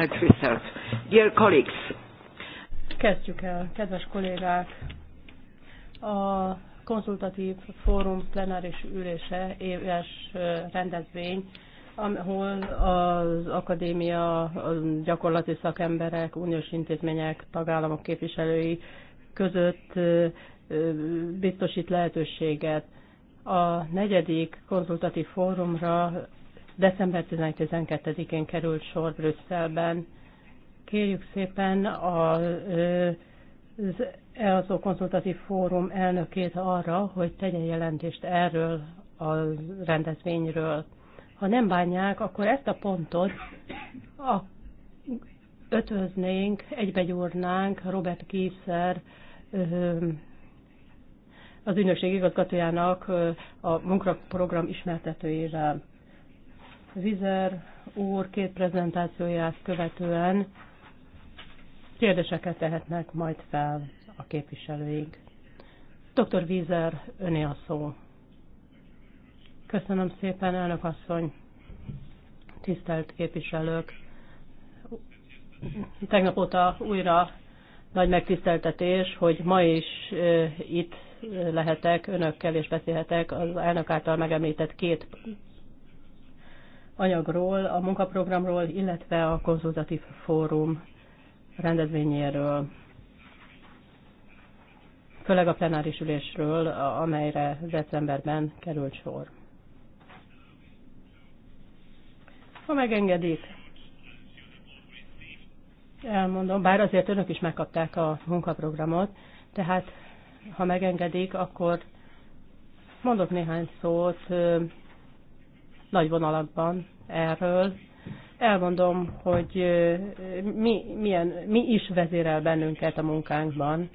Let's Dear colleagues. Kezdjük el, kedves kollégák. A konzultatív fórum plenáris ülése éves rendezvény, ahol az akadémia, a gyakorlati szakemberek, uniós intézmények, tagállamok képviselői között biztosít lehetőséget a negyedik konzultatív fórumra December 11-12-én került sor Brüsszelben. Kérjük szépen az EASZO konzultatív fórum elnökét arra, hogy tegyen jelentést erről a rendezvényről. Ha nem bánják, akkor ezt a pontot a ötöznénk, egybegyúrnánk Robert Kieser az ügynökség igazgatójának a munkaprogram ismertetőjével. Vizer úr két prezentációját követően kérdéseket tehetnek majd fel a képviselőink. Dr. Vizer, öné a szó. Köszönöm szépen, elnök asszony, tisztelt képviselők. Tegnap óta újra nagy megtiszteltetés, hogy ma is itt lehetek önökkel és beszélhetek az elnök által megemlített két anyagról, a munkaprogramról, illetve a konzultatív fórum rendezvényéről, főleg a plenáris ülésről, amelyre decemberben került sor. Ha megengedik, elmondom, bár azért önök is megkapták a munkaprogramot, tehát ha megengedik, akkor mondok néhány szót nagy vonalakban erről. Elmondom, hogy mi, milyen, mi is vezérel bennünket a munkánkban.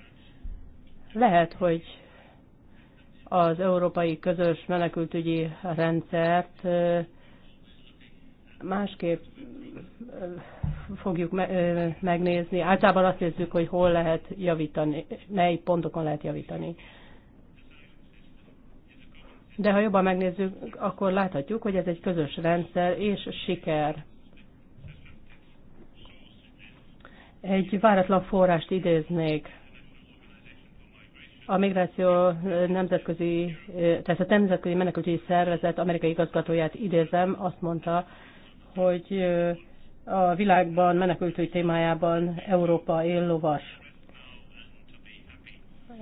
Lehet, hogy az európai közös menekültügyi rendszert másképp fogjuk megnézni. Általában azt nézzük, hogy hol lehet javítani, mely pontokon lehet javítani. De ha jobban megnézzük, akkor láthatjuk, hogy ez egy közös rendszer és siker. Egy váratlan forrást idéznék. A migráció nemzetközi, tehát a nemzetközi menekültügyi szervezet amerikai igazgatóját idézem, azt mondta, hogy a világban menekültügy témájában Európa él lovas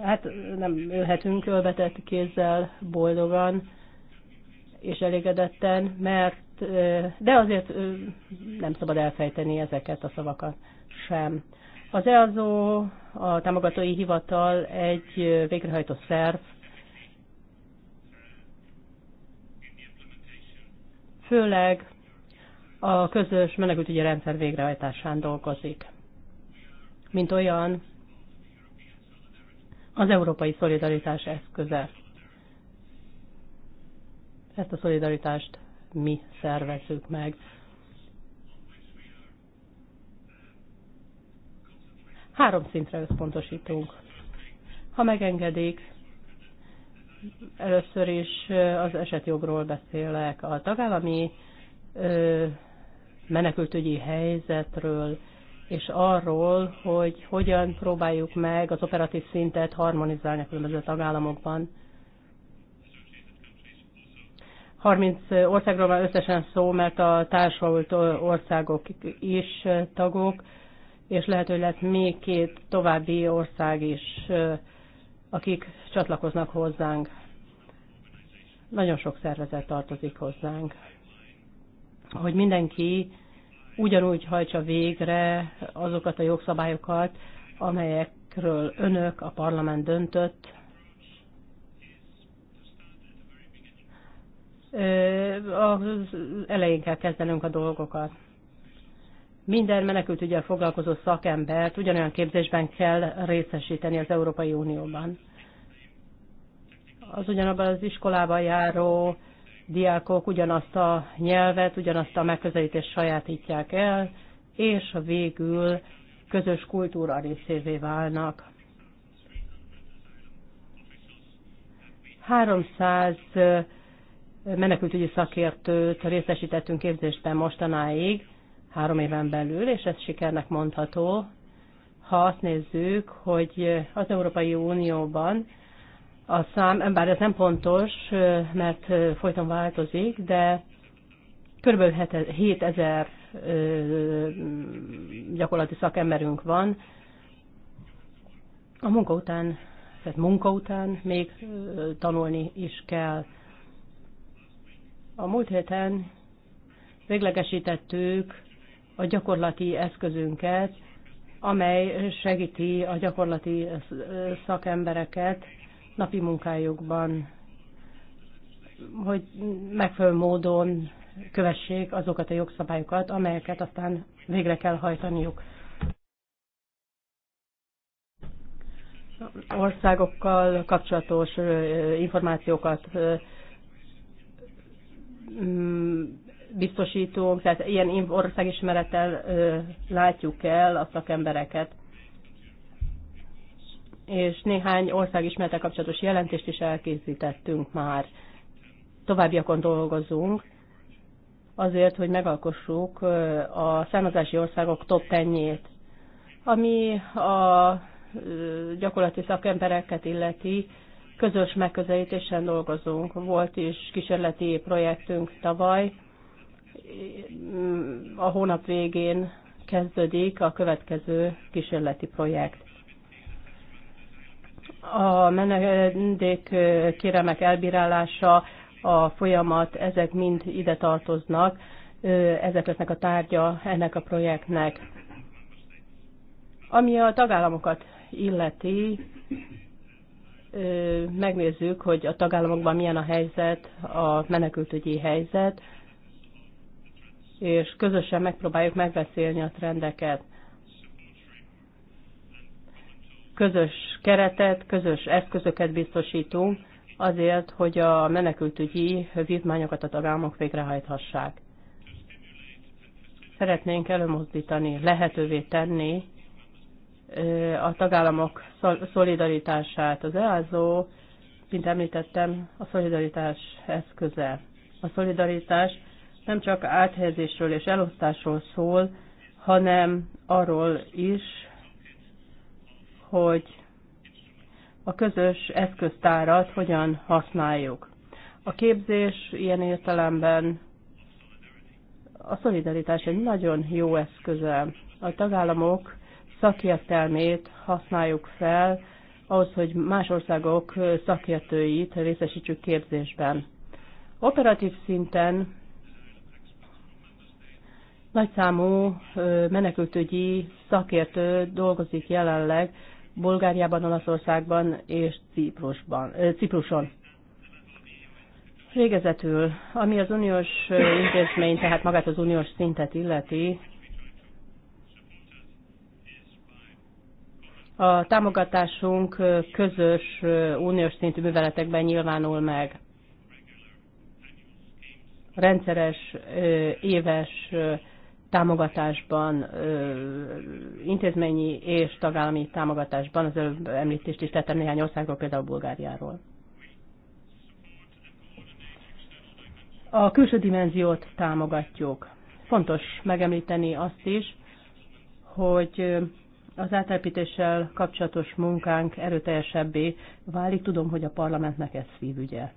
hát nem ülhetünk ölbetett kézzel boldogan és elégedetten, mert de azért nem szabad elfejteni ezeket a szavakat sem. Az EAZO, a támogatói hivatal egy végrehajtó szerv, főleg a közös menekültügyi rendszer végrehajtásán dolgozik. Mint olyan, az európai szolidaritás eszköze. Ezt a szolidaritást mi szervezzük meg. Három szintre összpontosítunk. Ha megengedik, először is az esetjogról beszélek, a tagállami menekültügyi helyzetről, és arról, hogy hogyan próbáljuk meg az operatív szintet harmonizálni a különböző tagállamokban. 30 országról van összesen szó, mert a társult országok is tagok, és lehet, hogy lesz még két további ország is, akik csatlakoznak hozzánk. Nagyon sok szervezet tartozik hozzánk. Hogy mindenki ugyanúgy hajtsa végre azokat a jogszabályokat, amelyekről önök, a parlament döntött. Az elején kell kezdenünk a dolgokat. Minden menekült ügyel foglalkozó szakembert ugyanolyan képzésben kell részesíteni az Európai Unióban. Az ugyanabban az iskolában járó diákok ugyanazt a nyelvet, ugyanazt a megközelítést sajátítják el, és végül közös kultúra részévé válnak. 300 eh, menekültügyi szakértőt részesítettünk képzésben mostanáig, három éven belül, és ez sikernek mondható, ha azt nézzük, hogy az Európai Unióban a szám, bár ez nem pontos, mert folyton változik, de kb. 7000 gyakorlati szakemberünk van. A munka után, tehát munka után még tanulni is kell. A múlt héten véglegesítettük a gyakorlati eszközünket, amely segíti a gyakorlati szakembereket napi munkájukban, hogy megfelelő módon kövessék azokat a jogszabályokat, amelyeket aztán végre kell hajtaniuk. Országokkal kapcsolatos információkat mm, biztosítunk, tehát ilyen országismerettel látjuk el a szakembereket és néhány ország ismerete kapcsolatos jelentést is elkészítettünk már. Továbbiakon dolgozunk, azért, hogy megalkossuk a származási országok top tenyét, ami a gyakorlati szakembereket illeti, közös megközelítésen dolgozunk. Volt is kísérleti projektünk tavaly, a hónap végén kezdődik a következő kísérleti projekt a menedék kéremek elbírálása, a folyamat, ezek mind ide tartoznak, ezek lesznek a tárgya ennek a projektnek. Ami a tagállamokat illeti, megnézzük, hogy a tagállamokban milyen a helyzet, a menekültügyi helyzet, és közösen megpróbáljuk megbeszélni a trendeket közös keretet, közös eszközöket biztosítunk azért, hogy a menekültügyi vívmányokat a tagállamok végrehajthassák. Szeretnénk előmozdítani, lehetővé tenni a tagállamok szolidaritását. Az EASO, mint említettem, a szolidaritás eszköze. A szolidaritás nem csak áthelyezésről és elosztásról szól, hanem arról is, hogy a közös eszköztárat hogyan használjuk. A képzés ilyen értelemben a szolidaritás egy nagyon jó eszköze. A tagállamok szakértelmét használjuk fel ahhoz, hogy más országok szakértőit részesítsük képzésben. Operatív szinten nagyszámú menekültügyi szakértő dolgozik jelenleg Bulgáriában, Olaszországban és Ciprusban, Cipruson. Végezetül, ami az uniós intézmény, tehát magát az uniós szintet illeti, a támogatásunk közös uniós szintű műveletekben nyilvánul meg. Rendszeres, éves támogatásban, intézményi és tagállami támogatásban, az előbb említést is tettem néhány országról, például Bulgáriáról. A külső dimenziót támogatjuk. Fontos megemlíteni azt is, hogy az átelepítéssel kapcsolatos munkánk erőteljesebbé válik. Tudom, hogy a parlamentnek ez szívügye.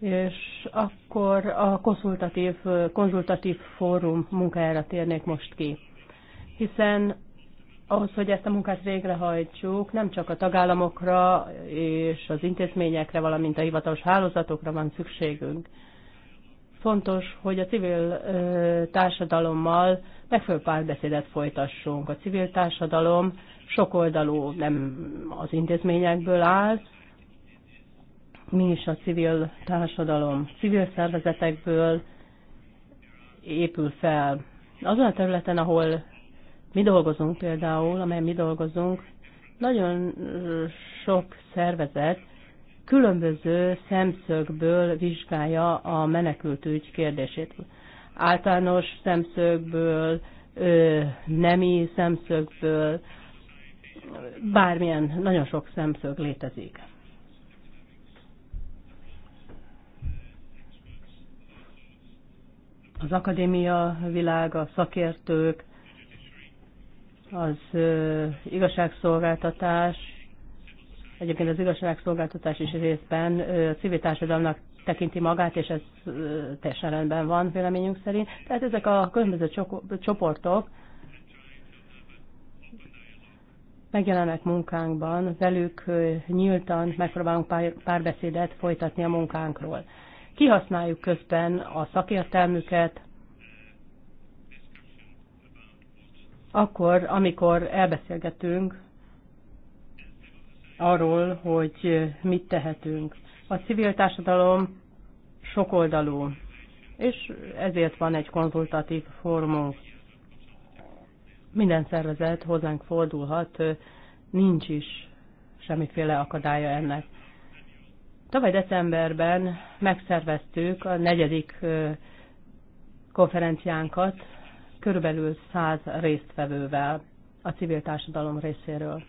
És akkor a konzultatív, konzultatív fórum munkájára térnék most ki. Hiszen ahhoz, hogy ezt a munkát végrehajtsuk, nem csak a tagállamokra és az intézményekre, valamint a hivatalos hálózatokra van szükségünk. Fontos, hogy a civil társadalommal megfelelő párbeszédet folytassunk. A civil társadalom sokoldalú, nem az intézményekből áll, mi is a civil társadalom. Civil szervezetekből épül fel. Azon a területen, ahol mi dolgozunk például, amely mi dolgozunk, nagyon sok szervezet különböző szemszögből vizsgálja a ügy kérdését. Általános szemszögből, nemi szemszögből, bármilyen, nagyon sok szemszög létezik. az akadémia világ, a szakértők, az igazságszolgáltatás, egyébként az igazságszolgáltatás is részben civil társadalomnak tekinti magát, és ez teljesen rendben van véleményünk szerint. Tehát ezek a különböző csoportok megjelennek munkánkban, velük nyíltan megpróbálunk párbeszédet folytatni a munkánkról kihasználjuk közben a szakértelmüket, akkor, amikor elbeszélgetünk arról, hogy mit tehetünk. A civil társadalom sokoldalú, és ezért van egy konzultatív formunk. Minden szervezet hozzánk fordulhat, nincs is semmiféle akadálya ennek. Tavaly decemberben megszerveztük a negyedik konferenciánkat körülbelül száz résztvevővel a civil társadalom részéről.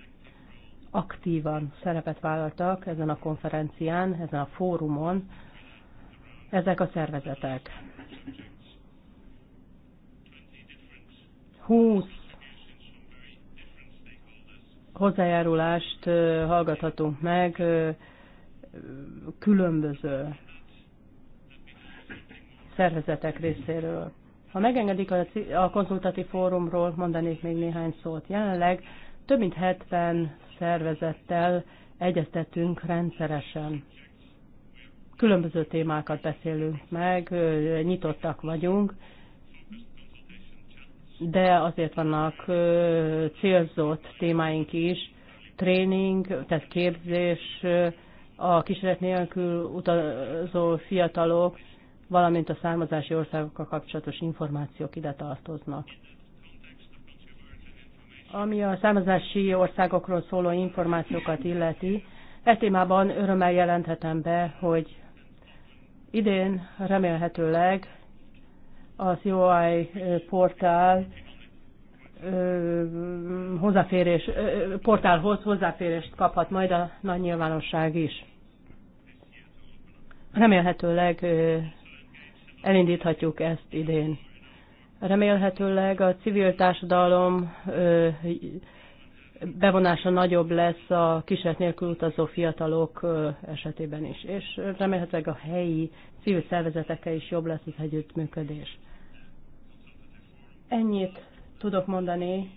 Aktívan szerepet vállaltak ezen a konferencián, ezen a fórumon ezek a szervezetek. 20 hozzájárulást hallgathatunk meg különböző szervezetek részéről. Ha megengedik a, a konzultatív fórumról, mondanék még néhány szót. Jelenleg több mint 70 szervezettel egyeztetünk rendszeresen. Különböző témákat beszélünk meg, nyitottak vagyunk, de azért vannak célzott témáink is, tréning, tehát képzés, a kísérlet nélkül utazó fiatalok, valamint a származási országokkal kapcsolatos információk ide tartoznak. Ami a származási országokról szóló információkat illeti, e témában örömmel jelenthetem be, hogy idén remélhetőleg az UI portál hozzáférés, portálhoz hozzáférést kaphat majd a nagy nyilvánosság is. Remélhetőleg elindíthatjuk ezt idén. Remélhetőleg a civil társadalom bevonása nagyobb lesz a kísérlet nélkül utazó fiatalok esetében is, és remélhetőleg a helyi civil szervezetekkel is jobb lesz az együttműködés. Ennyit tudok mondani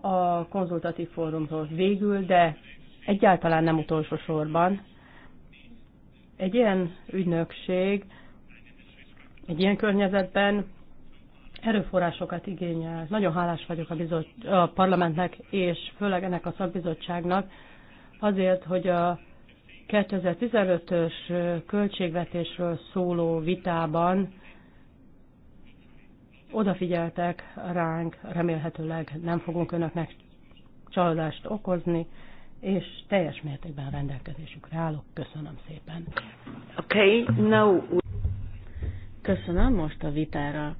a konzultatív fórumról végül, de egyáltalán nem utolsó sorban. Egy ilyen ügynökség, egy ilyen környezetben erőforrásokat igényel. Nagyon hálás vagyok a, bizot, a parlamentnek, és főleg ennek a szakbizottságnak azért, hogy a 2015-ös költségvetésről szóló vitában odafigyeltek ránk, remélhetőleg nem fogunk önöknek csalódást okozni, és teljes mértékben rendelkezésükre állok. Köszönöm szépen. Okay, now... Köszönöm, most a vitára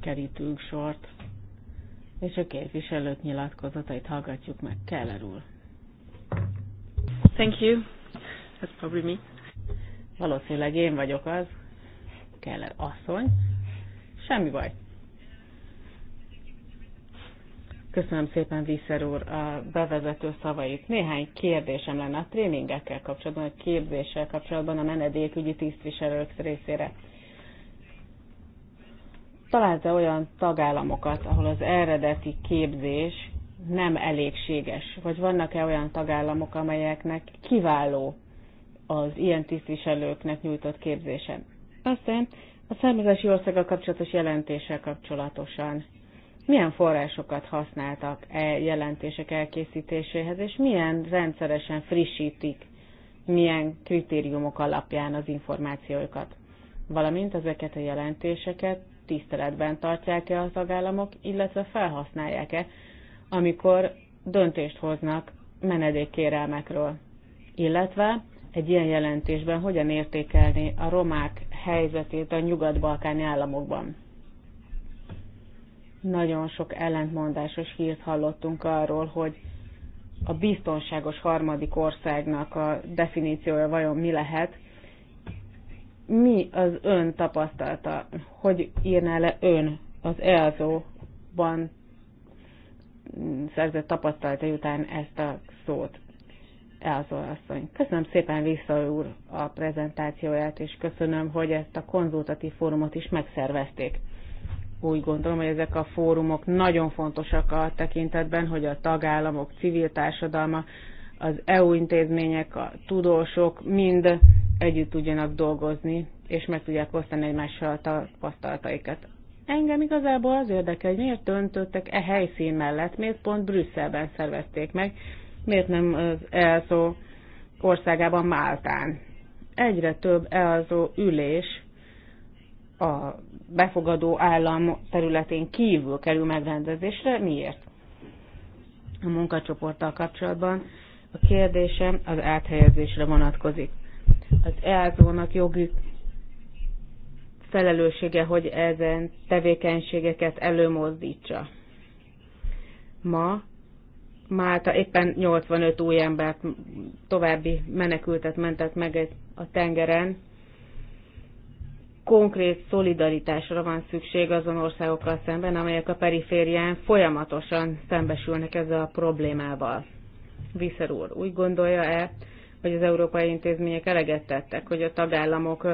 kerítünk sort, és a képviselők nyilatkozatait hallgatjuk meg. Keller úr. Thank you. That's probably me. Valószínűleg én vagyok az, Keller asszony. Semmi baj. Köszönöm szépen, Viszer úr, a bevezető szavait. Néhány kérdésem lenne a tréningekkel kapcsolatban, a képzéssel kapcsolatban a menedékügyi tisztviselők részére. Találta olyan tagállamokat, ahol az eredeti képzés nem elégséges, vagy vannak-e olyan tagállamok, amelyeknek kiváló az ilyen tisztviselőknek nyújtott képzése? Aztán a származási országgal kapcsolatos jelentéssel kapcsolatosan milyen forrásokat használtak e jelentések elkészítéséhez, és milyen rendszeresen frissítik, milyen kritériumok alapján az információikat, valamint ezeket a jelentéseket tiszteletben tartják-e a tagállamok, illetve felhasználják-e, amikor döntést hoznak menedékkérelmekről. Illetve egy ilyen jelentésben hogyan értékelni a romák helyzetét a nyugat-balkáni államokban. Nagyon sok ellentmondásos hírt hallottunk arról, hogy a biztonságos harmadik országnak a definíciója vajon mi lehet. Mi az ön tapasztalata? Hogy írná le ön az EASO-ban szerzett tapasztalata után ezt a szót? EASO asszony. Köszönöm szépen vissza úr a prezentációját, és köszönöm, hogy ezt a konzultatív fórumot is megszervezték úgy gondolom, hogy ezek a fórumok nagyon fontosak a tekintetben, hogy a tagállamok, civil társadalma, az EU intézmények, a tudósok mind együtt tudjanak dolgozni, és meg tudják osztani egymással a tapasztalataikat. Engem igazából az érdekel, hogy miért döntöttek e helyszín mellett, miért pont Brüsszelben szervezték meg, miért nem az ELSO országában Máltán. Egyre több ELSO ülés a befogadó állam területén kívül kerül megrendezésre. Miért? A munkacsoporttal kapcsolatban a kérdésem az áthelyezésre vonatkozik. Az EASO-nak jogi felelőssége, hogy ezen tevékenységeket előmozdítsa. Ma Málta éppen 85 új embert további menekültet mentett meg a tengeren, konkrét szolidaritásra van szükség azon országokkal szemben, amelyek a periférián folyamatosan szembesülnek ezzel a problémával. Viszer úr, úgy gondolja-e, hogy az európai intézmények eleget tettek, hogy a tagállamok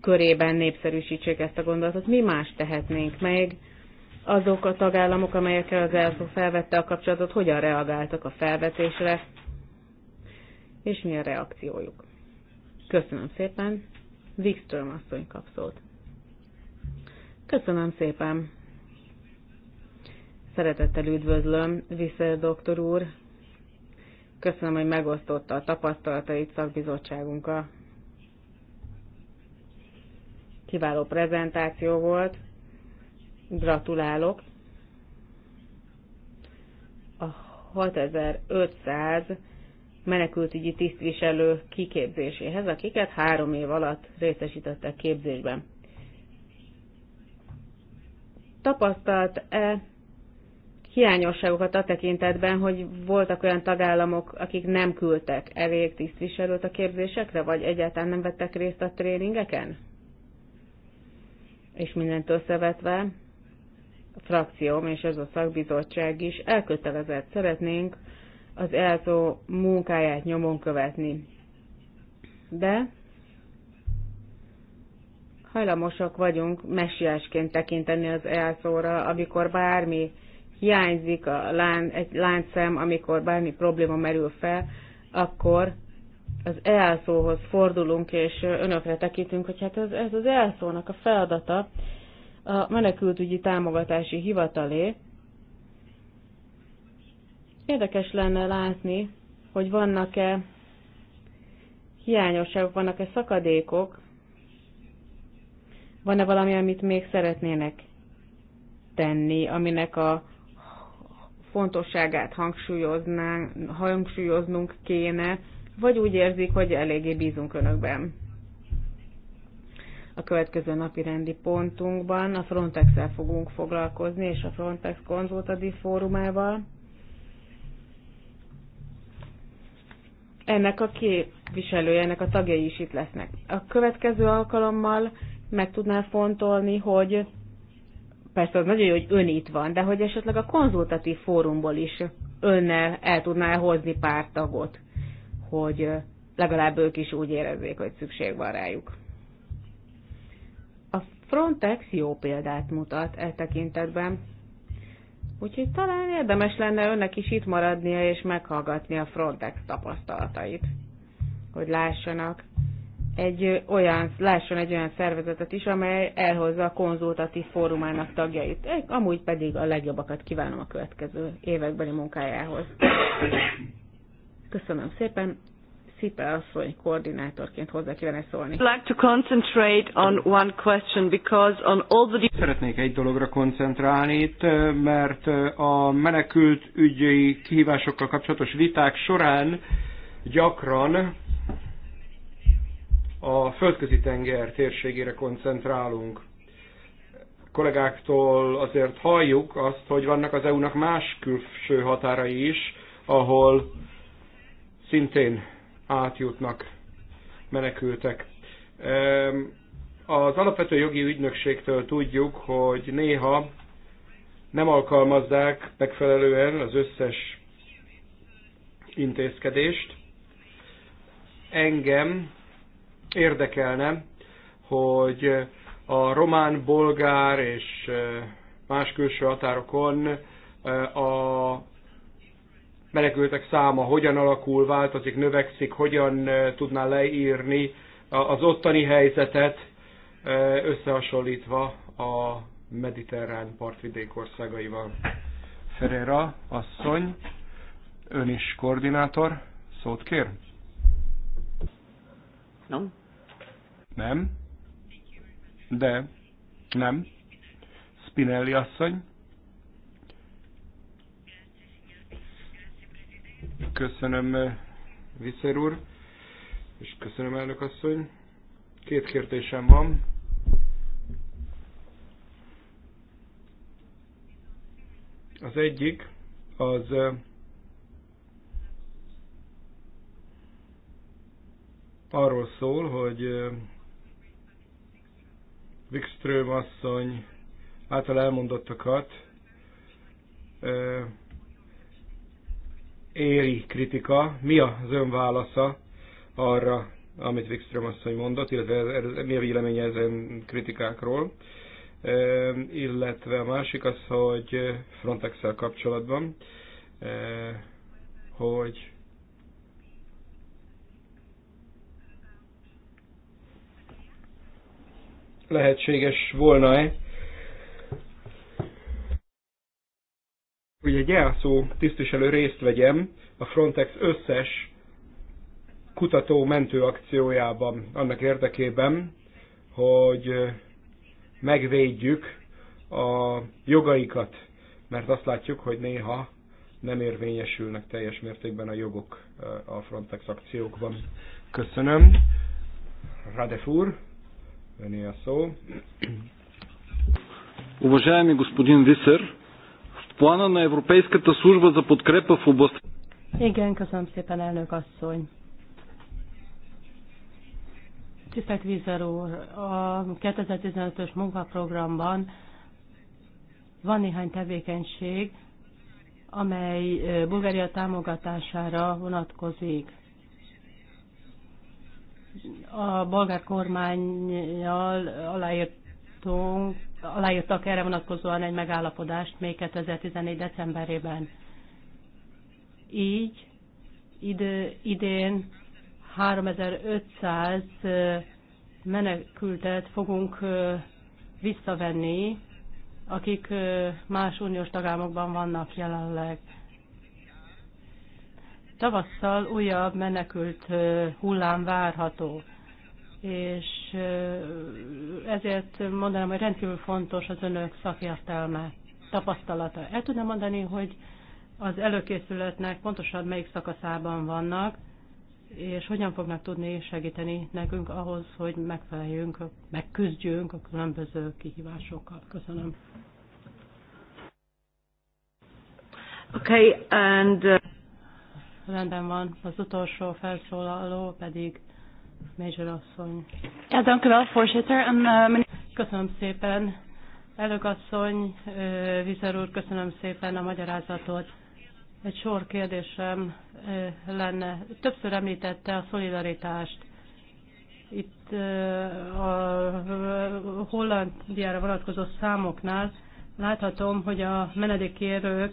körében népszerűsítsék ezt a gondolatot? Mi más tehetnénk még? Azok a tagállamok, amelyekkel az ELSZO felvette a kapcsolatot, hogyan reagáltak a felvetésre, és mi a reakciójuk? Köszönöm szépen! Wikström asszony kap szót. Köszönöm szépen. Szeretettel üdvözlöm, Vissza doktor úr. Köszönöm, hogy megosztotta a tapasztalatait szakbizottságunkkal. Kiváló prezentáció volt. Gratulálok. A 6500 menekültügyi tisztviselő kiképzéséhez, akiket három év alatt részesítettek képzésben. Tapasztalt-e hiányosságokat a tekintetben, hogy voltak olyan tagállamok, akik nem küldtek elég tisztviselőt a képzésekre, vagy egyáltalán nem vettek részt a tréningeken? És mindent összevetve, a frakcióm és ez a szakbizottság is elkötelezett szeretnénk az ELTO munkáját nyomon követni. De hajlamosak vagyunk messiásként tekinteni az elszóra, amikor bármi hiányzik a lán, egy láncszem, amikor bármi probléma merül fel, akkor az elszóhoz fordulunk, és önökre tekintünk, hogy hát ez, ez az elszónak a feladata a menekültügyi támogatási hivatalé, Érdekes lenne látni, hogy vannak-e hiányosságok, vannak-e szakadékok, van-e valami, amit még szeretnének tenni, aminek a fontosságát hangsúlyoznunk kéne, vagy úgy érzik, hogy eléggé bízunk önökben. A következő napi rendi pontunkban a Frontex-el fogunk foglalkozni, és a Frontex konzultatív fórumával. ennek a képviselője, ennek a tagjai is itt lesznek. A következő alkalommal meg tudnál fontolni, hogy persze az nagyon jó, hogy ön itt van, de hogy esetleg a konzultatív fórumból is önnel el tudná hozni pár tagot, hogy legalább ők is úgy érezzék, hogy szükség van rájuk. A Frontex jó példát mutat e tekintetben, Úgyhogy talán érdemes lenne önnek is itt maradnia és meghallgatni a Frontex tapasztalatait, hogy lássanak egy olyan, lásson egy olyan szervezetet is, amely elhozza a konzultatív fórumának tagjait. Amúgy pedig a legjobbakat kívánom a következő évekbeli munkájához. Köszönöm szépen, Szipe asszony koordinátorként hozzá kívánni szólni. Szeretnék egy dologra koncentrálni itt, mert a menekült ügyi kihívásokkal kapcsolatos viták során gyakran a földközi tenger térségére koncentrálunk. Kollégáktól azért halljuk azt, hogy vannak az EU-nak más külső határai is, ahol szintén átjutnak menekültek. Az alapvető jogi ügynökségtől tudjuk, hogy néha nem alkalmazzák megfelelően az összes intézkedést. Engem érdekelne, hogy a román, bolgár és eh, más külső határokon eh, a menekültek száma hogyan alakul, változik, növekszik, hogyan eh, tudná leírni az ottani helyzetet eh, összehasonlítva a mediterrán partvidék országaival. Ferreira asszony, ön is koordinátor, szót kér? Nem. Nem? De, nem. Spinelli asszony. Köszönöm, eh, Viszer úr, és köszönöm, elnök asszony. Két kérdésem van. Az egyik az eh, arról szól, hogy eh, Wikström asszony által elmondottakat éri kritika. Mi az ön válasza arra, amit Wikström asszony mondott, illetve mi a véleménye ezen kritikákról? Illetve a másik az, hogy frontex kapcsolatban, hogy lehetséges volna-e hogy egy elszó tisztviselő részt vegyem a Frontex összes kutató mentőakciójában annak érdekében, hogy megvédjük a jogaikat, mert azt látjuk, hogy néha nem érvényesülnek teljes mértékben a jogok eh, a Frontex akciókban. Köszönöm. Radef úr, a szó. Уважаеми господин Висер, плана на Европейската служба за подкрепа в областта. Igen, köszönöm szépen, elnök asszony. Tisztelt Vízer úr, a 2015-ös munkaprogramban van néhány tevékenység, amely Bulgária támogatására vonatkozik. A bolgár kormányjal aláírt aláírtunk, aláírtak erre vonatkozóan egy megállapodást még 2014. decemberében. Így idő, idén 3500 menekültet fogunk visszavenni, akik más uniós tagállamokban vannak jelenleg. Tavasszal újabb menekült hullám várható és ezért mondanám, hogy rendkívül fontos az önök szakértelme, tapasztalata. El tudnám mondani, hogy az előkészületnek pontosan melyik szakaszában vannak, és hogyan fognak tudni segíteni nekünk ahhoz, hogy megfeleljünk, megküzdjünk a különböző kihívásokkal. Köszönöm. Okay, and... Uh, Rendben van, az utolsó felszólaló pedig Major asszony. Eh, köszönöm szépen. Elnök asszony, eh, Vizer úr, köszönöm szépen a magyarázatot. Egy sor kérdésem eh, lenne. Többször említette a szolidaritást. Itt a Hollandiára vonatkozó számoknál láthatom, hogy a menedékérők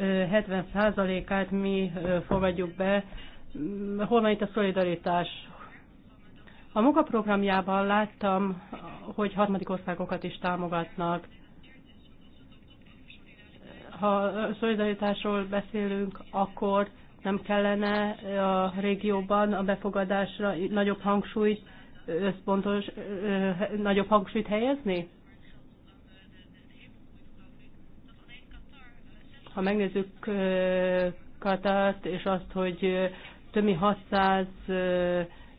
70%-át mi fogadjuk be. Hol van itt a szolidaritás? A munkaprogramjában láttam, hogy harmadik országokat is támogatnak. Ha szolidaritásról beszélünk, akkor nem kellene a régióban a befogadásra nagyobb hangsúlyt, összpontos, nagyobb hangsúlyt helyezni? Ha megnézzük Katát és azt, hogy több mint 600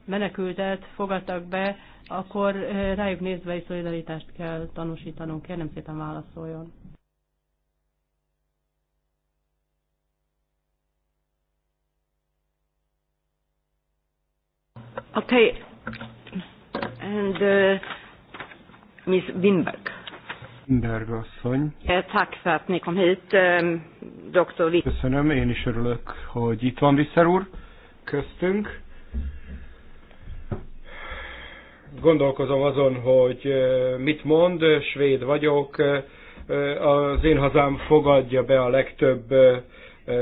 menekültet fogadtak be, akkor rájuk nézve egy szolidaritást kell tanúsítanunk. Kérem szépen válaszoljon. Okay. And uh, Miss Winberg. Winberg asszony. Tack för att ni kom hit, um, doktor Köszönöm, én is örülök, hogy itt van Visser úr köztünk. gondolkozom azon, hogy mit mond, svéd vagyok, az én hazám fogadja be a legtöbb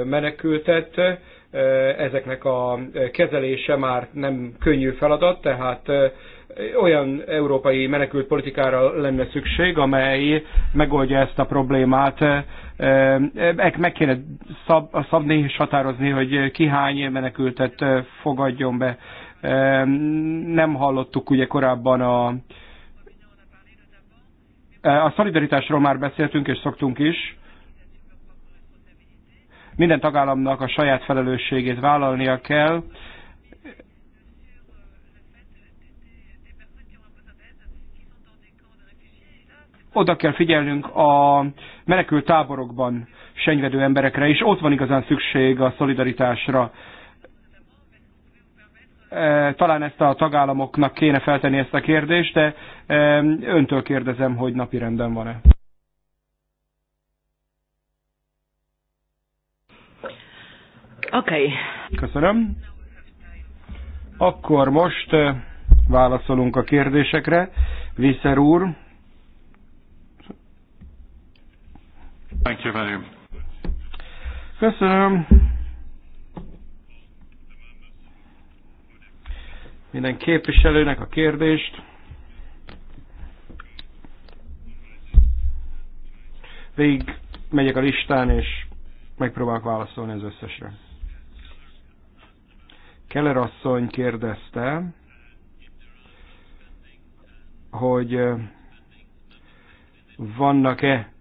menekültet, ezeknek a kezelése már nem könnyű feladat, tehát olyan európai menekült politikára lenne szükség, amely megoldja ezt a problémát. Meg kéne szab, szabni és határozni, hogy ki hány menekültet fogadjon be. Nem hallottuk ugye korábban a, e, a szolidaritásról már beszéltünk és szoktunk is. Minden tagállamnak a saját felelősségét vállalnia kell. Oda kell figyelnünk a menekült táborokban senyvedő emberekre, és ott van igazán szükség a szolidaritásra. Eh, talán ezt a tagállamoknak kéne feltenni ezt a kérdést, de öntől kérdezem, hogy napi renden van-e. Oké. Okay. Köszönöm. Akkor most eh, válaszolunk a kérdésekre. Viszer úr. Thank you very much. Köszönöm. minden képviselőnek a kérdést. Végig megyek a listán, és megpróbálok válaszolni az összesre. Keller asszony kérdezte, hogy vannak-e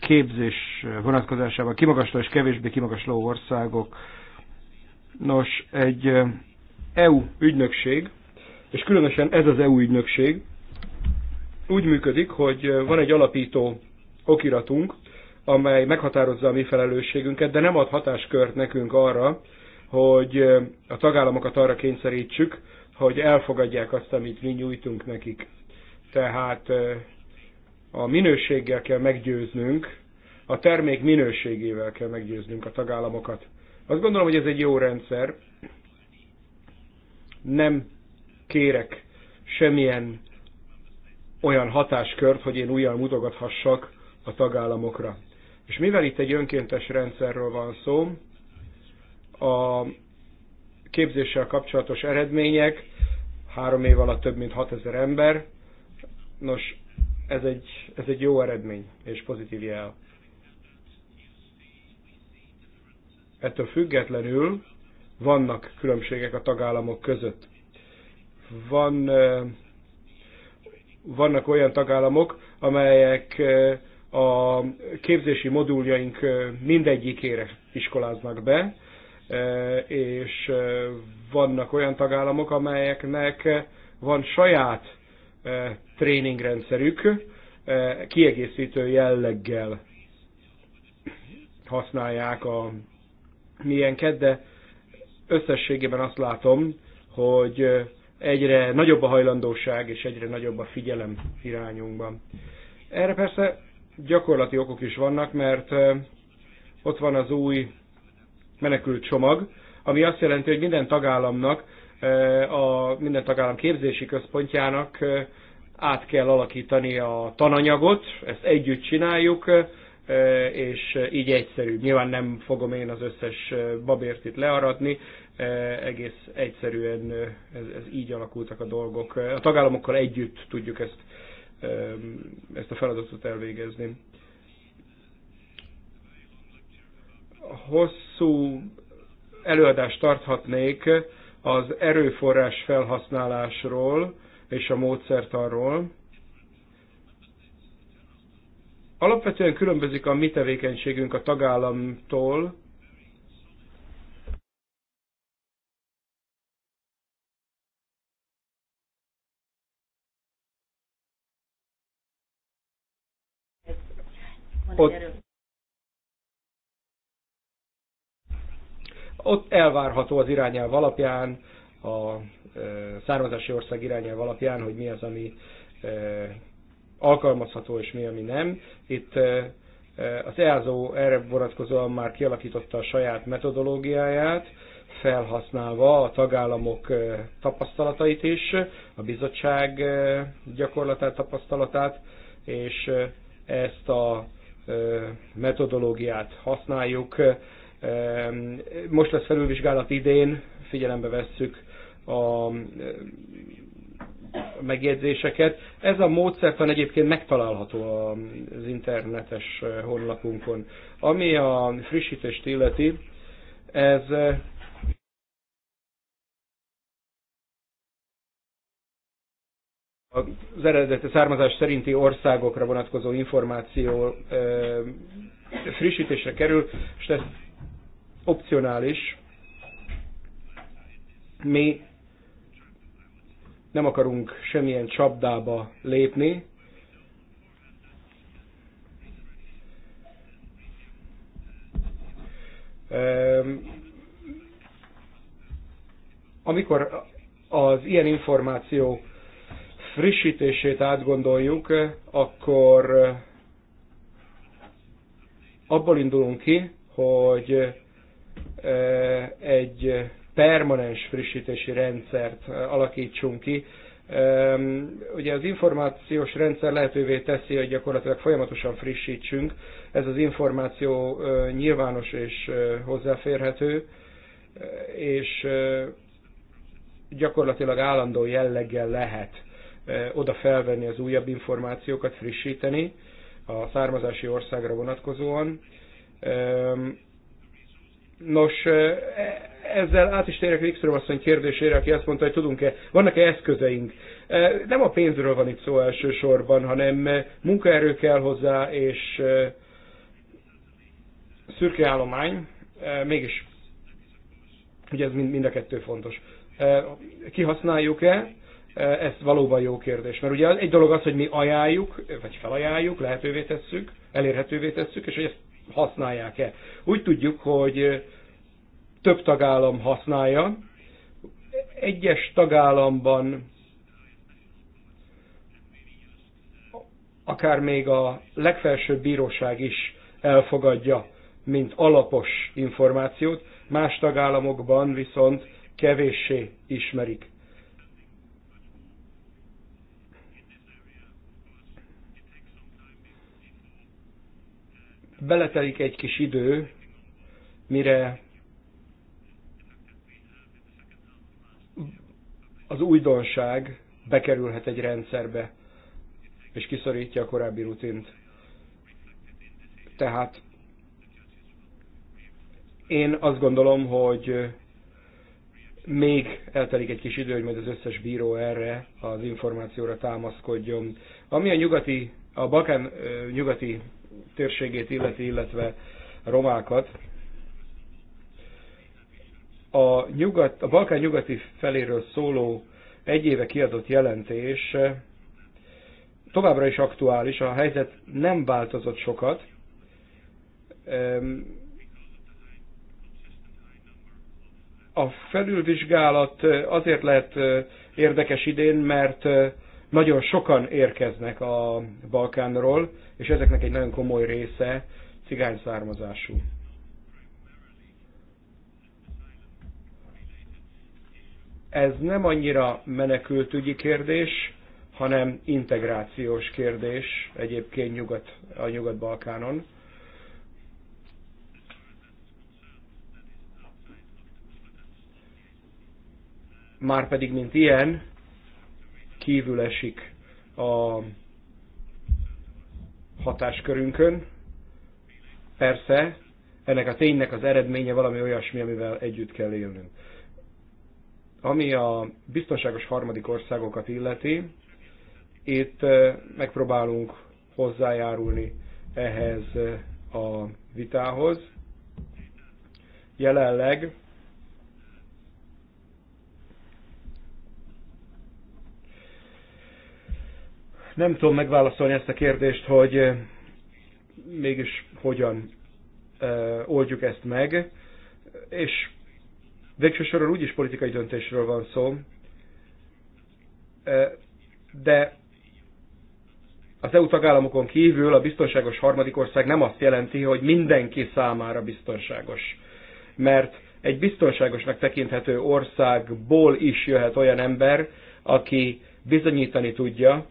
képzés vonatkozásában kimagasló és kevésbé kimagasló országok. Nos, egy EU ügynökség, és különösen ez az EU ügynökség úgy működik, hogy van egy alapító okiratunk, amely meghatározza a mi felelősségünket, de nem ad hatáskört nekünk arra, hogy a tagállamokat arra kényszerítsük, hogy elfogadják azt, amit mi nyújtunk nekik. Tehát a minőséggel kell meggyőznünk, a termék minőségével kell meggyőznünk a tagállamokat. Azt gondolom, hogy ez egy jó rendszer, nem kérek semmilyen olyan hatáskört, hogy én újjal mutogathassak a tagállamokra. És mivel itt egy önkéntes rendszerről van szó, a képzéssel kapcsolatos eredmények, három év alatt több mint 6000 ember, nos, ez egy, ez egy jó eredmény és pozitív jel. Ettől függetlenül vannak különbségek a tagállamok között. Van, vannak olyan tagállamok, amelyek a képzési moduljaink mindegyikére iskoláznak be, és vannak olyan tagállamok, amelyeknek van saját tréningrendszerük, kiegészítő jelleggel használják a milyenket, de összességében azt látom, hogy egyre nagyobb a hajlandóság és egyre nagyobb a figyelem irányunkban. Erre persze gyakorlati okok is vannak, mert ott van az új menekült csomag, ami azt jelenti, hogy minden tagállamnak, a minden tagállam képzési központjának át kell alakítani a tananyagot, ezt együtt csináljuk, és így egyszerű. Nyilván nem fogom én az összes babért itt learatni, egész egyszerűen ez, ez így alakultak a dolgok. A tagállamokkal együtt tudjuk ezt, ezt a feladatot elvégezni. Hosszú előadást tarthatnék az erőforrás felhasználásról és a módszertanról, Alapvetően különbözik a mi tevékenységünk a tagállamtól, ott, ott elvárható az irányelv alapján, a e, származási ország irányelv alapján, hogy mi az, ami e, alkalmazható és mi, ami nem. Itt az EASO erre vonatkozóan már kialakította a saját metodológiáját, felhasználva a tagállamok tapasztalatait is, a bizottság gyakorlatát, tapasztalatát, és ezt a metodológiát használjuk. Most lesz felülvizsgálat idén, figyelembe vesszük a megjegyzéseket. Ez a módszertan egyébként megtalálható az internetes honlapunkon. Ami a frissítést illeti, ez az eredeti származás szerinti országokra vonatkozó információ frissítésre kerül, és ez opcionális. Mi nem akarunk semmilyen csapdába lépni. Amikor az ilyen információ frissítését átgondoljuk, akkor abból indulunk ki, hogy egy permanens frissítési rendszert alakítsunk ki. Ugye az információs rendszer lehetővé teszi, hogy gyakorlatilag folyamatosan frissítsünk. Ez az információ nyilvános és hozzáférhető, és gyakorlatilag állandó jelleggel lehet oda felvenni az újabb információkat, frissíteni a származási országra vonatkozóan Nos, e, ezzel át is térek Wikström asszony kérdésére, aki azt mondta, hogy tudunk-e, vannak-e eszközeink. Nem a pénzről van itt szó elsősorban, hanem munkaerő kell hozzá, és szürke állomány, mégis, ugye ez mind a kettő fontos. Kihasználjuk-e? Ez valóban jó kérdés, mert ugye egy dolog az, hogy mi ajánljuk, vagy felajánljuk, lehetővé tesszük, elérhetővé tesszük, és hogy ezt használják-e. Úgy tudjuk, hogy több tagállam használja, egyes tagállamban akár még a legfelsőbb bíróság is elfogadja, mint alapos információt, más tagállamokban viszont kevéssé ismerik beletelik egy kis idő, mire az újdonság bekerülhet egy rendszerbe, és kiszorítja a korábbi rutint. Tehát én azt gondolom, hogy még eltelik egy kis idő, hogy majd az összes bíró erre az információra támaszkodjon. Ami a nyugati, a Balkán nyugati térségét illeti, illetve romákat. A, nyugat, a Balkán nyugati feléről szóló egy éve kiadott jelentés eh, továbbra is aktuális, a helyzet nem változott sokat. A felülvizsgálat eh, azért lehet eh, érdekes idén, mert nagyon sokan érkeznek a Balkánról, és ezeknek egy nagyon komoly része cigány származású. Ez nem annyira menekültügyi kérdés, hanem integrációs kérdés egyébként nyugat, a Nyugat-Balkánon. Márpedig, mint ilyen, kívül esik a hatáskörünkön. Persze, ennek a ténynek az eredménye valami olyasmi, amivel együtt kell élnünk. Ami a biztonságos harmadik országokat illeti, itt megpróbálunk hozzájárulni ehhez a vitához. Jelenleg Nem tudom megválaszolni ezt a kérdést, hogy mégis hogyan oldjuk ezt meg, és végső soron úgyis politikai döntésről van szó, de az EU tagállamokon kívül a biztonságos harmadik ország nem azt jelenti, hogy mindenki számára biztonságos. Mert egy biztonságosnak tekinthető országból is jöhet olyan ember, aki bizonyítani tudja,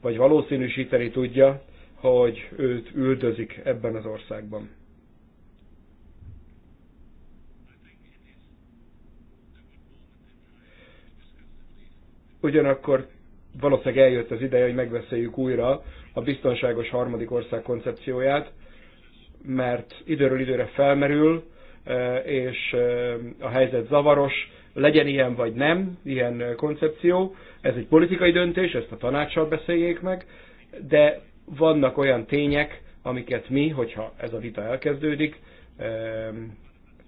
vagy valószínűsíteni tudja, hogy őt üldözik ebben az országban. Ugyanakkor valószínűleg eljött az ideje, hogy megbeszéljük újra a biztonságos harmadik ország koncepcióját, mert időről időre felmerül, eh, és eh, a helyzet zavaros, legyen ilyen vagy nem, ilyen koncepció, ez egy politikai döntés, ezt a tanácssal beszéljék meg, de vannak olyan tények, amiket mi, hogyha ez a vita elkezdődik,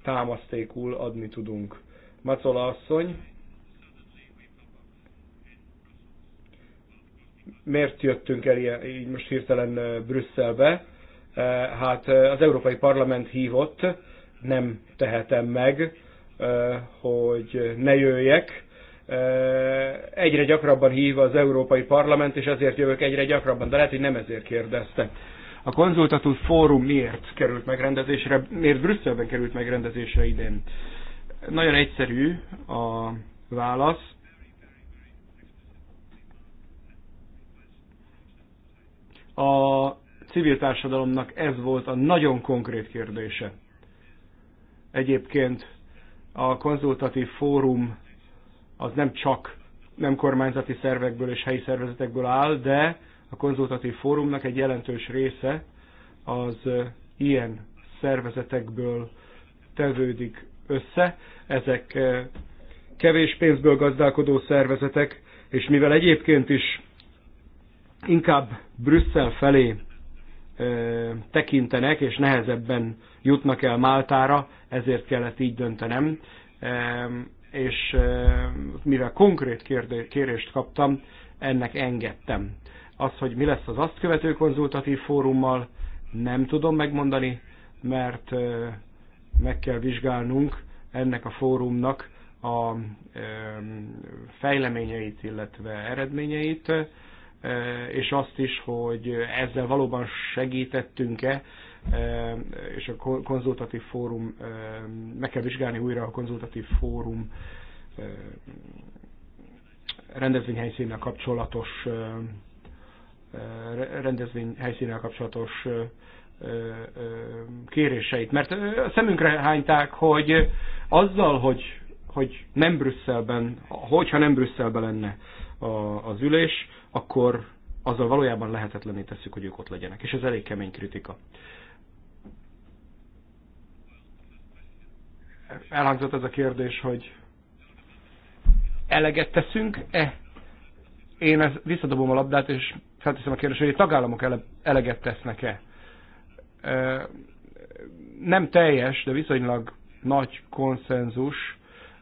támasztékul adni tudunk. Macola asszony, miért jöttünk el ilyen, így most hirtelen Brüsszelbe? Hát az Európai Parlament hívott, nem tehetem meg, hogy ne jöjjek egyre gyakrabban hív az Európai Parlament, és ezért jövök egyre gyakrabban, de lehet, hogy nem ezért kérdezte. A konzultatív fórum miért került megrendezésre, miért Brüsszelben került megrendezésre idén? Nagyon egyszerű a válasz. A civil társadalomnak ez volt a nagyon konkrét kérdése. Egyébként a konzultatív fórum az nem csak nem kormányzati szervekből és helyi szervezetekből áll, de a konzultatív fórumnak egy jelentős része az ilyen szervezetekből tevődik össze. Ezek kevés pénzből gazdálkodó szervezetek, és mivel egyébként is inkább Brüsszel felé tekintenek, és nehezebben jutnak el Máltára, ezért kellett így döntenem és mivel konkrét kérést kaptam, ennek engedtem. Az, hogy mi lesz az azt követő konzultatív fórummal, nem tudom megmondani, mert meg kell vizsgálnunk ennek a fórumnak a fejleményeit, illetve eredményeit, és azt is, hogy ezzel valóban segítettünk-e és a konzultatív fórum, meg kell vizsgálni újra a konzultatív fórum rendezvényhelyszínnel kapcsolatos rendezvényhelyszínnel kapcsolatos kéréseit. Mert a szemünkre hányták, hogy azzal, hogy, hogy nem Brüsszelben, hogyha nem Brüsszelben lenne az ülés, akkor azzal valójában lehetetlené tesszük, hogy ők ott legyenek. És ez elég kemény kritika. elhangzott az a kérdés, hogy eleget teszünk-e? Én ezt visszadobom a labdát, és felteszem a kérdést, hogy a tagállamok ele, eleget tesznek-e? Nem teljes, de viszonylag nagy konszenzus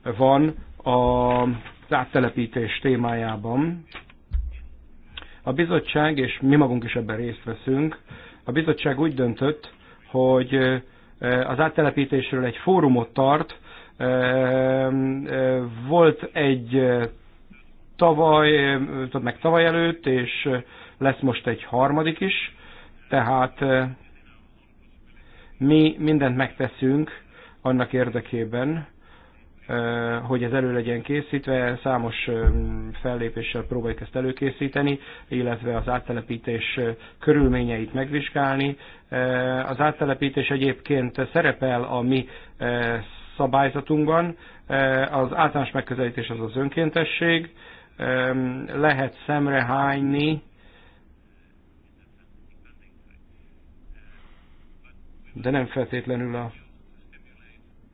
van az áttelepítés témájában. A bizottság, és mi magunk is ebben részt veszünk, a bizottság úgy döntött, hogy Eh, az áttelepítésről egy fórumot tart. Eh, eh, volt egy tavaly, meg tavaly előtt, és lesz most egy harmadik is, tehát mi mindent megteszünk annak érdekében, hogy ez elő legyen készítve, számos fellépéssel próbáljuk ezt előkészíteni, illetve az áttelepítés körülményeit megvizsgálni. Az áttelepítés egyébként szerepel a mi szabályzatunkban, az általános megközelítés az az önkéntesség, lehet szemrehányni, de nem feltétlenül a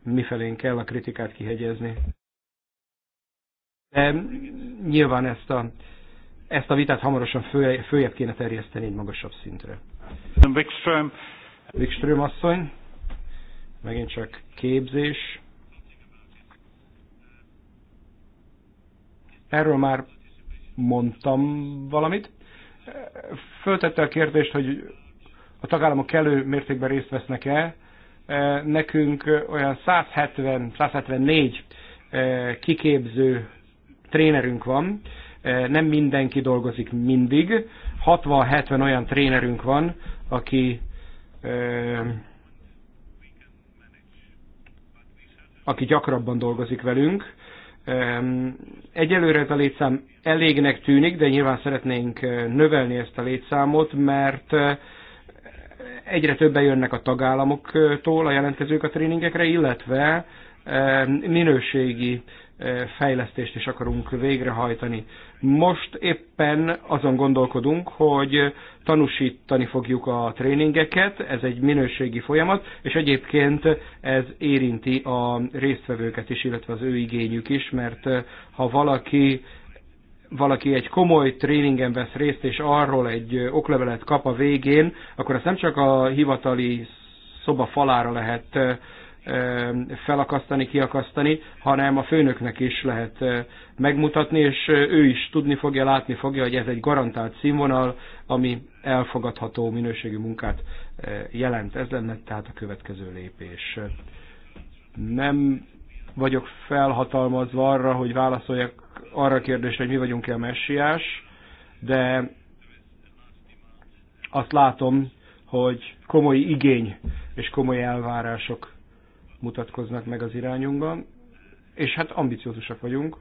mifelén kell a kritikát kihegyezni. De nyilván ezt a, ezt a vitát hamarosan föl, följebb kéne terjeszteni egy magasabb szintre. Wikström. Wikström asszony, megint csak képzés. Erről már mondtam valamit. Föltette a kérdést, hogy a tagállamok kellő mértékben részt vesznek-e Eh, nekünk eh, olyan 170-174 eh, kiképző trénerünk van, nem mindenki dolgozik mindig, 60-70 olyan trénerünk van, aki aki gyakrabban dolgozik velünk. Egyelőre ez a létszám elégnek tűnik, de nyilván szeretnénk növelni ezt a létszámot, mert egyre többen jönnek a tagállamoktól a jelentkezők a tréningekre, illetve e, minőségi e, fejlesztést is akarunk végrehajtani. Most éppen azon gondolkodunk, hogy tanúsítani fogjuk a tréningeket, ez egy minőségi folyamat, és egyébként ez érinti a résztvevőket is, illetve az ő igényük is, mert e, ha valaki valaki egy komoly tréningen vesz részt, és arról egy oklevelet kap a végén, akkor ezt nem csak a hivatali szoba falára lehet felakasztani, kiakasztani, hanem a főnöknek is lehet megmutatni, és ő is tudni fogja, látni fogja, hogy ez egy garantált színvonal, ami elfogadható minőségű munkát jelent. Ez lenne tehát a következő lépés. Nem vagyok felhatalmazva arra, hogy válaszoljak arra a kérdésre, hogy mi vagyunk-e a messiás, de azt látom, hogy komoly igény és komoly elvárások mutatkoznak meg az irányunkban, és hát ambiciózusak vagyunk,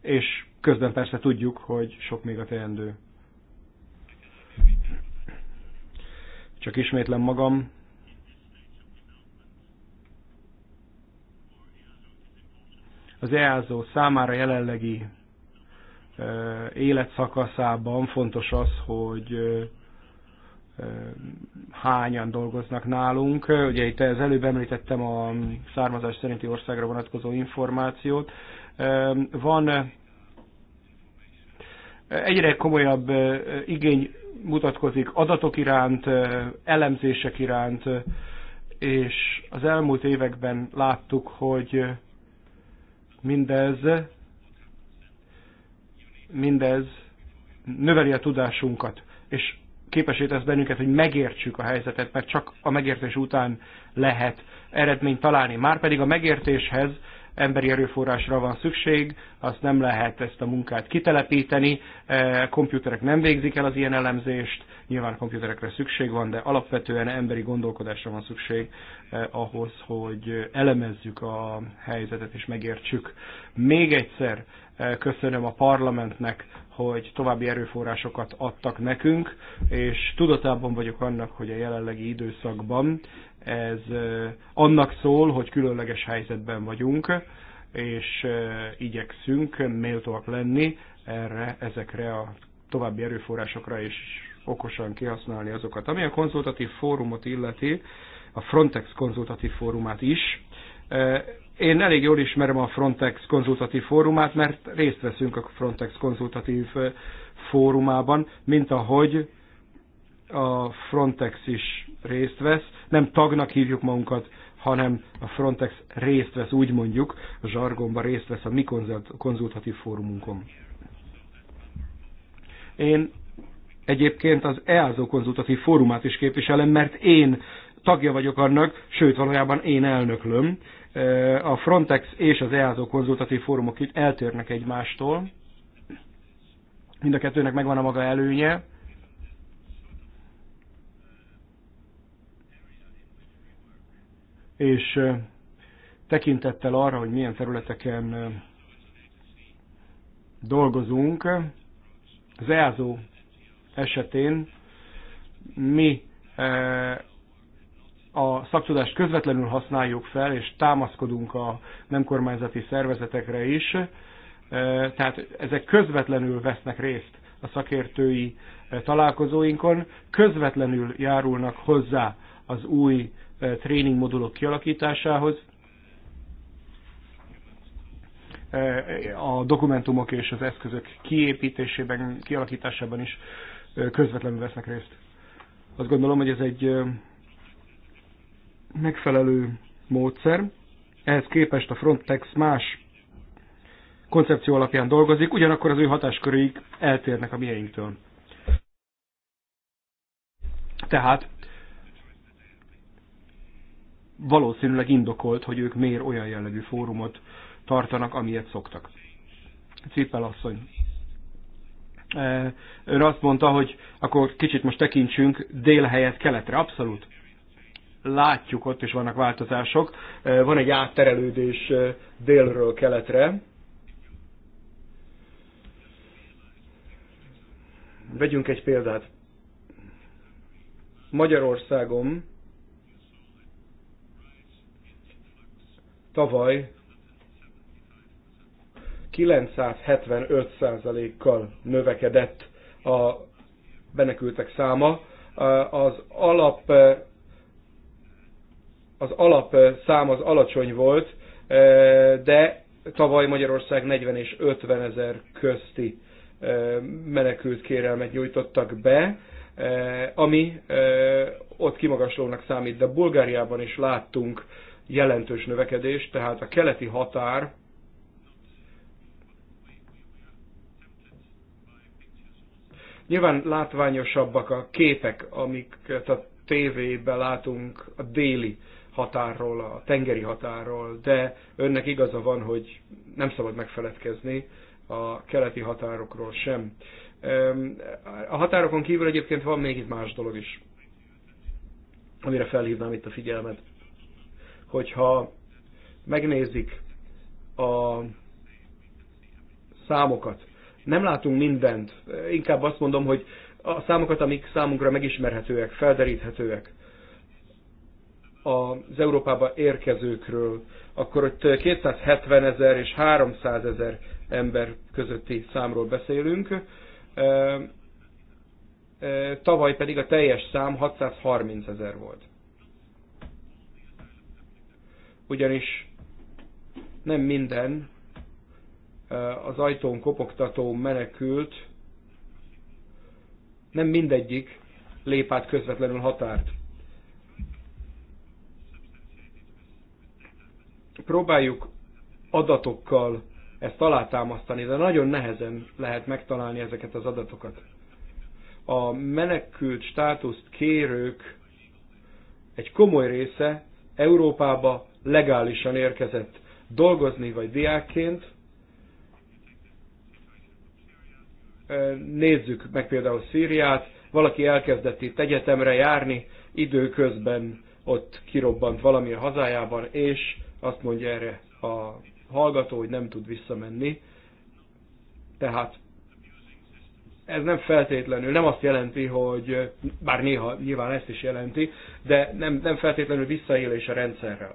és közben persze tudjuk, hogy sok még a teendő. Csak ismétlem magam, az EASO számára jelenlegi életszakaszában fontos az, hogy hányan dolgoznak nálunk. Ugye itt az előbb említettem a származás szerinti országra vonatkozó információt. Van egyre komolyabb igény mutatkozik adatok iránt, elemzések iránt, és az elmúlt években láttuk, hogy Mindez, mindez növeli a tudásunkat, és képesé tesz bennünket, hogy megértsük a helyzetet, mert csak a megértés után lehet eredményt találni. Márpedig a megértéshez emberi erőforrásra van szükség, azt nem lehet ezt a munkát kitelepíteni, e, komputerek nem végzik el az ilyen elemzést, nyilván komputerekre szükség van, de alapvetően emberi gondolkodásra van szükség e, ahhoz, hogy elemezzük a helyzetet és megértsük. Még egyszer e, köszönöm a parlamentnek, hogy további erőforrásokat adtak nekünk, és tudatában vagyok annak, hogy a jelenlegi időszakban ez annak szól, hogy különleges helyzetben vagyunk, és igyekszünk méltóak lenni erre, ezekre a további erőforrásokra és okosan kihasználni azokat. Ami a konzultatív fórumot illeti, a Frontex konzultatív fórumát is, én elég jól ismerem a Frontex konzultatív fórumát, mert részt veszünk a Frontex konzultatív fórumában, mint ahogy a Frontex is részt vesz, nem tagnak hívjuk magunkat, hanem a Frontex részt vesz, úgy mondjuk, a zsargonban részt vesz a mi konzultatív fórumunkon. Én egyébként az EASO konzultatív fórumát is képviselem, mert én tagja vagyok annak, sőt valójában én elnöklöm. A Frontex és az EASO konzultatív fórumok itt eltérnek egymástól. Mind a kettőnek megvan a maga előnye. és tekintettel arra, hogy milyen területeken dolgozunk, az EASO esetén mi a szaktudást közvetlenül használjuk fel, és támaszkodunk a nem kormányzati szervezetekre is, tehát ezek közvetlenül vesznek részt a szakértői találkozóinkon, közvetlenül járulnak hozzá az új tréning modulok kialakításához. A dokumentumok és az eszközök kiépítésében, kialakításában is közvetlenül vesznek részt. Azt gondolom, hogy ez egy megfelelő módszer. Ehhez képest a Frontex más koncepció alapján dolgozik, ugyanakkor az ő hatásköréig eltérnek a mieinktől. Tehát valószínűleg indokolt, hogy ők miért olyan jellegű fórumot tartanak, amilyet szoktak. Cipel asszony. Ön azt mondta, hogy akkor kicsit most tekintsünk dél helyett keletre. Abszolút. Látjuk, ott is vannak változások. Van egy átterelődés délről keletre. Vegyünk egy példát. Magyarországon tavaly 975%-kal növekedett a menekültek száma. Az alap, az alap szám az alacsony volt, de tavaly Magyarország 40 és 50 ezer közti menekült kérelmet nyújtottak be, ami ott kimagaslónak számít, de Bulgáriában is láttunk jelentős növekedés, tehát a keleti határ Nyilván látványosabbak a képek, amiket a tévében látunk a déli határról, a tengeri határról, de önnek igaza van, hogy nem szabad megfeledkezni a keleti határokról sem. A határokon kívül egyébként van még itt más dolog is, amire felhívnám itt a figyelmet. Hogyha megnézik a számokat, nem látunk mindent. Inkább azt mondom, hogy a számokat, amik számunkra megismerhetőek, felderíthetőek az Európába érkezőkről, akkor ott 270 ezer és 300 ezer ember közötti számról beszélünk. Tavaly pedig a teljes szám 630 ezer volt ugyanis nem minden az ajtón kopogtató menekült, nem mindegyik lép át közvetlenül határt. Próbáljuk adatokkal ezt alátámasztani, de nagyon nehezen lehet megtalálni ezeket az adatokat. A menekült státuszt kérők egy komoly része Európába legálisan érkezett dolgozni, vagy diákként. Nézzük meg például Szíriát, valaki elkezdett itt egyetemre járni, időközben ott kirobbant valami a hazájában, és azt mondja erre a hallgató, hogy nem tud visszamenni. Tehát ez nem feltétlenül, nem azt jelenti, hogy bár néha nyilván ezt is jelenti, de nem, nem feltétlenül visszaélés a rendszerrel.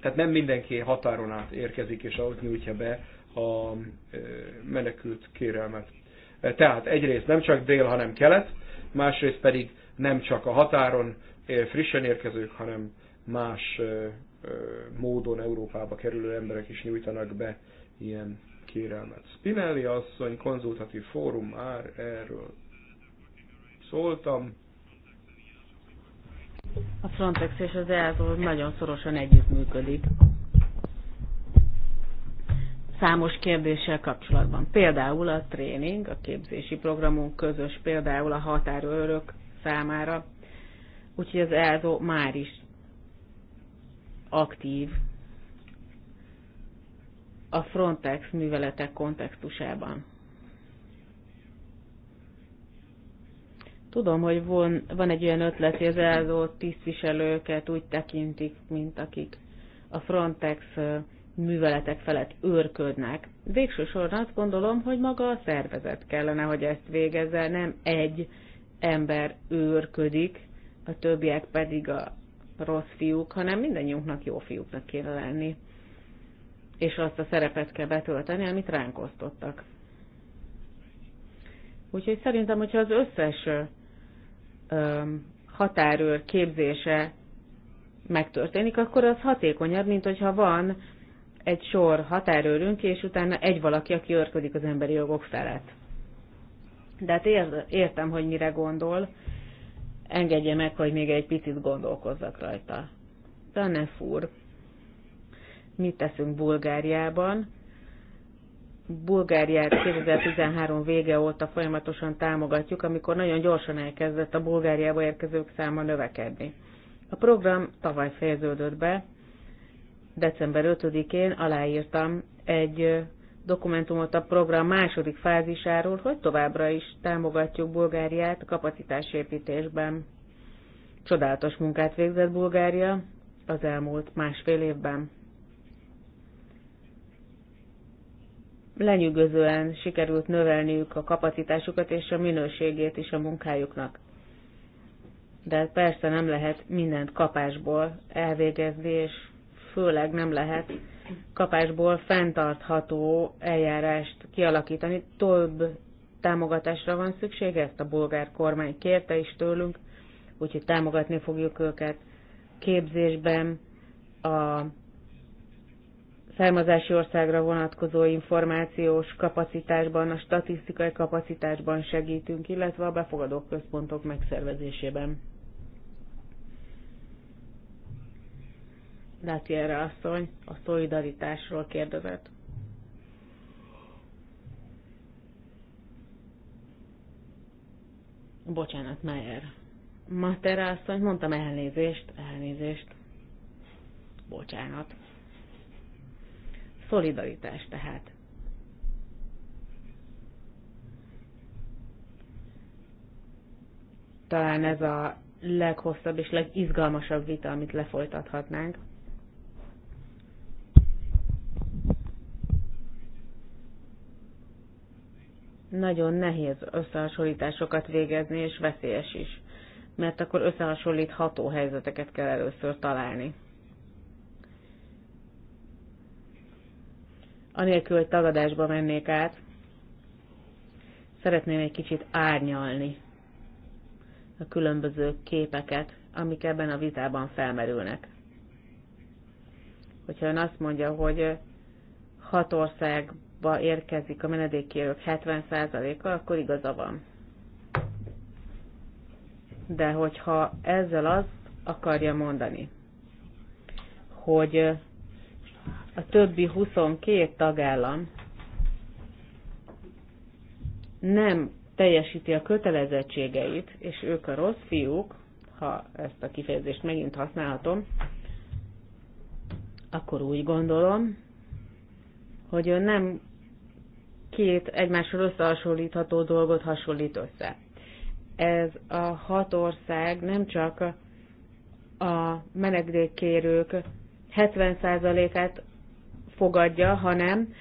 Tehát nem mindenki határon át érkezik, és ott nyújtja be a menekült kérelmet. E, tehát egyrészt nem csak dél, hanem kelet, másrészt pedig nem csak a határon frissen érkezők, hanem más módon Európába kerülő emberek is nyújtanak be ilyen kérelmet. Spinelli asszony konzultatív fórum már erről szóltam. A Frontex és az EASO nagyon szorosan együttműködik számos kérdéssel kapcsolatban. Például a tréning, a képzési programunk közös, például a határőrök számára. Úgyhogy az EASO már is aktív a Frontex műveletek kontextusában. Tudom, hogy von, van egy olyan ötlet, hogy az eladó tisztviselőket úgy tekintik, mint akik a Frontex műveletek felett őrködnek. Végső soron azt gondolom, hogy maga a szervezet kellene, hogy ezt végezze, nem egy ember őrködik, a többiek pedig a rossz fiúk, hanem mindannyiunknak jó fiúknak kéne lenni. És azt a szerepet kell betölteni, amit ránk osztottak. Úgyhogy szerintem, hogyha az összes határőr képzése megtörténik, akkor az hatékonyabb, mint hogyha van egy sor határőrünk, és utána egy valaki, aki őrködik az emberi jogok felett. De hát értem, hogy mire gondol, engedje meg, hogy még egy picit gondolkozzak rajta. De ne fur. mit teszünk Bulgáriában? Bulgáriát 2013 vége óta folyamatosan támogatjuk, amikor nagyon gyorsan elkezdett a Bulgáriába érkezők száma növekedni. A program tavaly fejeződött be, december 5-én aláírtam egy dokumentumot a program második fázisáról, hogy továbbra is támogatjuk Bulgáriát a kapacitásépítésben. Csodálatos munkát végzett Bulgária az elmúlt másfél évben. lenyűgözően sikerült növelniük a kapacitásukat és a minőségét is a munkájuknak. De persze nem lehet mindent kapásból elvégezni, és főleg nem lehet kapásból fenntartható eljárást kialakítani. Több támogatásra van szükség, ezt a bolgár kormány kérte is tőlünk, úgyhogy támogatni fogjuk őket képzésben, a származási országra vonatkozó információs kapacitásban, a statisztikai kapacitásban segítünk, illetve a befogadó központok megszervezésében. erre asszony a szolidaritásról kérdezett. Bocsánat, Meyer. Matera asszony, mondtam elnézést, elnézést. Bocsánat. Szolidaritás tehát. Talán ez a leghosszabb és legizgalmasabb vita, amit lefolytathatnánk. Nagyon nehéz összehasonlításokat végezni, és veszélyes is, mert akkor összehasonlítható helyzeteket kell először találni. anélkül, hogy tagadásba mennék át, szeretném egy kicsit árnyalni a különböző képeket, amik ebben a vitában felmerülnek. Hogyha ön azt mondja, hogy hat országba érkezik a menedékkérők 70%-a, akkor igaza van. De hogyha ezzel azt akarja mondani, hogy a többi 22 tagállam nem teljesíti a kötelezettségeit, és ők a rossz fiúk, ha ezt a kifejezést megint használhatom, akkor úgy gondolom, hogy ő nem két egymásról összehasonlítható dolgot hasonlít össze. Ez a hat ország nem csak a menedékkérők 70%-át fogadja, hanem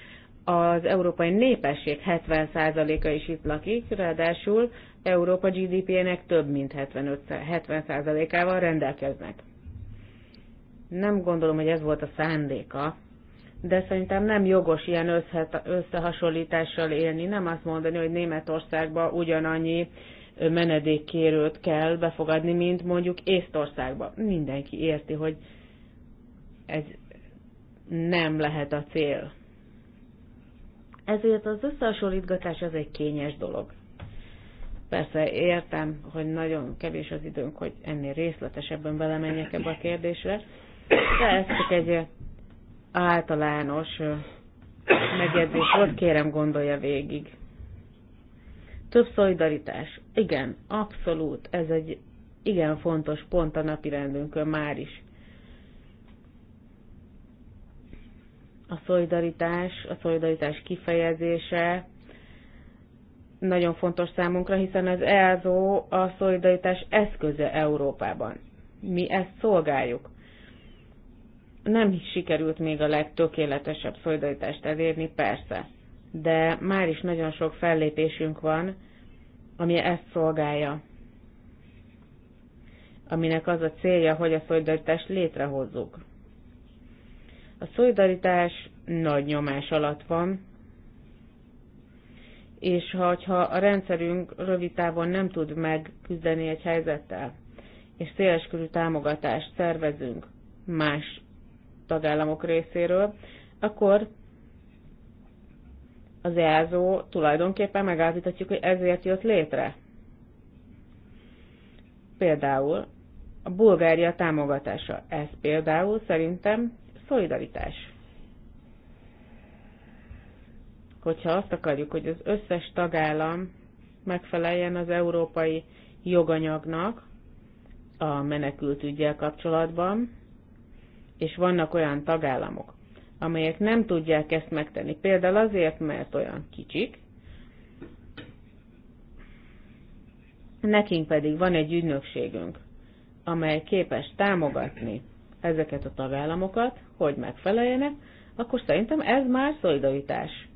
az európai népesség 70%-a is itt lakik, ráadásul Európa GDP-nek több mint 70%-ával rendelkeznek. Nem gondolom, hogy ez volt a szándéka, de szerintem nem jogos ilyen összehasonlítással élni, nem azt mondani, hogy Németországba ugyanannyi menedékkérőt kell befogadni, mint mondjuk Észtországba. Mindenki érti, hogy ez nem lehet a cél. Ezért az összehasonlítgatás az egy kényes dolog. Persze értem, hogy nagyon kevés az időnk, hogy ennél részletesebben belemenjek ebbe a kérdésre, de ez csak egy általános megjegyzés volt, kérem gondolja végig. Több szolidaritás. Igen, abszolút, ez egy igen fontos pont a napi rendünkön már is. a szolidaritás, a szolidaritás kifejezése nagyon fontos számunkra, hiszen az ELZO a szolidaritás eszköze Európában. Mi ezt szolgáljuk. Nem sikerült még a legtökéletesebb szolidaritást elérni, persze, de már is nagyon sok fellépésünk van, ami ezt szolgálja aminek az a célja, hogy a szolidaritást létrehozzuk. A szolidaritás nagy nyomás alatt van, és ha a rendszerünk rövid távon nem tud megküzdeni egy helyzettel, és széleskörű támogatást szervezünk más tagállamok részéről, akkor az EASO tulajdonképpen megállapíthatjuk, hogy ezért jött létre. Például a Bulgária támogatása. Ez például szerintem szolidaritás. Hogyha azt akarjuk, hogy az összes tagállam megfeleljen az európai joganyagnak a menekült ügyel kapcsolatban, és vannak olyan tagállamok, amelyek nem tudják ezt megtenni, például azért, mert olyan kicsik, nekünk pedig van egy ügynökségünk, amely képes támogatni ezeket a tagállamokat, hogy megfeleljenek, akkor szerintem ez már szolidaritás.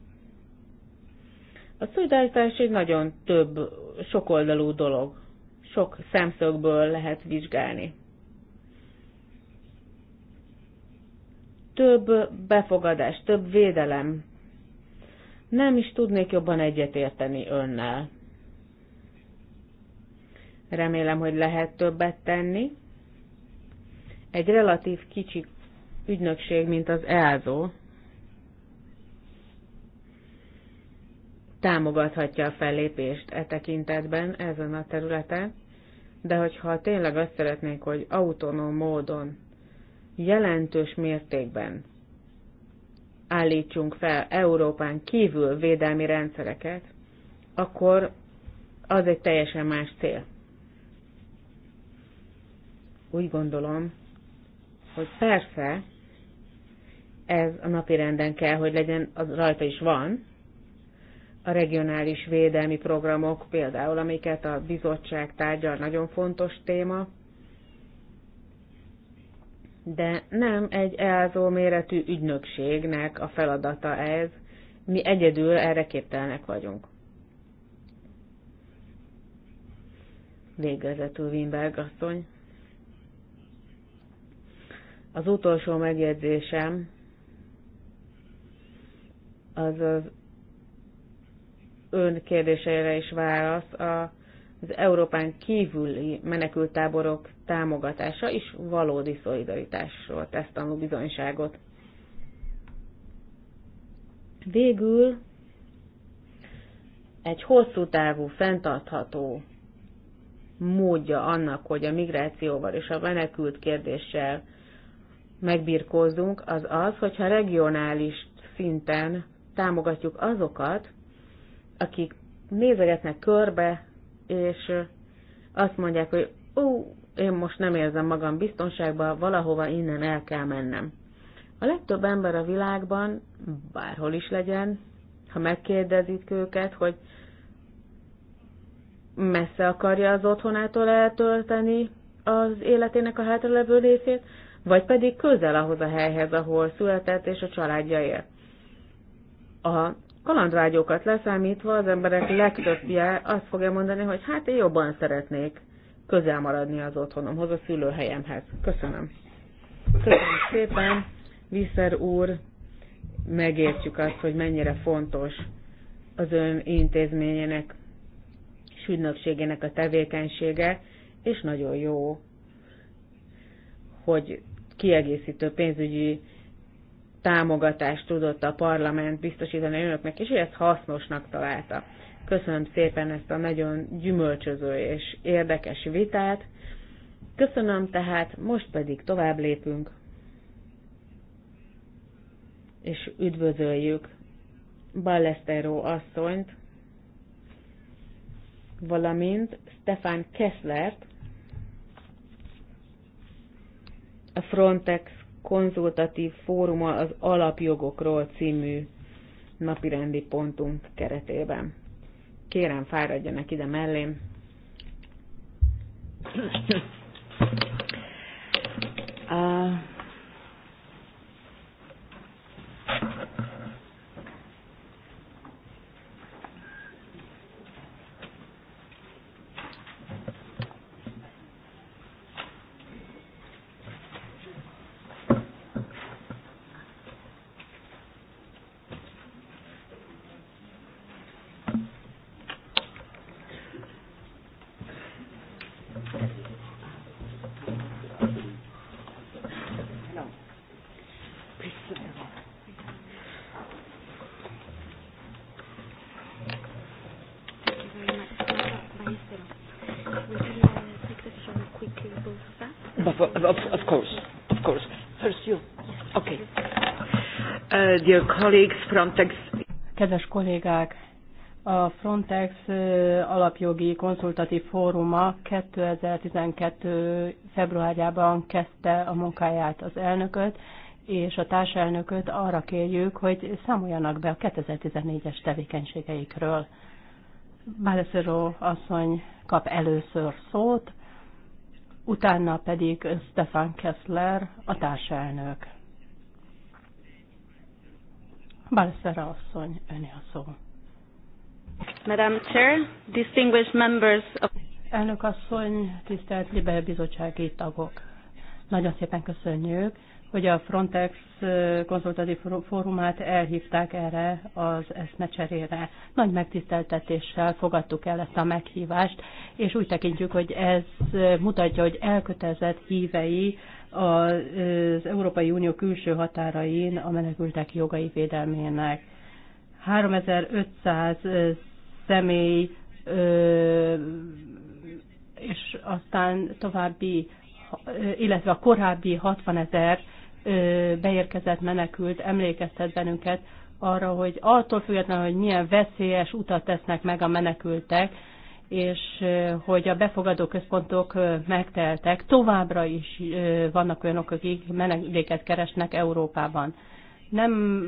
A szolidaritás egy nagyon több, sokoldalú dolog. Sok szemszögből lehet vizsgálni. Több befogadás, több védelem. Nem is tudnék jobban egyetérteni önnel. Remélem, hogy lehet többet tenni, egy relatív kicsi ügynökség, mint az ELZO, támogathatja a fellépést e tekintetben ezen a területen, de hogyha tényleg azt szeretnénk, hogy autonóm módon, jelentős mértékben állítsunk fel Európán kívül védelmi rendszereket, akkor az egy teljesen más cél. Úgy gondolom, hogy persze ez a napi renden kell, hogy legyen, az rajta is van, a regionális védelmi programok például, amiket a bizottság tárgyal, nagyon fontos téma, de nem egy elzó méretű ügynökségnek a feladata ez, mi egyedül erre képtelenek vagyunk. Végezetül Wimberg asszony. Az utolsó megjegyzésem az az ön kérdéseire is válasz a, az Európán kívüli menekültáborok támogatása is valódi szolidaritásról tesz tanú bizonyságot. Végül egy hosszú távú, fenntartható módja annak, hogy a migrációval és a menekült kérdéssel megbirkózunk, az az, hogyha regionális szinten támogatjuk azokat, akik nézegetnek körbe, és azt mondják, hogy ó, én most nem érzem magam biztonságban, valahova innen el kell mennem. A legtöbb ember a világban, bárhol is legyen, ha megkérdezik őket, hogy messze akarja az otthonától eltölteni az életének a hátralevő részét, vagy pedig közel ahhoz a helyhez, ahol született és a családja él. A kalandvágyókat leszámítva az emberek legtöbbje azt fogja mondani, hogy hát én jobban szeretnék közel maradni az otthonomhoz, a szülőhelyemhez. Köszönöm. Köszönöm szépen, Viszer úr, megértjük azt, hogy mennyire fontos az ön intézményének sűnökségének a tevékenysége, és nagyon jó, hogy kiegészítő pénzügyi támogatást tudott a parlament biztosítani önöknek, és ezt hasznosnak találta. Köszönöm szépen ezt a nagyon gyümölcsöző és érdekes vitát. Köszönöm tehát, most pedig tovább lépünk, és üdvözöljük Ballesteró asszonyt, valamint Stefan Kesslert, a Frontex konzultatív fóruma az alapjogokról című napirendi pontunk keretében. Kérem, fáradjanak ide mellém. Uh, Dear colleagues Kedves kollégák, a Frontex alapjogi konzultatív fóruma 2012. februárjában kezdte a munkáját az elnököt, és a társelnököt arra kérjük, hogy számoljanak be a 2014-es tevékenységeikről. Báleszöró asszony kap először szót, utána pedig Stefan Kessler, a társelnök. Balszera asszony, öné a szó. Madam Chair, distinguished members of... Elnök asszony, tisztelt Libe bizottsági tagok. Nagyon szépen köszönjük, hogy a Frontex konzultatív fórumát elhívták erre az eszmecserére. Nagy megtiszteltetéssel fogadtuk el ezt a meghívást, és úgy tekintjük, hogy ez mutatja, hogy elkötelezett hívei az Európai Unió külső határain a menekültek jogai védelmének. 3500 személy és aztán további, illetve a korábbi 60 ezer beérkezett menekült emlékeztet bennünket arra, hogy attól függetlenül, hogy milyen veszélyes utat tesznek meg a menekültek, és hogy a befogadó központok megteltek. Továbbra is vannak olyanok, akik menedéket keresnek Európában. Nem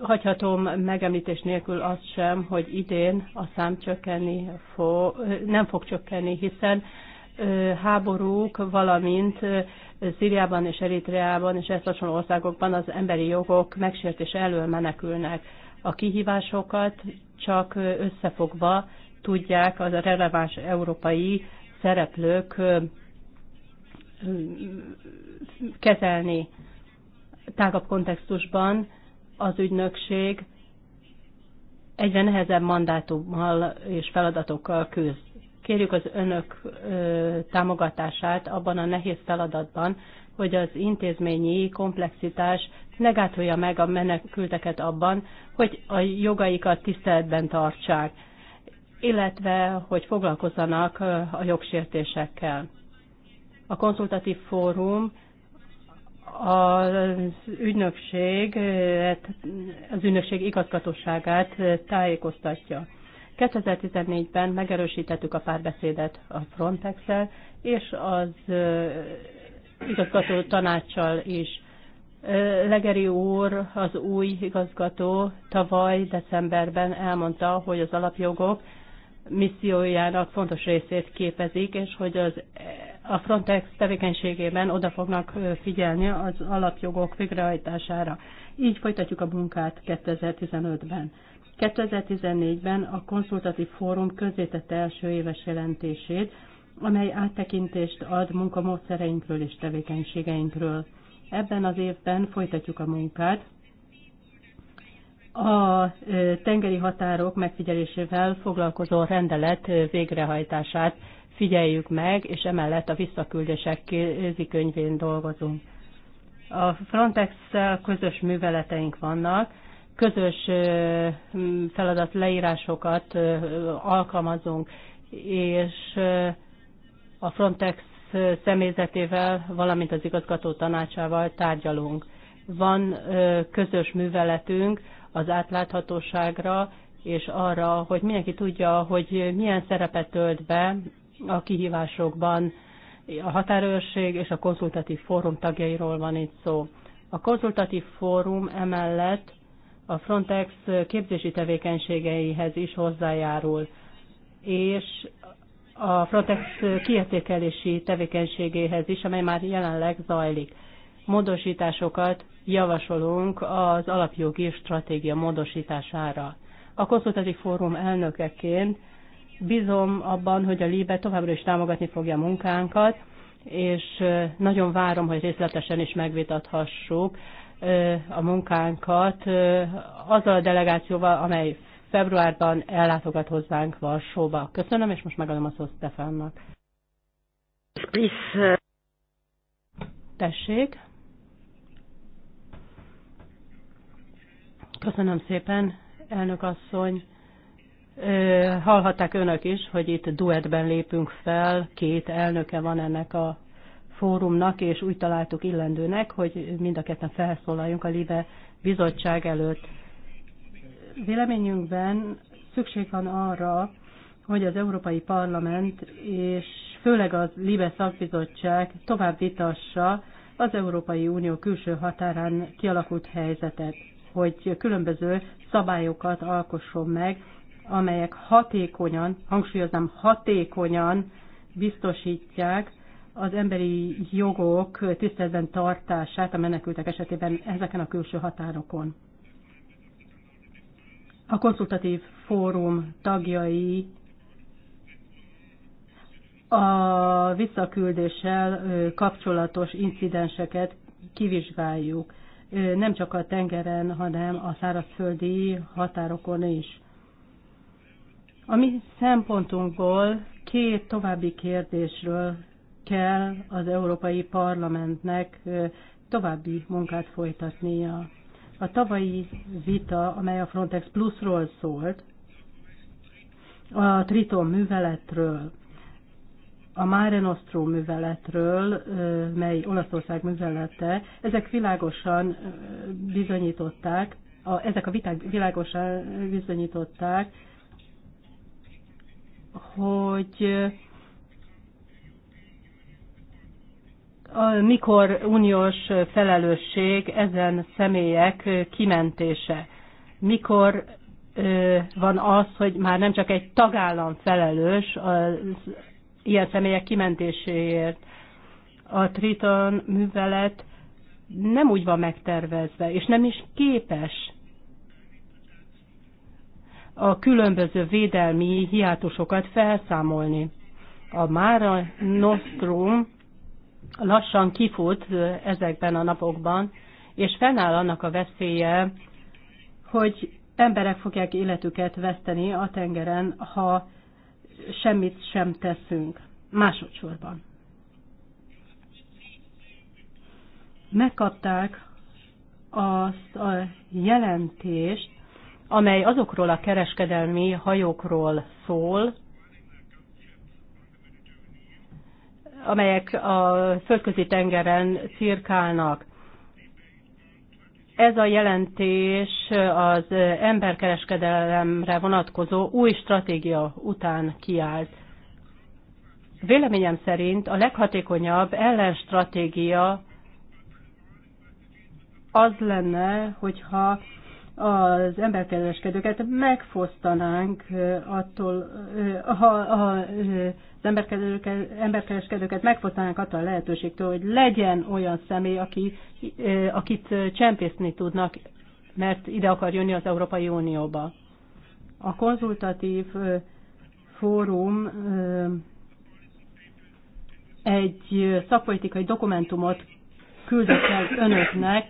hagyhatom megemlítés nélkül azt sem, hogy idén a szám csökkenni fo, nem fog csökkenni, hiszen háborúk, valamint Szíriában és Eritreában és ezt hasonló országokban az emberi jogok megsértése elől menekülnek. A kihívásokat csak összefogva tudják az a releváns európai szereplők kezelni. Tágabb kontextusban az ügynökség egyre nehezebb mandátummal és feladatokkal küzd. Kérjük az önök támogatását abban a nehéz feladatban, hogy az intézményi komplexitás gátolja meg a menekülteket abban, hogy a jogaikat tiszteletben tartsák, illetve hogy foglalkozzanak a jogsértésekkel. A konzultatív fórum az ügynökség, hát az ügynökség igazgatóságát tájékoztatja. 2014-ben megerősítettük a párbeszédet a Frontex-el, és az igazgató tanácssal is. Legeri úr, az új igazgató tavaly decemberben elmondta, hogy az alapjogok missziójának fontos részét képezik, és hogy az, a Frontex tevékenységében oda fognak figyelni az alapjogok végrehajtására. Így folytatjuk a munkát 2015-ben. 2014-ben a konzultatív fórum közzétette első éves jelentését, amely áttekintést ad munkamódszereinkről és tevékenységeinkről. Ebben az évben folytatjuk a munkát. A tengeri határok megfigyelésével foglalkozó rendelet végrehajtását figyeljük meg, és emellett a visszaküldések kézikönyvén dolgozunk. A frontex közös műveleteink vannak, közös feladat leírásokat alkalmazunk, és a Frontex személyzetével, valamint az igazgató tanácsával tárgyalunk. Van közös műveletünk az átláthatóságra, és arra, hogy mindenki tudja, hogy milyen szerepet tölt be a kihívásokban a határőrség és a konzultatív fórum tagjairól van itt szó. A konzultatív fórum emellett a Frontex képzési tevékenységeihez is hozzájárul, és a Frontex kiértékelési tevékenységéhez is, amely már jelenleg zajlik. Módosításokat javasolunk az alapjogi stratégia módosítására. A konzultatív fórum elnökeként bízom abban, hogy a LIBE továbbra is támogatni fogja a munkánkat, és nagyon várom, hogy részletesen is megvitathassuk a munkánkat azzal a delegációval, amely februárban ellátogat hozzánk Varsóba. Köszönöm, és most megadom a szót Stefannak. Uh, Tessék. Köszönöm szépen, elnök asszony. Hallhatták önök is, hogy itt duetben lépünk fel, két elnöke van ennek a fórumnak, és úgy találtuk illendőnek, hogy mind a ketten felszólaljunk a LIBE bizottság előtt. Véleményünkben szükség van arra, hogy az Európai Parlament és főleg az Libe szakbizottság tovább vitassa az Európai Unió külső határán kialakult helyzetet, hogy különböző szabályokat alkosson meg, amelyek hatékonyan, hangsúlyoznám hatékonyan biztosítják az emberi jogok tiszteletben tartását a menekültek esetében ezeken a külső határokon a konzultatív fórum tagjai a visszaküldéssel kapcsolatos incidenseket kivizsgáljuk, nem csak a tengeren, hanem a szárazföldi határokon is. A mi szempontunkból két további kérdésről kell az Európai Parlamentnek további munkát folytatnia. A tavalyi vita, amely a Frontex Plusról szólt, a Triton műveletről, a Mare Nostrum műveletről, mely Olaszország művelete, ezek világosan bizonyították, a, ezek a viták világosan bizonyították, hogy mikor uniós felelősség ezen személyek kimentése? Mikor van az, hogy már nem csak egy tagállam felelős az ilyen személyek kimentéséért? A Triton művelet nem úgy van megtervezve, és nem is képes a különböző védelmi hiátusokat felszámolni. A Mára Nostrum lassan kifut ezekben a napokban, és fennáll annak a veszélye, hogy emberek fogják életüket veszteni a tengeren, ha semmit sem teszünk. Másodszorban. Megkapták azt a jelentést, amely azokról a kereskedelmi hajókról szól, amelyek a földközi tengeren cirkálnak. Ez a jelentés az emberkereskedelemre vonatkozó új stratégia után kiállt. Véleményem szerint a leghatékonyabb ellenstratégia az lenne, hogyha az emberkereskedőket megfosztanánk attól, ha az emberkereskedőket megfosztanánk attól a lehetőségtől, hogy legyen olyan személy, aki, akit csempészni tudnak, mert ide akar jönni az Európai Unióba. A konzultatív fórum egy szakpolitikai dokumentumot küldött el önöknek,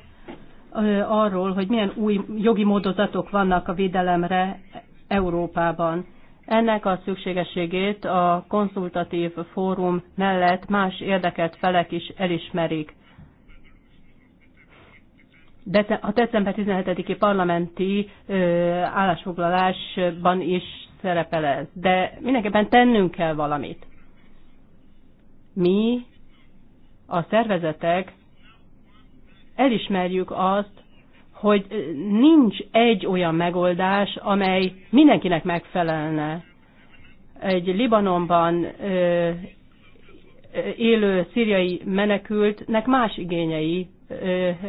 arról, hogy milyen új jogi módozatok vannak a védelemre Európában. Ennek a szükségességét a konzultatív fórum mellett más érdekelt felek is elismerik. De a december 17-i parlamenti állásfoglalásban is szerepel ez. De mindenképpen tennünk kell valamit. Mi, a szervezetek, elismerjük azt, hogy nincs egy olyan megoldás, amely mindenkinek megfelelne. Egy Libanonban élő szíriai menekültnek más igényei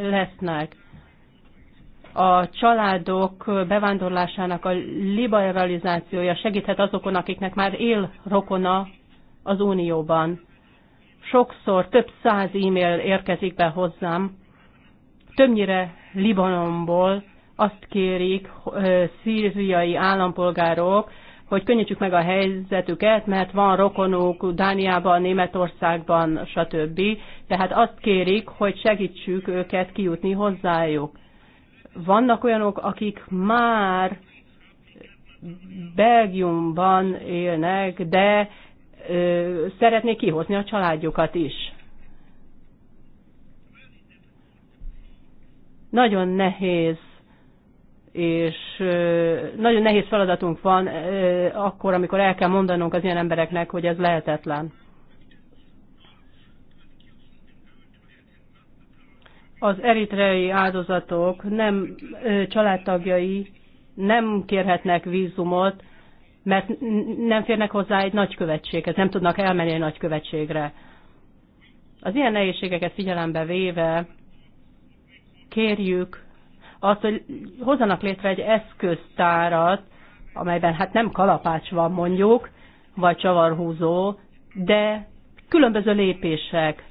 lesznek. A családok bevándorlásának a liberalizációja segíthet azokon, akiknek már él rokona az Unióban. Sokszor több száz e-mail érkezik be hozzám többnyire Libanonból azt kérik szíriai állampolgárok, hogy könnyítsük meg a helyzetüket, mert van rokonuk Dániában, Németországban, stb. Tehát azt kérik, hogy segítsük őket kijutni hozzájuk. Vannak olyanok, akik már Belgiumban élnek, de ö, szeretnék kihozni a családjukat is. Nagyon nehéz és nagyon nehéz feladatunk van akkor, amikor el kell mondanunk az ilyen embereknek, hogy ez lehetetlen. Az eritrei áldozatok nem családtagjai nem kérhetnek vízumot, mert nem férnek hozzá egy nagykövetséghez, nem tudnak elmenni egy nagykövetségre. Az ilyen nehézségeket figyelembe véve kérjük azt, hogy hozzanak létre egy eszköztárat, amelyben hát nem kalapács van mondjuk, vagy csavarhúzó, de különböző lépések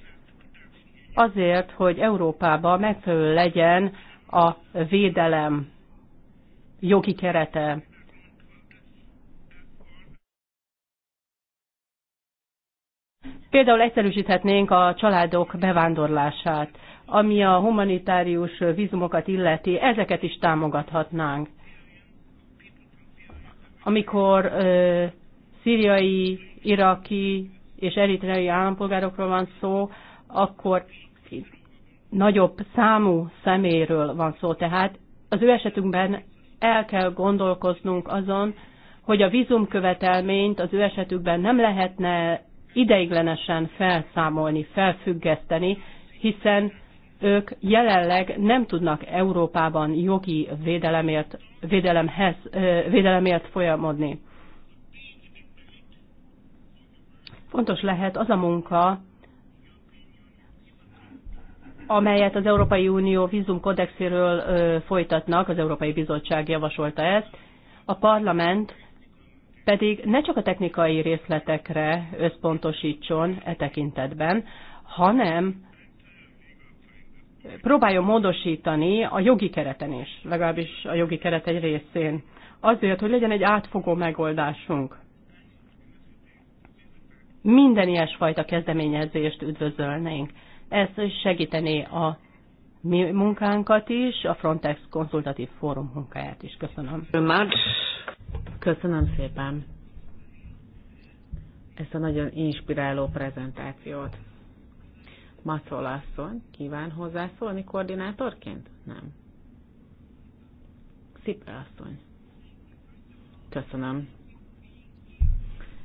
azért, hogy Európában megfelelő legyen a védelem jogi kerete. Például egyszerűsíthetnénk a családok bevándorlását ami a humanitárius vízumokat illeti, ezeket is támogathatnánk. Amikor ö, szíriai, iraki és eritreai állampolgárokról van szó, akkor nagyobb számú szeméről van szó. Tehát az ő esetünkben el kell gondolkoznunk azon, hogy a vízumkövetelményt az ő esetükben nem lehetne ideiglenesen felszámolni, felfüggeszteni, hiszen ők jelenleg nem tudnak Európában jogi védelemért, védelemhez, védelemért folyamodni. Fontos lehet az a munka, amelyet az Európai Unió vízumkodexéről folytatnak, az Európai Bizottság javasolta ezt, a parlament pedig ne csak a technikai részletekre összpontosítson e tekintetben, hanem próbáljon módosítani a jogi kereten is, legalábbis a jogi keret egy részén, azért, hogy legyen egy átfogó megoldásunk. Minden ilyesfajta kezdeményezést üdvözölnénk. Ez segítené a mi munkánkat is, a Frontex konzultatív fórum munkáját is. Köszönöm. Köszönöm szépen ezt a nagyon inspiráló prezentációt. Macol asszony kíván hozzászólni koordinátorként? Nem. Szipra asszony. Köszönöm.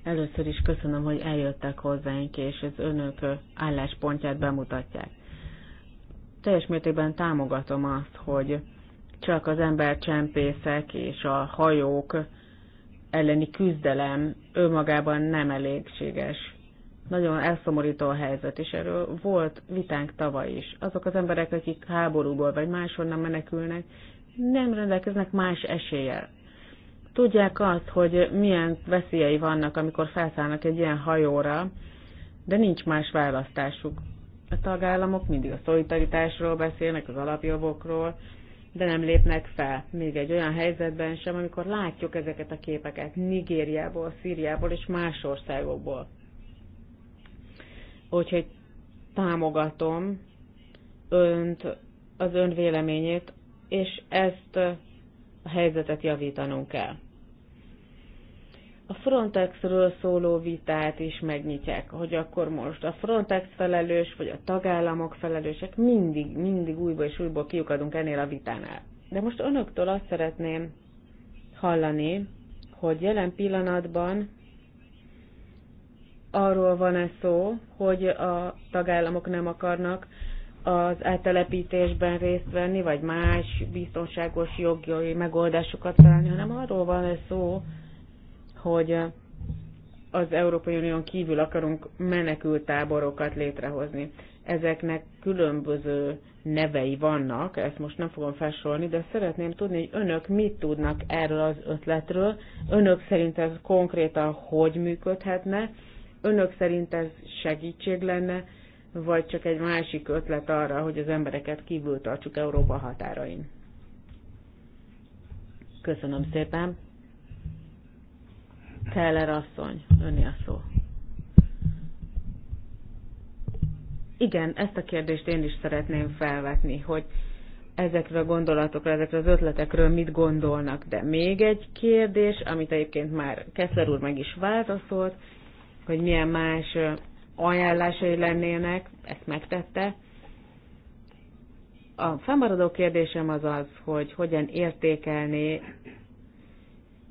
Először is köszönöm, hogy eljöttek hozzánk, és az önök álláspontját bemutatják. Teljes mértékben támogatom azt, hogy csak az embercsempészek és a hajók elleni küzdelem önmagában nem elégséges nagyon elszomorító a helyzet, és erről volt vitánk tavaly is. Azok az emberek, akik háborúból vagy máshonnan menekülnek, nem rendelkeznek más eséllyel. Tudják azt, hogy milyen veszélyei vannak, amikor felszállnak egy ilyen hajóra, de nincs más választásuk. A tagállamok mindig a szolidaritásról beszélnek, az alapjogokról, de nem lépnek fel. Még egy olyan helyzetben sem, amikor látjuk ezeket a képeket Nigériából, Szíriából és más országokból. Úgyhogy támogatom önt, az ön véleményét, és ezt a helyzetet javítanunk kell. A Frontexről szóló vitát is megnyitják, hogy akkor most a Frontex felelős, vagy a tagállamok felelősek, mindig, mindig újból és újból kiukadunk ennél a vitánál. De most önöktől azt szeretném hallani, hogy jelen pillanatban arról van-e szó, hogy a tagállamok nem akarnak az áttelepítésben részt venni, vagy más biztonságos jogi megoldásokat találni, hanem arról van-e szó, hogy az Európai Unión kívül akarunk menekültáborokat létrehozni. Ezeknek különböző nevei vannak, ezt most nem fogom felsorolni, de szeretném tudni, hogy önök mit tudnak erről az ötletről, önök szerint ez konkrétan hogy működhetne, Önök szerint ez segítség lenne, vagy csak egy másik ötlet arra, hogy az embereket kívül tartsuk Európa határain? Köszönöm szépen. Keller asszony, öné a szó. Igen, ezt a kérdést én is szeretném felvetni, hogy ezekre a gondolatokra, ezekre az ötletekről mit gondolnak. De még egy kérdés, amit egyébként már Keszler úr meg is válaszolt, hogy milyen más ajánlásai lennének, ezt megtette. A fennmaradó kérdésem az az, hogy hogyan értékelné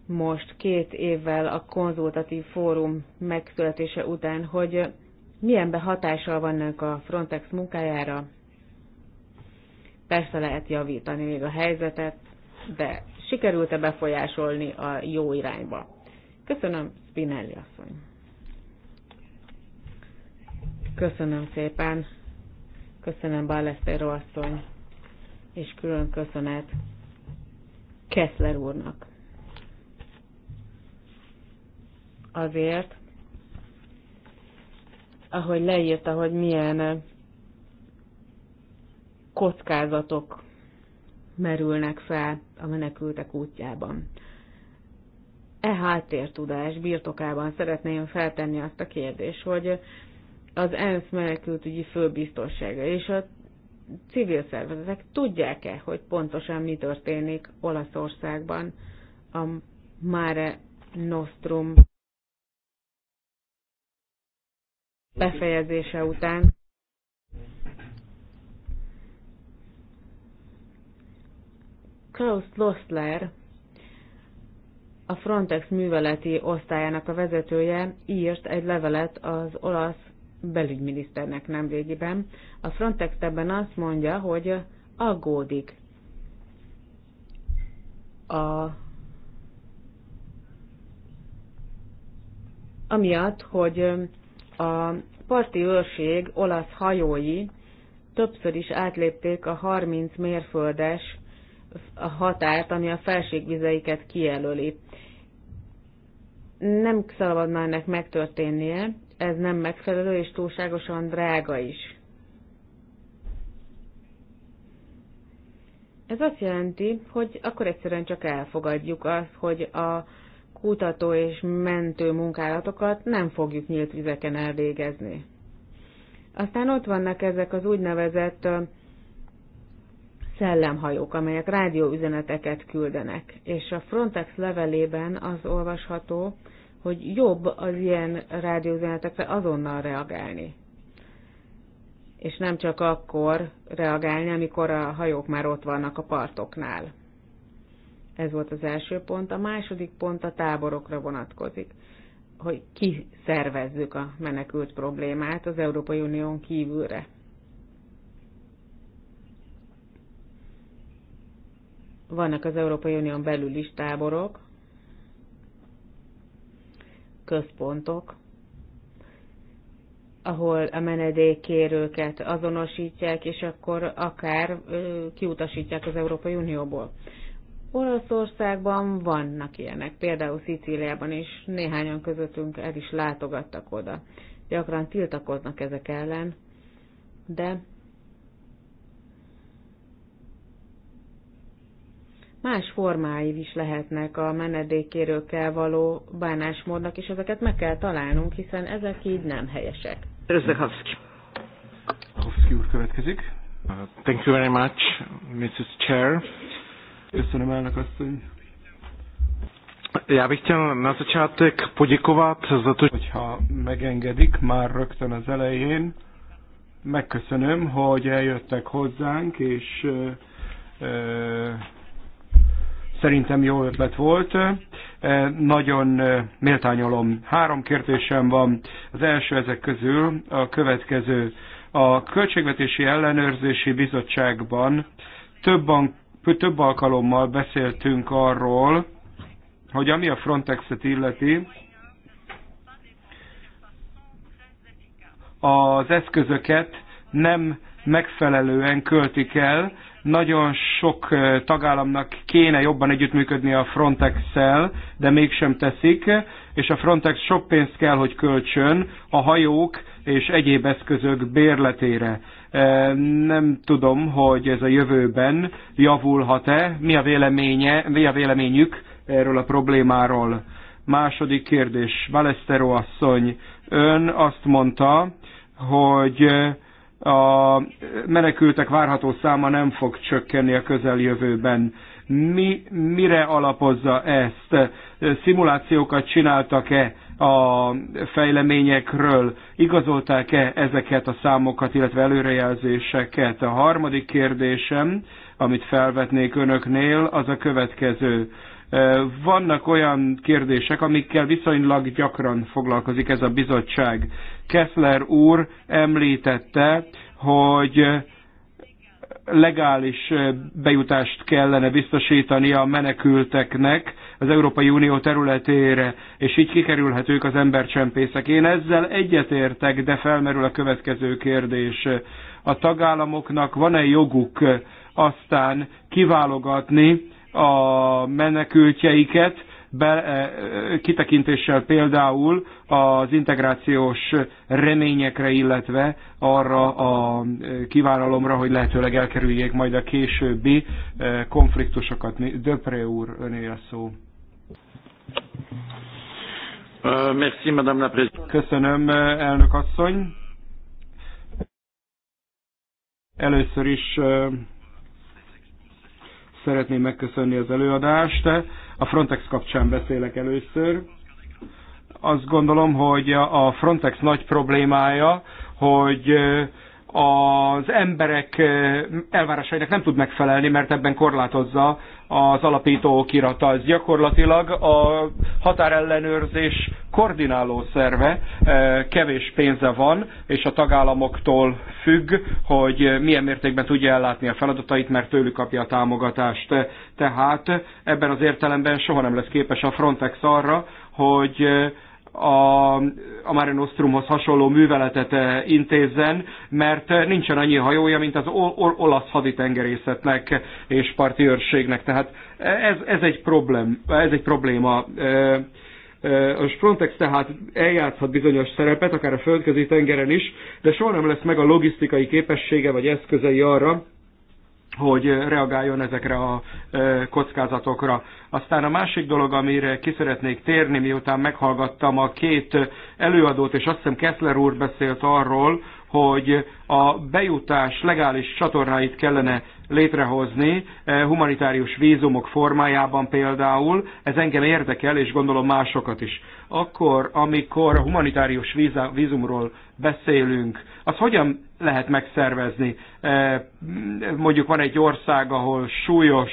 most két évvel a konzultatív fórum megszületése után, hogy milyen behatással vannak a Frontex munkájára. Persze lehet javítani még a helyzetet, de sikerült-e befolyásolni a jó irányba? Köszönöm, Spinelli asszony! Köszönöm szépen. Köszönöm Ballestero asszony, és külön köszönet Kessler úrnak. Azért, ahogy leírta, hogy milyen eh, kockázatok merülnek fel a menekültek útjában. E háttértudás birtokában szeretném feltenni azt a kérdést, hogy az ENSZ menekültügyi főbiztossága és a civil szervezetek tudják-e, hogy pontosan mi történik Olaszországban a Mare Nostrum befejezése után. Klaus Lossler, a Frontex műveleti osztályának a vezetője írt egy levelet az olasz belügyminiszternek nem régiben. A Frontex ebben azt mondja, hogy aggódik a amiatt, hogy a parti őrség olasz hajói többször is átlépték a 30 mérföldes határt, ami a felségvizeiket kijelöli. Nem szabadna ennek megtörténnie, ez nem megfelelő és túlságosan drága is. Ez azt jelenti, hogy akkor egyszerűen csak elfogadjuk azt, hogy a kutató és mentő munkálatokat nem fogjuk nyílt vizeken elvégezni. Aztán ott vannak ezek az úgynevezett szellemhajók, amelyek rádióüzeneteket küldenek, és a Frontex levelében az olvasható, hogy jobb az ilyen rádiózenetekre azonnal reagálni. És nem csak akkor reagálni, amikor a hajók már ott vannak a partoknál. Ez volt az első pont. A második pont a táborokra vonatkozik, hogy ki szervezzük a menekült problémát az Európai Unión kívülre. Vannak az Európai Unión belül is táborok, központok, ahol a menedékkérőket azonosítják, és akkor akár kiutasítják az Európai Unióból. Olaszországban vannak ilyenek, például Szicíliában is néhányan közöttünk el is látogattak oda. Gyakran tiltakoznak ezek ellen, de más formái is lehetnek a menedékkérőkkel való bánásmódnak, és ezeket meg kell találnunk, hiszen ezek így nem helyesek. Rözdehaszki. Haszki úr következik. Uh, thank you very much, Mrs. Chair. Köszönöm elnök asszony. Já bych chtěl na začátek poděkovat za to, hogyha megengedik már rögtön az elején, megköszönöm, hogy eljöttek hozzánk, és uh, uh, Szerintem jó ötlet volt. E, nagyon e, méltányolom. Három kérdésem van. Az első ezek közül a következő. A Költségvetési Ellenőrzési Bizottságban több, több alkalommal beszéltünk arról, hogy ami a Frontexet illeti, az eszközöket nem megfelelően költik el, nagyon sok eh, tagállamnak kéne jobban együttműködni a Frontex-szel, de mégsem teszik, és a Frontex sok pénzt kell, hogy költsön a hajók és egyéb eszközök bérletére. Eh, nem tudom, hogy ez a jövőben javulhat-e, mi a, véleménye, mi a véleményük erről a problémáról. Második kérdés. Balestero asszony, ön azt mondta, hogy eh, a menekültek várható száma nem fog csökkenni a közeljövőben. Mi, mire alapozza ezt? Szimulációkat csináltak-e a fejleményekről? Igazolták-e ezeket a számokat, illetve előrejelzéseket? A harmadik kérdésem, amit felvetnék önöknél, az a következő vannak olyan kérdések, amikkel viszonylag gyakran foglalkozik ez a bizottság. Kessler úr említette, hogy legális bejutást kellene biztosítani a menekülteknek az Európai Unió területére, és így kikerülhetők az embercsempészek. Én ezzel egyetértek, de felmerül a következő kérdés. A tagállamoknak van-e joguk aztán kiválogatni a menekültjeiket, be, e, e, kitekintéssel például az integrációs reményekre, illetve arra a e, kivállalomra, hogy lehetőleg elkerüljék majd a későbbi konfliktusokat. Döpré úr, öné a szó. Uh, Köszönöm, elnök asszony. Először is szeretném megköszönni az előadást. A Frontex kapcsán beszélek először. Azt gondolom, hogy a Frontex nagy problémája, hogy az emberek elvárásainak nem tud megfelelni, mert ebben korlátozza az alapító okirata. Ez gyakorlatilag a határellenőrzés koordináló szerve, eh, kevés pénze van, és a tagállamoktól függ, hogy milyen mértékben tudja ellátni a feladatait, mert tőlük kapja a támogatást. Tehát ebben az értelemben soha nem lesz képes a Frontex arra, hogy eh, a, a Mare Nostrumhoz hasonló műveletet eh, intézzen, mert eh, nincsen annyi hajója, mint az olasz haditengerészetnek és parti őrségnek. Tehát eh, ez, ez, egy, problém, ez egy probléma. A Frontex tehát eljátszhat bizonyos szerepet, akár a földközi tengeren is, de soha nem lesz meg a logisztikai képessége vagy eszközei arra, hogy reagáljon ezekre a kockázatokra. Aztán a másik dolog, amire ki szeretnék térni, miután meghallgattam a két előadót, és azt hiszem Kessler úr beszélt arról, hogy a bejutás legális csatornáit kellene létrehozni, humanitárius vízumok formájában például, ez engem érdekel, és gondolom másokat is. Akkor, amikor a humanitárius vízumról beszélünk, az hogyan lehet megszervezni. Mondjuk van egy ország, ahol súlyos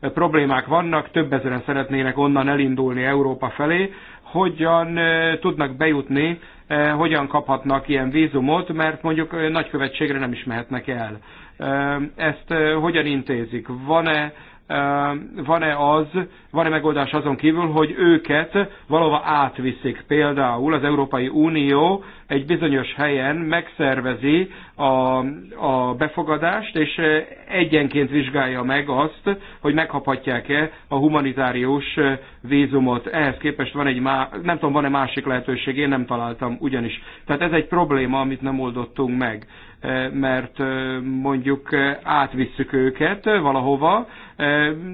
problémák vannak, több ezeren szeretnének onnan elindulni Európa felé, hogyan tudnak bejutni, hogyan kaphatnak ilyen vízumot, mert mondjuk nagykövetségre nem is mehetnek el. Ezt hogyan intézik? Van-e van-e az, van-e megoldás azon kívül, hogy őket valóban átviszik. Például az Európai Unió egy bizonyos helyen megszervezi a, a befogadást, és eh, egyenként vizsgálja meg azt, hogy megkaphatják-e a humanitárius eh, vízumot. Ehhez képest van egy, má, nem tudom, van-e másik lehetőség, én nem találtam ugyanis. Tehát ez egy probléma, amit nem oldottunk meg eh, mert mondjuk átvisszük őket valahova,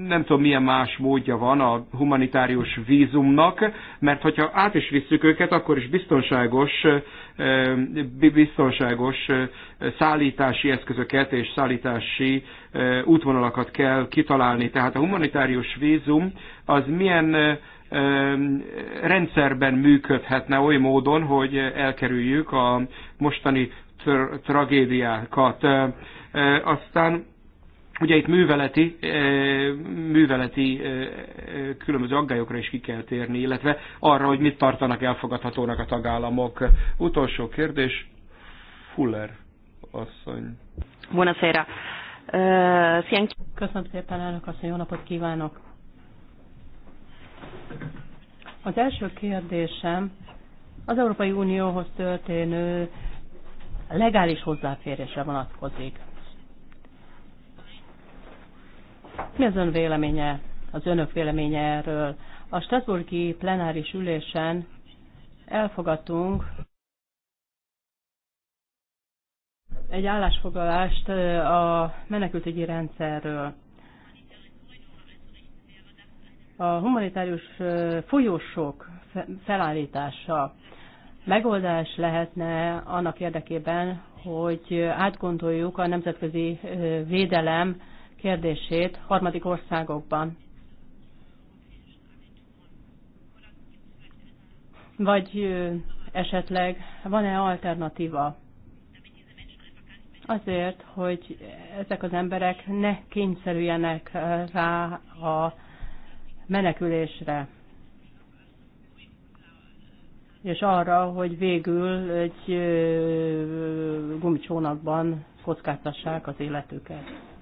nem tudom milyen más módja van a humanitárius vízumnak, mert hogyha át is visszük őket, akkor is biztonságos biztonságos szállítási eszközöket és szállítási útvonalakat kell kitalálni. Tehát a humanitárius vízum az milyen rendszerben működhetne oly módon, hogy elkerüljük a mostani tragédiákat. Aztán Ugye itt műveleti, műveleti különböző aggályokra is ki kell térni, illetve arra, hogy mit tartanak elfogadhatónak a tagállamok. Utolsó kérdés, Fuller asszony. Buonasera. Köszönöm szépen, elnök asszony, jó napot kívánok. Az első kérdésem az Európai Unióhoz történő legális hozzáférésre vonatkozik. Mi az ön véleménye, az önök véleménye erről? A Strasburgi plenáris ülésen elfogadtunk egy állásfoglalást a menekültügyi rendszerről. A humanitárius folyósok felállítása megoldás lehetne annak érdekében, hogy átgondoljuk a nemzetközi védelem kérdését harmadik országokban. Vagy esetleg van-e alternatíva azért, hogy ezek az emberek ne kényszerüljenek rá a menekülésre, és arra, hogy végül egy gumicsónakban kockáztassák az életüket.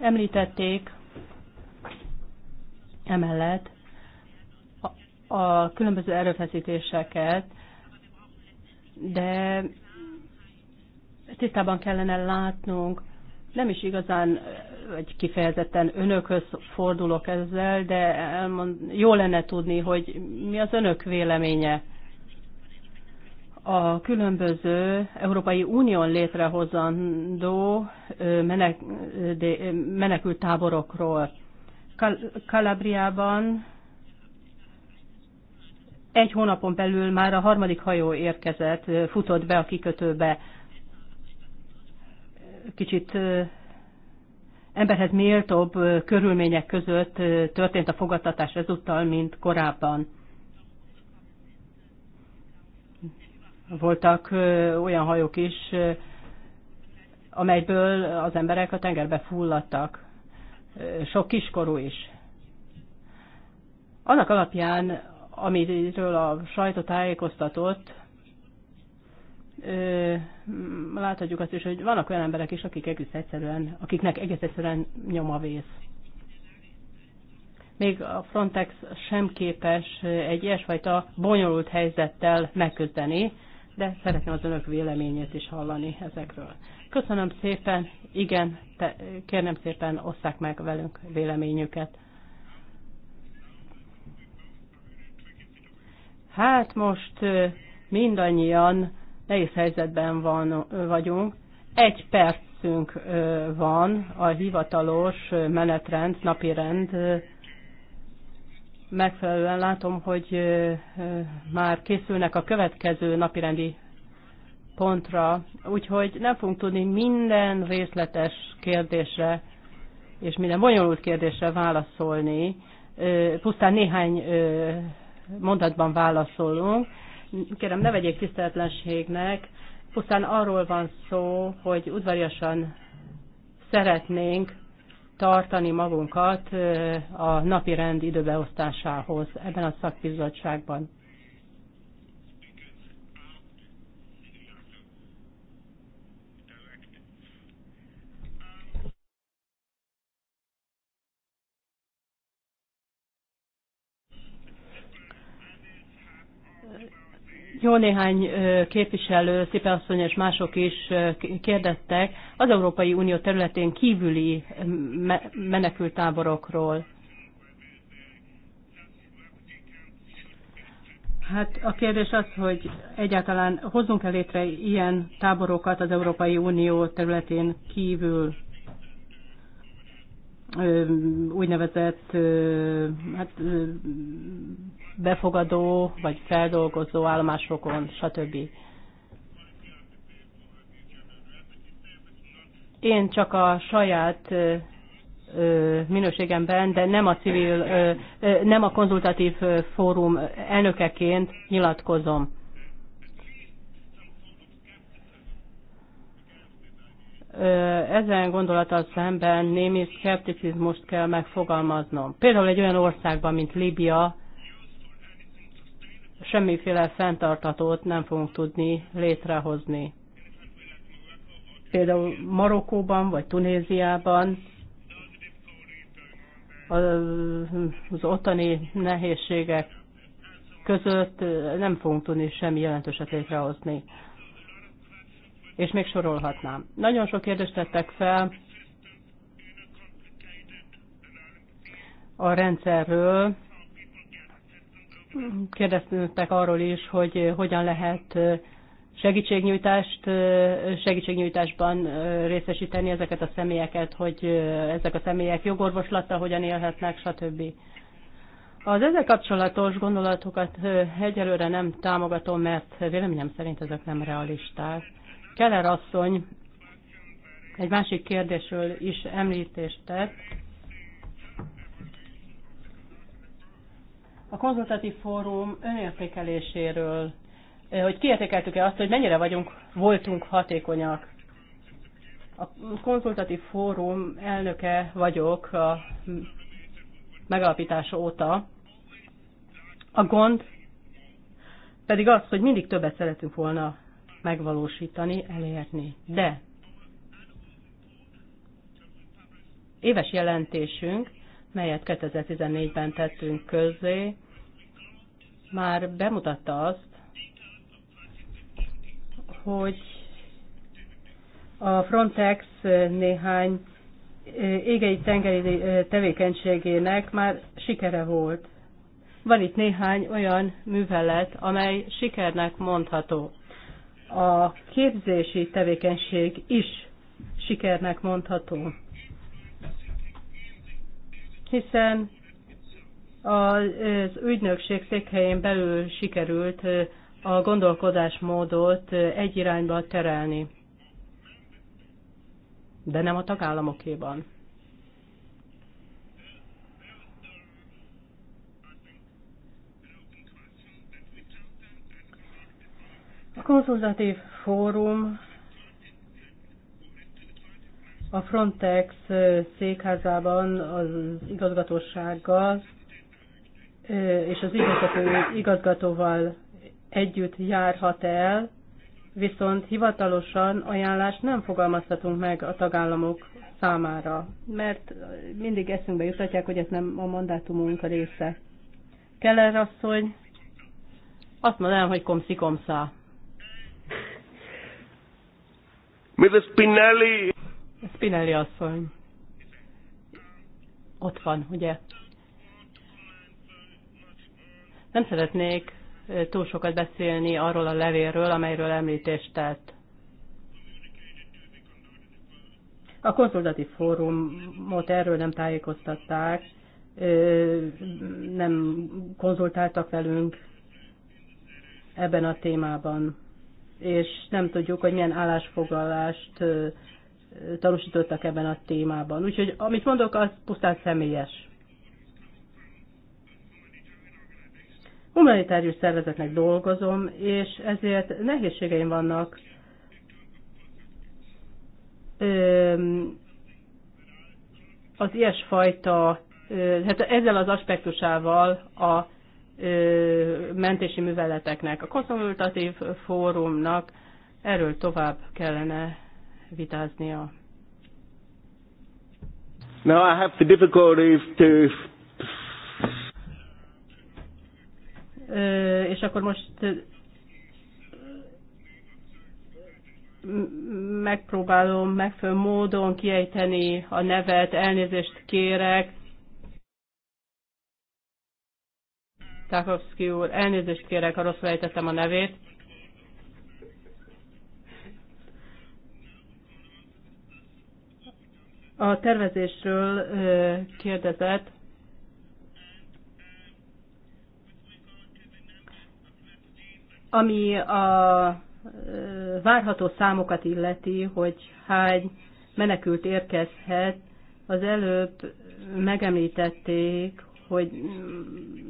Említették emellett a, a különböző erőfeszítéseket, de tisztában kellene látnunk, nem is igazán, vagy kifejezetten önökhöz fordulok ezzel, de elmond, jó lenne tudni, hogy mi az önök véleménye a különböző Európai Unión létrehozandó menekült táborokról. Kalabriában egy hónapon belül már a harmadik hajó érkezett, futott be a kikötőbe. Kicsit emberhez méltóbb körülmények között történt a fogadtatás ezúttal, mint korábban. voltak olyan hajók is, amelyből az emberek a tengerbe fulladtak. Sok kiskorú is. Annak alapján, amiről a sajtó tájékoztatott, láthatjuk azt is, hogy vannak olyan emberek is, akik egész egyszerűen, akiknek egész egyszerűen nyom a vész. Még a Frontex sem képes egy ilyesfajta bonyolult helyzettel megküzdeni, de szeretném az önök véleményét is hallani ezekről. Köszönöm szépen, igen, te, kérnem szépen osszák meg velünk véleményüket. Hát most mindannyian nehéz helyzetben van, vagyunk. Egy percünk van a hivatalos menetrend, napirend megfelelően látom, hogy már készülnek a következő napirendi pontra, úgyhogy nem fogunk tudni minden részletes kérdésre és minden bonyolult kérdésre válaszolni. Pusztán néhány mondatban válaszolunk. Kérem, ne vegyék tiszteletlenségnek. Pusztán arról van szó, hogy udvariasan szeretnénk tartani magunkat a napi rend időbeosztásához ebben a szakbizottságban. jó néhány képviselő, Szipeasszony és mások is kérdeztek az Európai Unió területén kívüli menekültáborokról. Hát a kérdés az, hogy egyáltalán hozzunk-e létre ilyen táborokat az Európai Unió területén kívül úgynevezett hát, befogadó vagy feldolgozó állomásokon, stb. Én csak a saját minőségemben, de nem a civil, nem a konzultatív fórum elnökeként nyilatkozom. Ezen gondolattal szemben némi szkepticizmust kell megfogalmaznom. Például egy olyan országban, mint Líbia, semmiféle fenntartatót nem fogunk tudni létrehozni. Például Marokkóban vagy Tunéziában az ottani nehézségek között nem fogunk tudni semmi jelentőset létrehozni. És még sorolhatnám. Nagyon sok kérdést tettek fel a rendszerről, kérdeztek arról is, hogy eh, hogyan lehet eh, segítségnyújtást, eh, segítségnyújtásban részesíteni ezeket a személyeket, hogy ezek a személyek jogorvoslattal hogyan élhetnek, stb. Az ezzel kapcsolatos gondolatokat egyelőre nem támogatom, mert véleményem szerint ezek nem realisták. Keller asszony egy másik kérdésről is említést tett, a konzultatív fórum önértékeléséről, eh, hogy kiértékeltük-e azt, hogy mennyire vagyunk, voltunk hatékonyak. A konzultatív fórum elnöke vagyok a megalapítása óta. A gond pedig az, hogy mindig többet szeretünk volna megvalósítani, elérni. De éves jelentésünk melyet 2014-ben tettünk közzé, már bemutatta azt, hogy a Frontex néhány eh, égei tengeri eh, tevékenységének már sikere volt. Van itt néhány olyan művelet, amely sikernek mondható. A képzési tevékenység is sikernek mondható hiszen az ügynökség székhelyén belül sikerült a gondolkodásmódot egy irányba terelni, de nem a tagállamokéban. A konzultatív fórum a Frontex székházában az igazgatósággal és az igazgató, igazgatóval együtt járhat el, viszont hivatalosan ajánlást nem fogalmazhatunk meg a tagállamok számára, mert mindig eszünkbe jutatják, hogy ez nem a mandátumunk a része. Keller asszony, azt mondanám, hogy komszi komszá. Mrs. Spinelli. Spinelli asszony. Ott van, ugye? Nem szeretnék túl sokat beszélni arról a levélről, amelyről említést tett. A konzultatív fórumot erről nem tájékoztatták, nem konzultáltak velünk ebben a témában, és nem tudjuk, hogy milyen állásfoglalást tanúsítottak ebben a témában. Úgyhogy amit mondok, az pusztán személyes. Humanitárius szervezetnek dolgozom, és ezért nehézségeim vannak az ilyesfajta, hát ezzel az aspektusával a mentési műveleteknek, a konszolutatív fórumnak erről tovább kellene vitáznia. Now I have the difficulty to Uh, és akkor most megpróbálom megfelelő módon kiejteni a nevet, elnézést kérek. Takovszki úr, elnézést kérek, ha rosszul ejtettem a nevét. A tervezésről kérdezett, ami a várható számokat illeti, hogy hány menekült érkezhet, az előbb megemlítették, hogy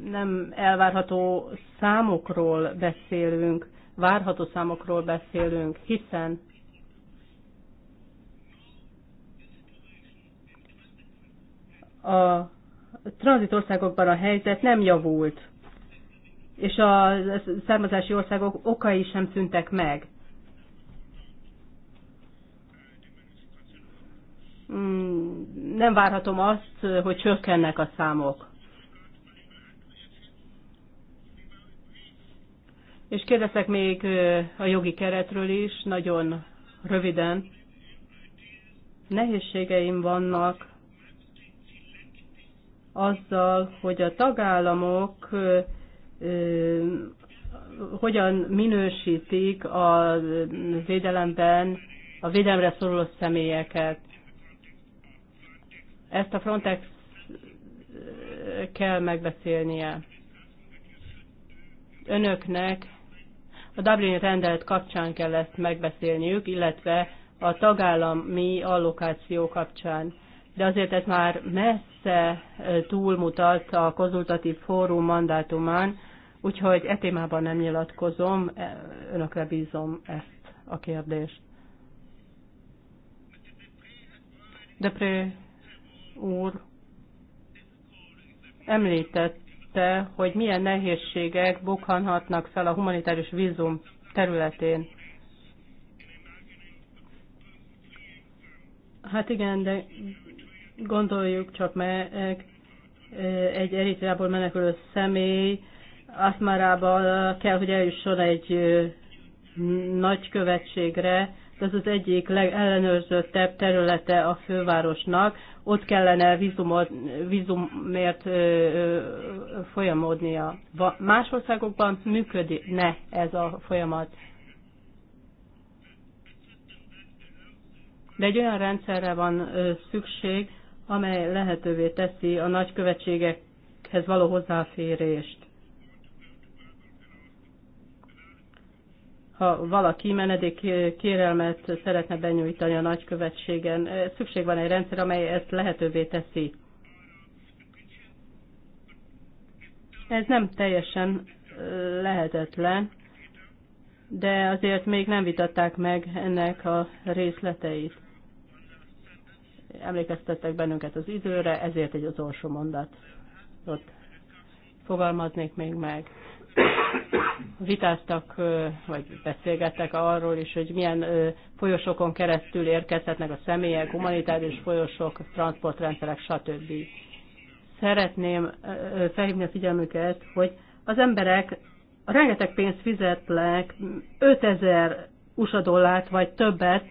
nem elvárható számokról beszélünk, várható számokról beszélünk, hiszen a tranzitországokban a helyzet nem javult, és a származási országok okai sem szüntek meg. Mm, nem várhatom azt, hogy csökkennek a számok. És kérdezek még a jogi keretről is, nagyon röviden. Nehézségeim vannak azzal, hogy a tagállamok hogyan minősítik a védelemben a védelemre szoruló személyeket. Ezt a Frontex kell megbeszélnie. Önöknek a Dublin rendelet kapcsán kell ezt megbeszélniük, illetve a tagállami allokáció kapcsán de azért ez már messze túlmutat a konzultatív fórum mandátumán, úgyhogy e témában nem nyilatkozom, e, önökre bízom ezt a kérdést. Depré úr említette, hogy milyen nehézségek bukhanhatnak fel a humanitárius vízum területén. Hát igen, de Gondoljuk csak meg, eh, egy Eritreából menekülő személy Aszmarába kell, hogy eljusson egy eh, nagykövetségre, ez az egyik legellenőrzöttebb területe a fővárosnak, ott kellene vízumot, vízumért eh, folyamodnia. Más országokban működne ez a folyamat. De egy olyan rendszerre van szükség, amely lehetővé teszi a nagykövetségekhez való hozzáférést. Ha valaki menedék kérelmet szeretne benyújtani a nagykövetségen, eh, szükség van egy rendszer, amely ezt lehetővé teszi. Ez nem teljesen eh, lehetetlen, de azért még nem vitatták meg ennek a részleteit emlékeztettek bennünket az időre, ezért egy utolsó mondat. Ott fogalmaznék még meg. Vitáztak, vagy beszélgettek arról is, hogy milyen folyosokon keresztül érkezhetnek a személyek, humanitárius folyosok, transportrendszerek, stb. Szeretném felhívni a figyelmüket, hogy az emberek rengeteg pénzt fizetnek, 5000 USA dollárt vagy többet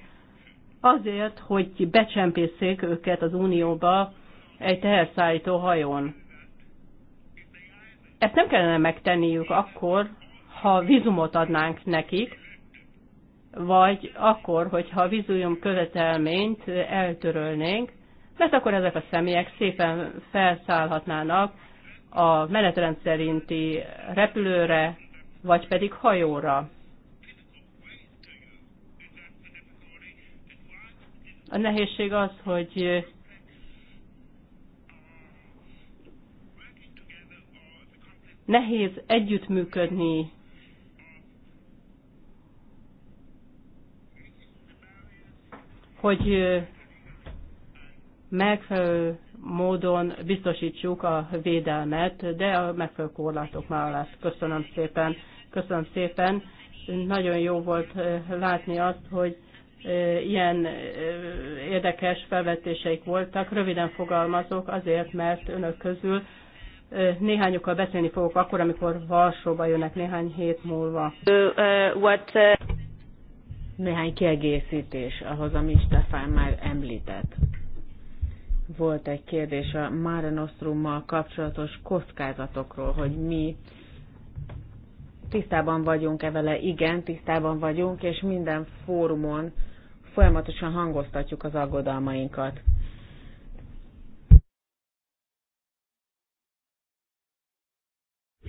azért, hogy becsempészék őket az Unióba egy teherszállító hajón. Ezt nem kellene megtenniük akkor, ha vízumot adnánk nekik, vagy akkor, hogyha a vízum követelményt eltörölnénk, mert akkor ezek a személyek szépen felszállhatnának a menetrend szerinti repülőre, vagy pedig hajóra. A nehézség az, hogy nehéz együttműködni hogy megfelelő módon biztosítsuk a védelmet, de a megfelelő korlátok mellett. Köszönöm szépen. Köszönöm szépen. Nagyon jó volt látni azt, hogy ilyen érdekes felvetéseik voltak. Röviden fogalmazok azért, mert önök közül néhányukkal beszélni fogok akkor, amikor Varsóba jönnek néhány hét múlva. Néhány kiegészítés ahhoz, amit Stefán már említett. Volt egy kérdés a Mare Nostrummal kapcsolatos kockázatokról, hogy mi tisztában vagyunk-e vele? Igen, tisztában vagyunk, és minden fórumon folyamatosan hangoztatjuk az aggodalmainkat.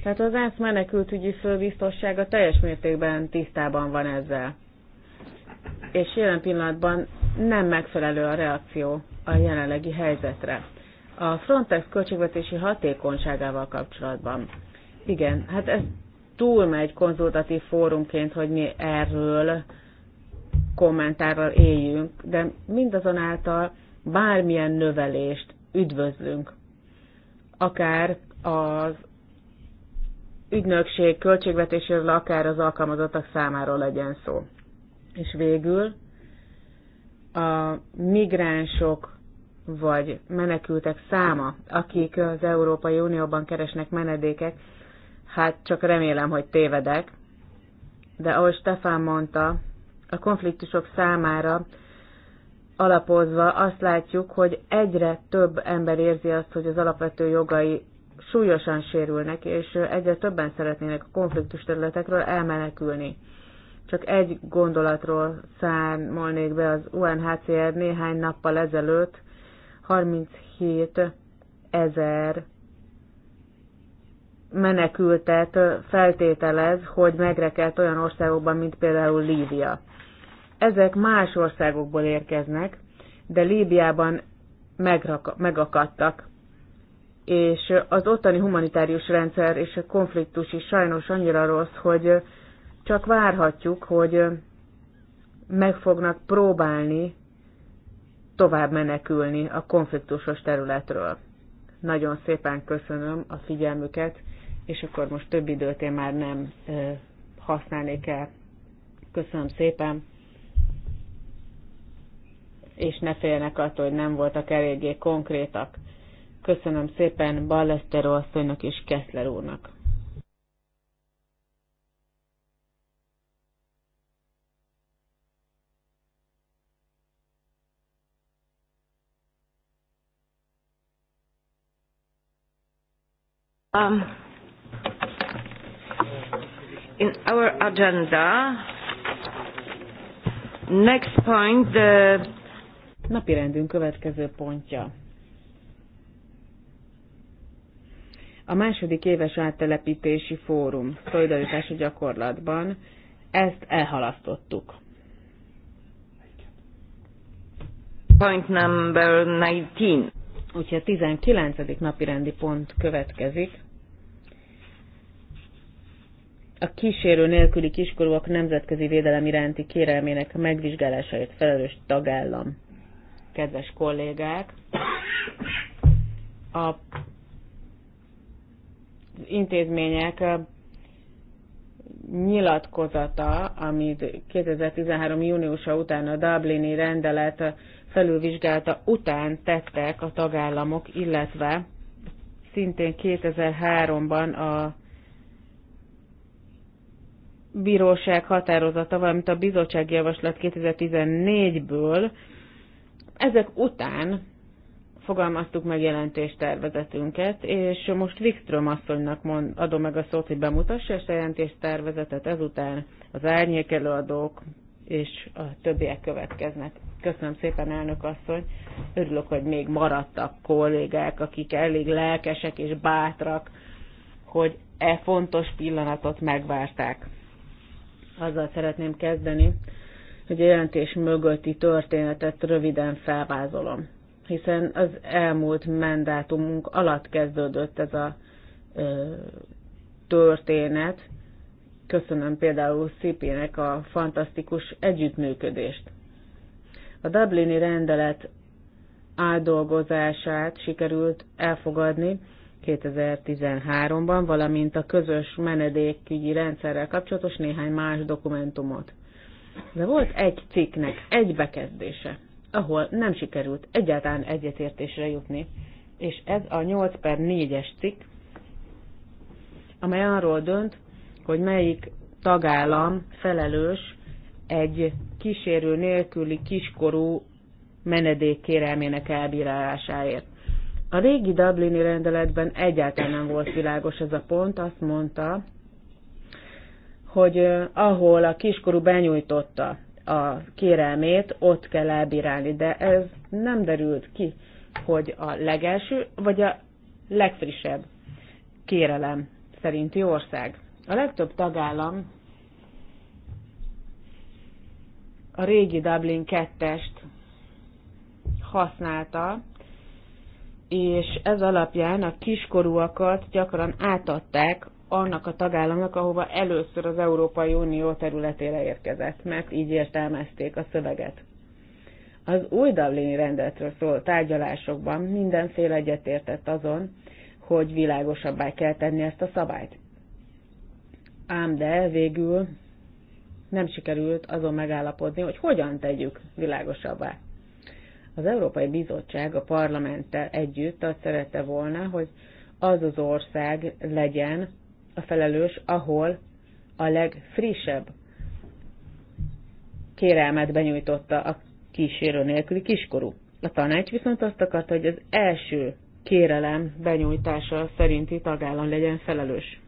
Tehát az ENSZ menekültügyi főbiztossága teljes mértékben tisztában van ezzel. És jelen pillanatban nem megfelelő a reakció a jelenlegi helyzetre. A Frontex költségvetési hatékonyságával kapcsolatban. Igen, hát ezt túlmegy konzultatív fórumként, hogy mi erről kommentárral éljünk, de mindazonáltal bármilyen növelést üdvözlünk. Akár az ügynökség költségvetéséről, akár az alkalmazottak számáról legyen szó. És végül a migránsok vagy menekültek száma, akik az Európai Unióban keresnek menedéket, Hát csak remélem, hogy tévedek. De ahogy Stefán mondta, a konfliktusok számára alapozva azt látjuk, hogy egyre több ember érzi azt, hogy az alapvető jogai súlyosan sérülnek, és egyre többen szeretnének a konfliktus területekről elmenekülni. Csak egy gondolatról számolnék be az UNHCR néhány nappal ezelőtt 37 ezer menekültet feltételez, hogy megrekelt olyan országokban, mint például Líbia. Ezek más országokból érkeznek, de Líbiában megakadtak, és az ottani humanitárius rendszer és a konfliktus is sajnos annyira rossz, hogy csak várhatjuk, hogy meg fognak próbálni tovább menekülni a konfliktusos területről. Nagyon szépen köszönöm a figyelmüket, és akkor most több időt én már nem használnék el. Köszönöm szépen, és ne féljenek attól, hogy nem voltak eléggé konkrétak. Köszönöm szépen Balleszteró asszonynak és Kessler úrnak. Um, in our agenda, next point, the Napi rendünk következő pontja. A második éves áttelepítési fórum szolidaritási gyakorlatban ezt elhalasztottuk. Point number 19. Úgyhogy a 19. napi rendi pont következik a kísérő nélküli kiskorúak nemzetközi védelem iránti kérelmének megvizsgálásáért felelős tagállam. Kedves kollégák, a intézmények eh, nyilatkozata, amit 2013. júniusa után a Dublini rendelet felülvizsgálta után tettek a tagállamok, illetve szintén 2003-ban a bíróság határozata, valamint a bizottsági javaslat 2014-ből, ezek után fogalmaztuk meg jelentéstervezetünket, és most Wikström asszonynak mond, adom meg a szót, hogy bemutassa ezt a jelentéstervezetet, ezután az árnyék előadók és a többiek következnek. Köszönöm szépen, elnök asszony. Örülök, hogy még maradtak kollégák, akik elég lelkesek és bátrak, hogy e fontos pillanatot megvárták azzal szeretném kezdeni, hogy a jelentés mögötti történetet röviden felvázolom, hiszen az elmúlt mandátumunk alatt kezdődött ez a ö, történet. Köszönöm például Szipének a fantasztikus együttműködést. A Dublini rendelet áldolgozását sikerült elfogadni, 2013-ban, valamint a közös menedékügyi rendszerrel kapcsolatos néhány más dokumentumot. De volt egy cikknek egy bekezdése, ahol nem sikerült egyáltalán egyetértésre jutni, és ez a 8 per 4-es cikk, amely arról dönt, hogy melyik tagállam felelős egy kísérő nélküli kiskorú menedék kérelmének elbírálásáért. A régi Dublini rendeletben egyáltalán nem volt világos ez a pont, azt mondta, hogy ahol a kiskorú benyújtotta a kérelmét, ott kell elbírálni, de ez nem derült ki, hogy a legelső vagy a legfrissebb kérelem szerinti ország. A legtöbb tagállam a régi Dublin 2-est használta és ez alapján a kiskorúakat gyakran átadták annak a tagállamnak, ahova először az Európai Unió területére érkezett, mert így értelmezték a szöveget. Az új Dublini rendetről szóló tárgyalásokban minden egyetértett azon, hogy világosabbá kell tenni ezt a szabályt. Ám de végül nem sikerült azon megállapodni, hogy hogyan tegyük világosabbá. Az Európai Bizottság a parlamenttel együtt azt szerette volna, hogy az az ország legyen a felelős, ahol a legfrissebb kérelmet benyújtotta a kísérő nélküli kiskorú. A tanács viszont azt akarta, hogy az első kérelem benyújtása szerinti tagállam legyen felelős.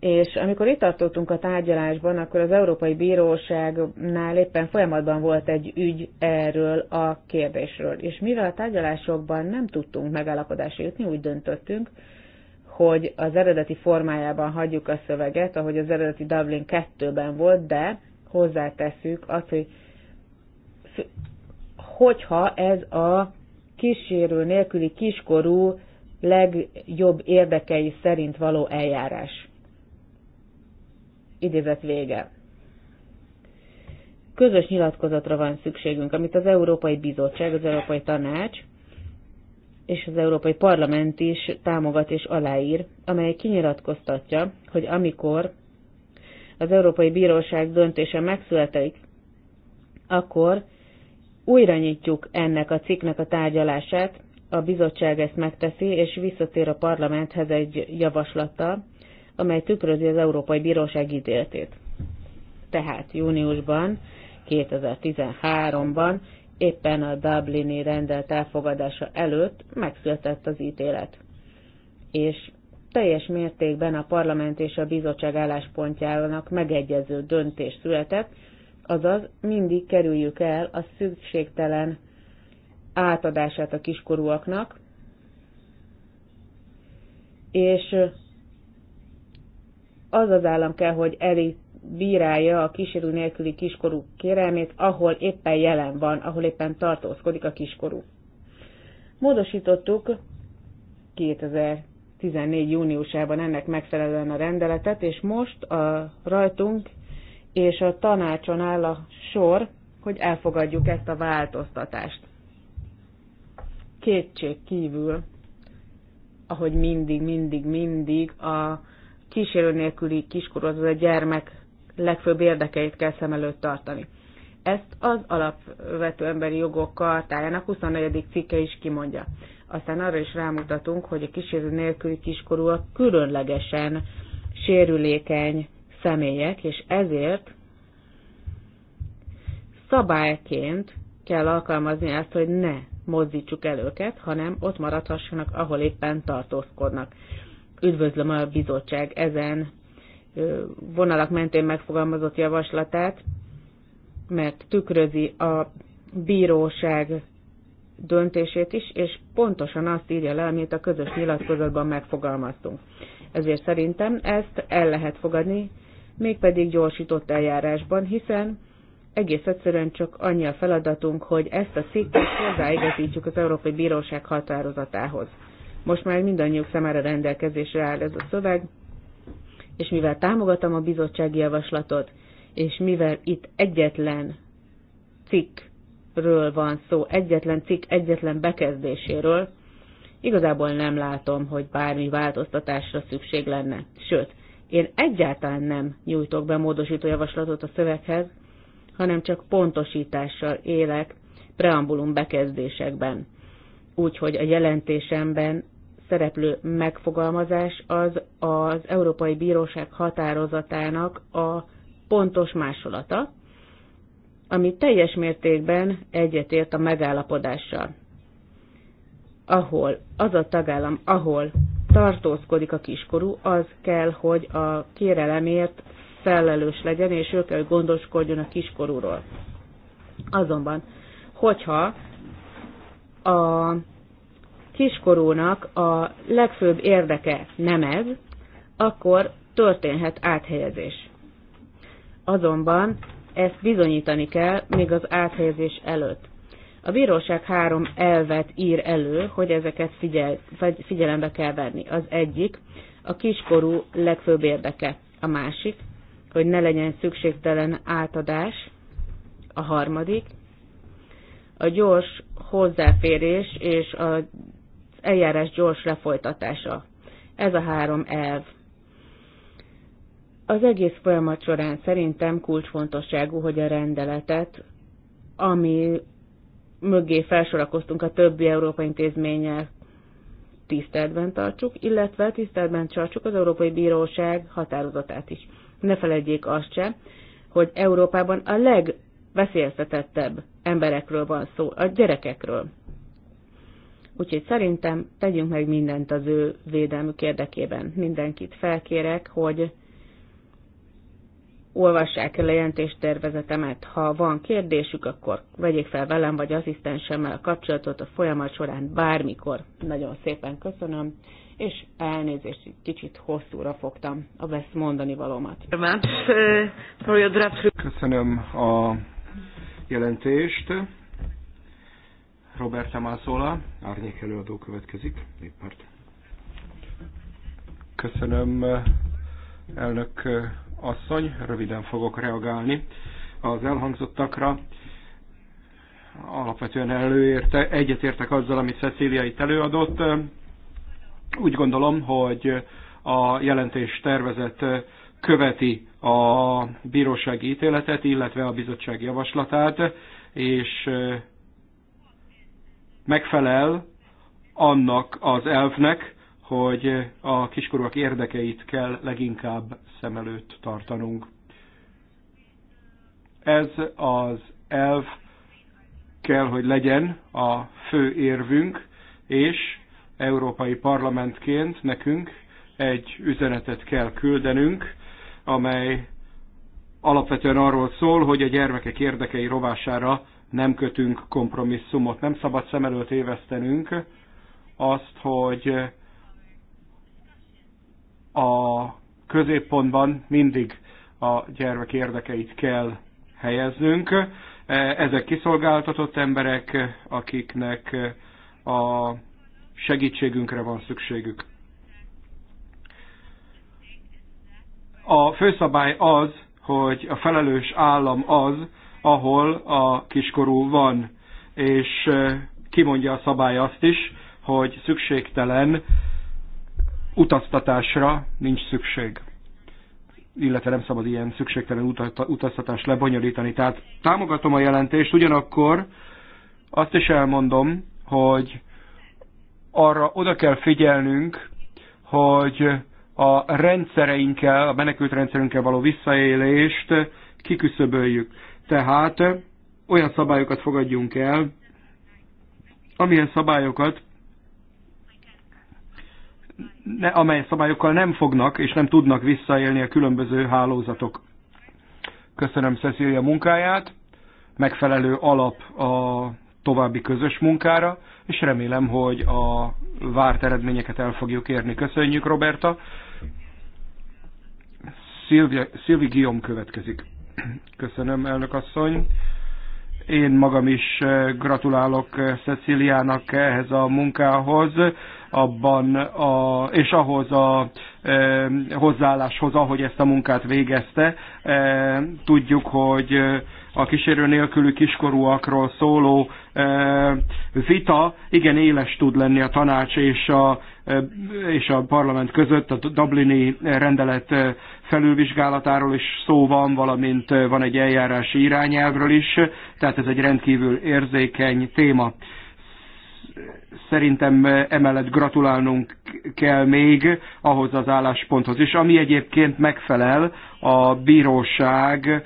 És amikor itt tartottunk a tárgyalásban, akkor az Európai Bíróságnál éppen folyamatban volt egy ügy erről a kérdésről. És mivel a tárgyalásokban nem tudtunk megállapodásra jutni, úgy döntöttünk, hogy az eredeti formájában hagyjuk a szöveget, ahogy az eredeti Dublin 2-ben volt, de hozzáteszük, azt, hogy hogyha ez a kísérő nélküli kiskorú legjobb érdekei szerint való eljárás idézet vége. Közös nyilatkozatra van szükségünk, amit az Európai Bizottság, az Európai Tanács és az Európai Parlament is támogat és aláír, amely kinyilatkoztatja, hogy amikor az Európai Bíróság döntése megszületik, akkor újra nyitjuk ennek a cikknek a tárgyalását, a bizottság ezt megteszi, és visszatér a parlamenthez egy javaslattal, amely tükrözi az Európai Bíróság ítéletét. Tehát júniusban, 2013-ban, éppen a Dublini rendelt elfogadása előtt megszületett az ítélet. És teljes mértékben a parlament és a bizottság álláspontjának megegyező döntés született, azaz mindig kerüljük el a szükségtelen átadását a kiskorúaknak, és az az állam kell, hogy elé bírálja a kísérő nélküli kiskorú kérelmét, ahol éppen jelen van, ahol éppen tartózkodik a kiskorú. Módosítottuk 2014. júniusában ennek megfelelően a rendeletet, és most a rajtunk és a tanácson áll a sor, hogy elfogadjuk ezt a változtatást. Kétség kívül, ahogy mindig, mindig, mindig a kísérő nélküli kiskorozó gyermek legfőbb érdekeit kell szem előtt tartani. Ezt az alapvető emberi jogok kartájának 24. cikke is kimondja. Aztán arra is rámutatunk, hogy a kísérő nélküli kiskorúak különlegesen sérülékeny személyek, és ezért szabályként kell alkalmazni ezt, hogy ne mozdítsuk el őket, hanem ott maradhassanak, ahol éppen tartózkodnak üdvözlöm a bizottság ezen vonalak mentén megfogalmazott javaslatát, mert tükrözi a bíróság döntését is, és pontosan azt írja le, amit a közös nyilatkozatban megfogalmaztunk. Ezért szerintem ezt el lehet fogadni, mégpedig gyorsított eljárásban, hiszen egész egyszerűen csak annyi a feladatunk, hogy ezt a cikket hozzáigazítjuk az Európai Bíróság határozatához. Most már mindannyiuk számára rendelkezésre áll ez a szöveg, és mivel támogatom a bizottsági javaslatot, és mivel itt egyetlen cikkről van szó, egyetlen cikk, egyetlen bekezdéséről, igazából nem látom, hogy bármi változtatásra szükség lenne. Sőt, én egyáltalán nem nyújtok be módosító javaslatot a szöveghez, hanem csak pontosítással élek preambulum bekezdésekben. Úgyhogy a jelentésemben szereplő megfogalmazás az az Európai Bíróság határozatának a pontos másolata, ami teljes mértékben egyetért a megállapodással. Ahol az a tagállam, ahol tartózkodik a kiskorú, az kell, hogy a kérelemért felelős legyen, és ő kell gondoskodjon a kiskorúról. Azonban, hogyha a kiskorúnak a legfőbb érdeke nem ez, akkor történhet áthelyezés. Azonban ezt bizonyítani kell még az áthelyezés előtt. A bíróság három elvet ír elő, hogy ezeket figyel, figyelembe kell venni. Az egyik a kiskorú legfőbb érdeke. A másik, hogy ne legyen szükségtelen átadás. A harmadik, a gyors hozzáférés és a eljárás gyors lefolytatása. Ez a három elv. Az egész folyamat során szerintem kulcsfontosságú, hogy a rendeletet, ami mögé felsorakoztunk a többi Európai Intézménnyel, tiszteletben tartsuk, illetve tiszteletben tartsuk az Európai Bíróság határozatát is. Ne felejtjék azt se, hogy Európában a legveszélyeztetettebb emberekről van szó, a gyerekekről. Úgyhogy szerintem tegyünk meg mindent az ő védelmük érdekében. Mindenkit felkérek, hogy olvassák el a jelentéstervezetemet. Ha van kérdésük, akkor vegyék fel velem vagy asszisztensemmel a kapcsolatot a folyamat során bármikor. Nagyon szépen köszönöm, és elnézést, kicsit hosszúra fogtam a vesz mondani valómat. Köszönöm a jelentést. Robert Mazzola, árnyék előadó következik, néppárt. Köszönöm, elnök asszony, röviden fogok reagálni az elhangzottakra. Alapvetően előérte, egyetértek azzal, amit Cecília itt előadott. Úgy gondolom, hogy a jelentés tervezet követi a bírósági ítéletet, illetve a bizottság javaslatát, és megfelel annak az elfnek, hogy a kiskorúak érdekeit kell leginkább szem előtt tartanunk. Ez az elv kell, hogy legyen a fő érvünk, és Európai Parlamentként nekünk egy üzenetet kell küldenünk, amely alapvetően arról szól, hogy a gyermekek érdekei rovására nem kötünk kompromisszumot. Nem szabad szem előtt évesztenünk azt, hogy a középpontban mindig a gyermek érdekeit kell helyeznünk. Ezek kiszolgáltatott emberek, akiknek a segítségünkre van szükségük. A főszabály az, hogy a felelős állam az, ahol a kiskorú van, és kimondja a szabály azt is, hogy szükségtelen utaztatásra nincs szükség illetve nem szabad ilyen szükségtelen utaztatást lebonyolítani. Tehát támogatom a jelentést, ugyanakkor azt is elmondom, hogy arra oda kell figyelnünk, hogy a rendszereinkkel, a menekült rendszerünkkel való visszaélést kiküszöböljük. Tehát olyan szabályokat fogadjunk el, amilyen szabályokat, ne, amely szabályokkal nem fognak és nem tudnak visszaélni a különböző hálózatok. Köszönöm Cecilia munkáját, megfelelő alap a további közös munkára, és remélem, hogy a várt eredményeket el fogjuk érni. Köszönjük, Roberta! Szilvi Guillaume következik. Köszönöm, elnök asszony. Én magam is eh, gratulálok eh, Ceciliának ehhez a munkához, abban a, és ahhoz a e, hozzáálláshoz, ahogy ezt a munkát végezte. E, tudjuk, hogy a kísérő nélkülű kiskorúakról szóló e, vita igen éles tud lenni a tanács és a, e, és a parlament között a Dublini rendelet felülvizsgálatáról is szó van, valamint van egy eljárási irányelvről is, tehát ez egy rendkívül érzékeny téma. Szerintem emellett gratulálnunk kell még ahhoz az állásponthoz is, ami egyébként megfelel a bíróság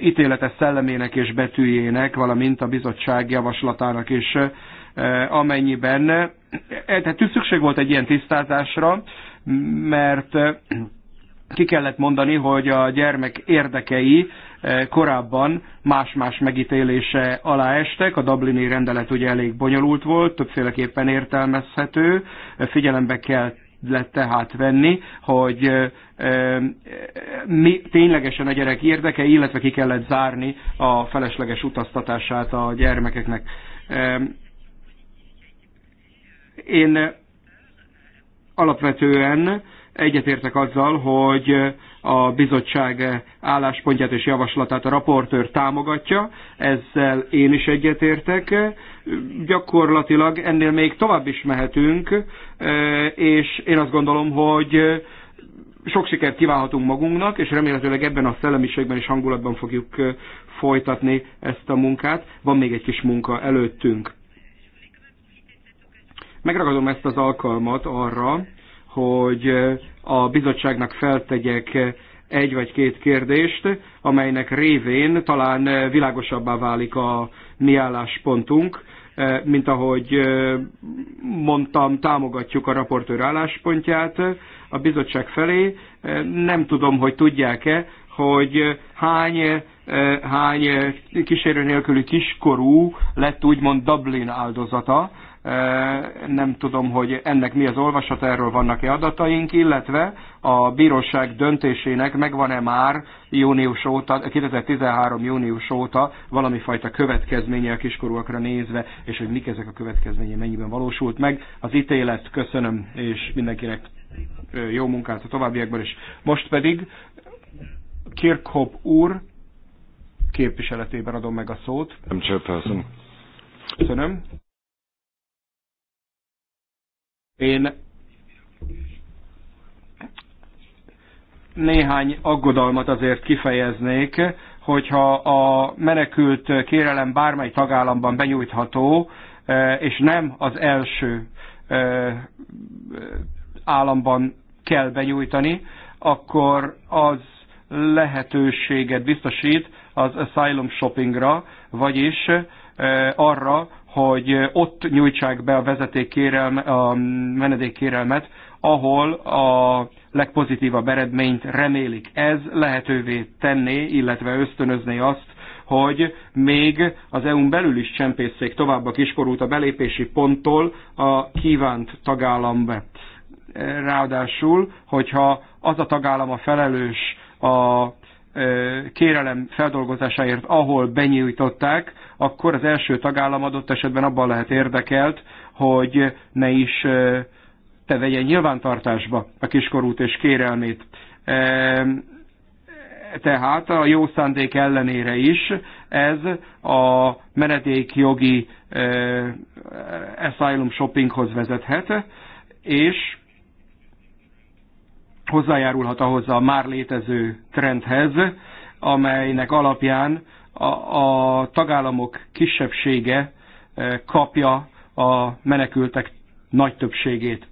ítélete szellemének és betűjének, valamint a bizottság javaslatának is, amennyiben tehát szükség volt egy ilyen tisztázásra, mert ki kellett mondani, hogy a gyermek érdekei eh, korábban más-más megítélése alá estek. A Dublini rendelet ugye elég bonyolult volt, többféleképpen értelmezhető, figyelembe kell lett tehát venni, hogy eh, eh, mi ténylegesen a gyerek érdeke, illetve ki kellett zárni a felesleges utaztatását a gyermekeknek. Én alapvetően egyetértek azzal, hogy a bizottság álláspontját és javaslatát a raportőr támogatja, ezzel én is egyetértek. Gyakorlatilag ennél még tovább is mehetünk, és én azt gondolom, hogy sok sikert kívánhatunk magunknak, és remélhetőleg ebben a szellemiségben és hangulatban fogjuk folytatni ezt a munkát. Van még egy kis munka előttünk. Megragadom ezt az alkalmat arra, hogy eh, a bizottságnak feltegyek eh, egy vagy két kérdést, amelynek révén talán eh, világosabbá válik a mi álláspontunk, mint ahogy mondtam, támogatjuk a raportőr álláspontját a bizottság felé. Nem tudom, hogy tudják-e, hogy hány, hány kísérő nélküli kiskorú lett úgymond Dublin áldozata, nem tudom, hogy ennek mi az olvasat, erről vannak-e adataink, illetve a bíróság döntésének megvan-e már június óta, 2013 június óta valami fajta következménye a kiskorúakra nézve, és hogy mik ezek a következménye, mennyiben valósult meg. Az ítélet köszönöm, és mindenkinek jó munkát a továbbiakban is. Most pedig Kirkhope úr képviseletében adom meg a szót. Köszönöm. Én néhány aggodalmat azért kifejeznék, hogyha a menekült kérelem bármely tagállamban benyújtható, e, és nem az első e, államban kell benyújtani, akkor az lehetőséget biztosít az asylum shoppingra, vagyis e, arra, hogy ott nyújtsák be a vezeték kérelme, a menedékkérelmet, ahol a legpozitívabb eredményt remélik. Ez lehetővé tenné, illetve ösztönözné azt, hogy még az EU-n belül is csempészék tovább a kiskorút a belépési ponttól a kívánt tagállamba. Ráadásul, hogyha az a tagállam a felelős a kérelem feldolgozásáért, ahol benyújtották, akkor az első tagállam adott esetben abban lehet érdekelt, hogy ne is te vegye nyilvántartásba a kiskorút és kérelmét. Tehát a jó szándék ellenére is ez a menedékjogi asylum shoppinghoz vezethet, és hozzájárulhat ahhoz a már létező trendhez, amelynek alapján a, a tagállamok kisebbsége eh, kapja a menekültek nagy többségét.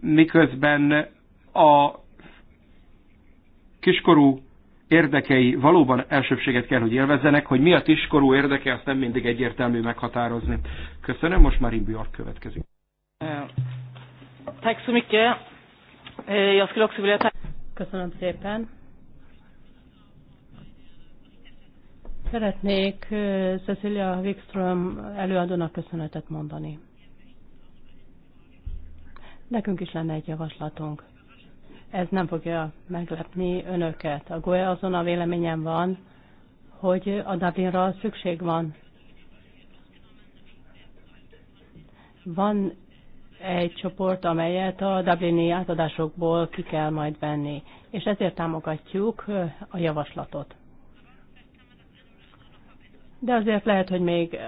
Miközben a kiskorú érdekei valóban elsőbséget kell, hogy élvezzenek, hogy mi a kiskorú érdeke, azt nem mindig egyértelmű meghatározni. Köszönöm, most már Björk következik. Tack så Eh, jag skulle också vilja tacka. Köszönöm szépen. Szeretnék eh, Cecilia Wikström előadónak köszönetet mondani. Nekünk is lenne egy javaslatunk. Ez nem fogja meglepni önöket. A GOE azon a véleményem van, hogy a Dublinra szükség van. Van egy csoport, amelyet a Dublini átadásokból ki kell majd venni, és ezért támogatjuk a javaslatot. De azért lehet, hogy még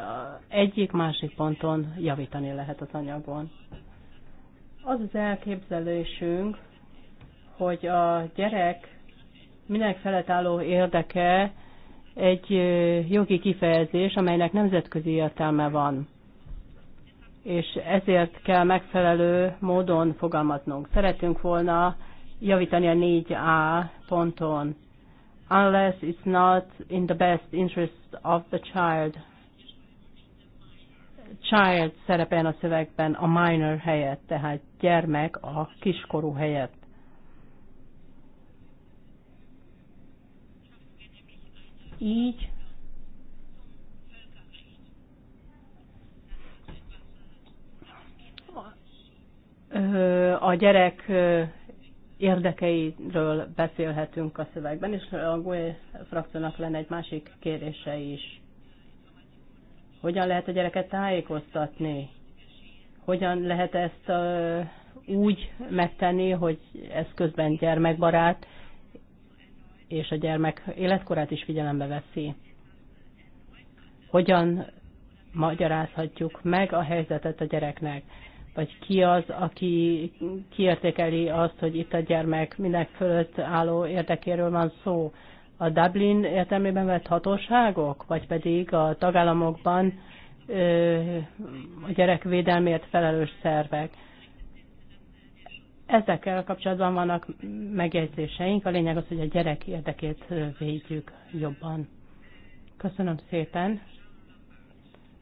egyik-másik ponton javítani lehet az anyagon. Az az elképzelésünk, hogy a gyerek minek felett álló érdeke egy jogi kifejezés, amelynek nemzetközi értelme van és ezért kell megfelelő módon fogalmaznunk. Szeretünk volna javítani a 4A ponton. Unless it's not in the best interest of the child. Child szerepel a szövegben a minor helyett, tehát gyermek a kiskorú helyett. Így a gyerek érdekeiről beszélhetünk a szövegben, és a GUE frakciónak lenne egy másik kérése is. Hogyan lehet a gyereket tájékoztatni? Hogyan lehet ezt úgy megtenni, hogy ez közben gyermekbarát, és a gyermek életkorát is figyelembe veszi? Hogyan magyarázhatjuk meg a helyzetet a gyereknek? vagy ki az, aki kiértékeli azt, hogy itt a gyermek minek fölött álló érdekéről van szó. A Dublin értelmében vett hatóságok, vagy pedig a tagállamokban ö, a gyerekvédelmért felelős szervek. Ezekkel kapcsolatban vannak megjegyzéseink. A lényeg az, hogy a gyerek érdekét védjük jobban. Köszönöm szépen.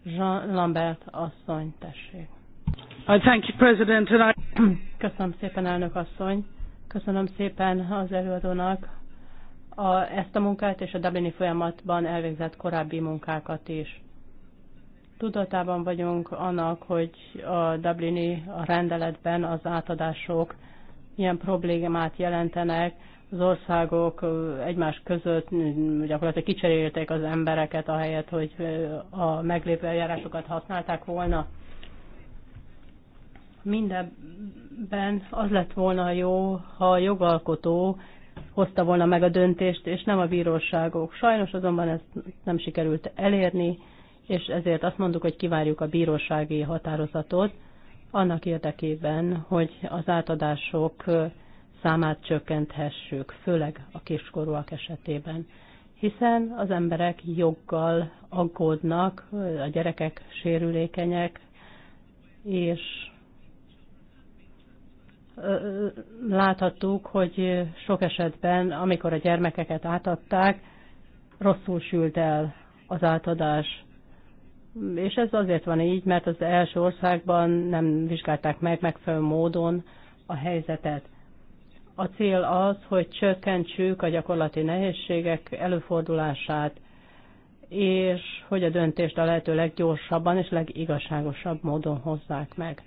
Jean Lambert asszony, tessék. Köszönöm szépen, elnök asszony. Köszönöm szépen az előadónak a, ezt a munkát és a Dublini folyamatban elvégzett korábbi munkákat is. Tudatában vagyunk annak, hogy a Dublini a rendeletben az átadások milyen problémát jelentenek, az országok egymás között gyakorlatilag kicserélték az embereket, ahelyett, hogy a meglévő eljárásokat használták volna mindenben az lett volna jó, ha a jogalkotó hozta volna meg a döntést, és nem a bíróságok. Sajnos azonban ezt nem sikerült elérni, és ezért azt mondjuk, hogy kivárjuk a bírósági határozatot, annak érdekében, hogy az átadások számát csökkenthessük, főleg a kiskorúak esetében. Hiszen az emberek joggal aggódnak, a gyerekek sérülékenyek, és láthattuk, hogy sok esetben, amikor a gyermekeket átadták, rosszul sült el az átadás. És ez azért van így, mert az első országban nem vizsgálták meg megfelelő módon a helyzetet. A cél az, hogy csökkentsük a gyakorlati nehézségek előfordulását, és hogy a döntést a lehető leggyorsabban és legigazságosabb módon hozzák meg.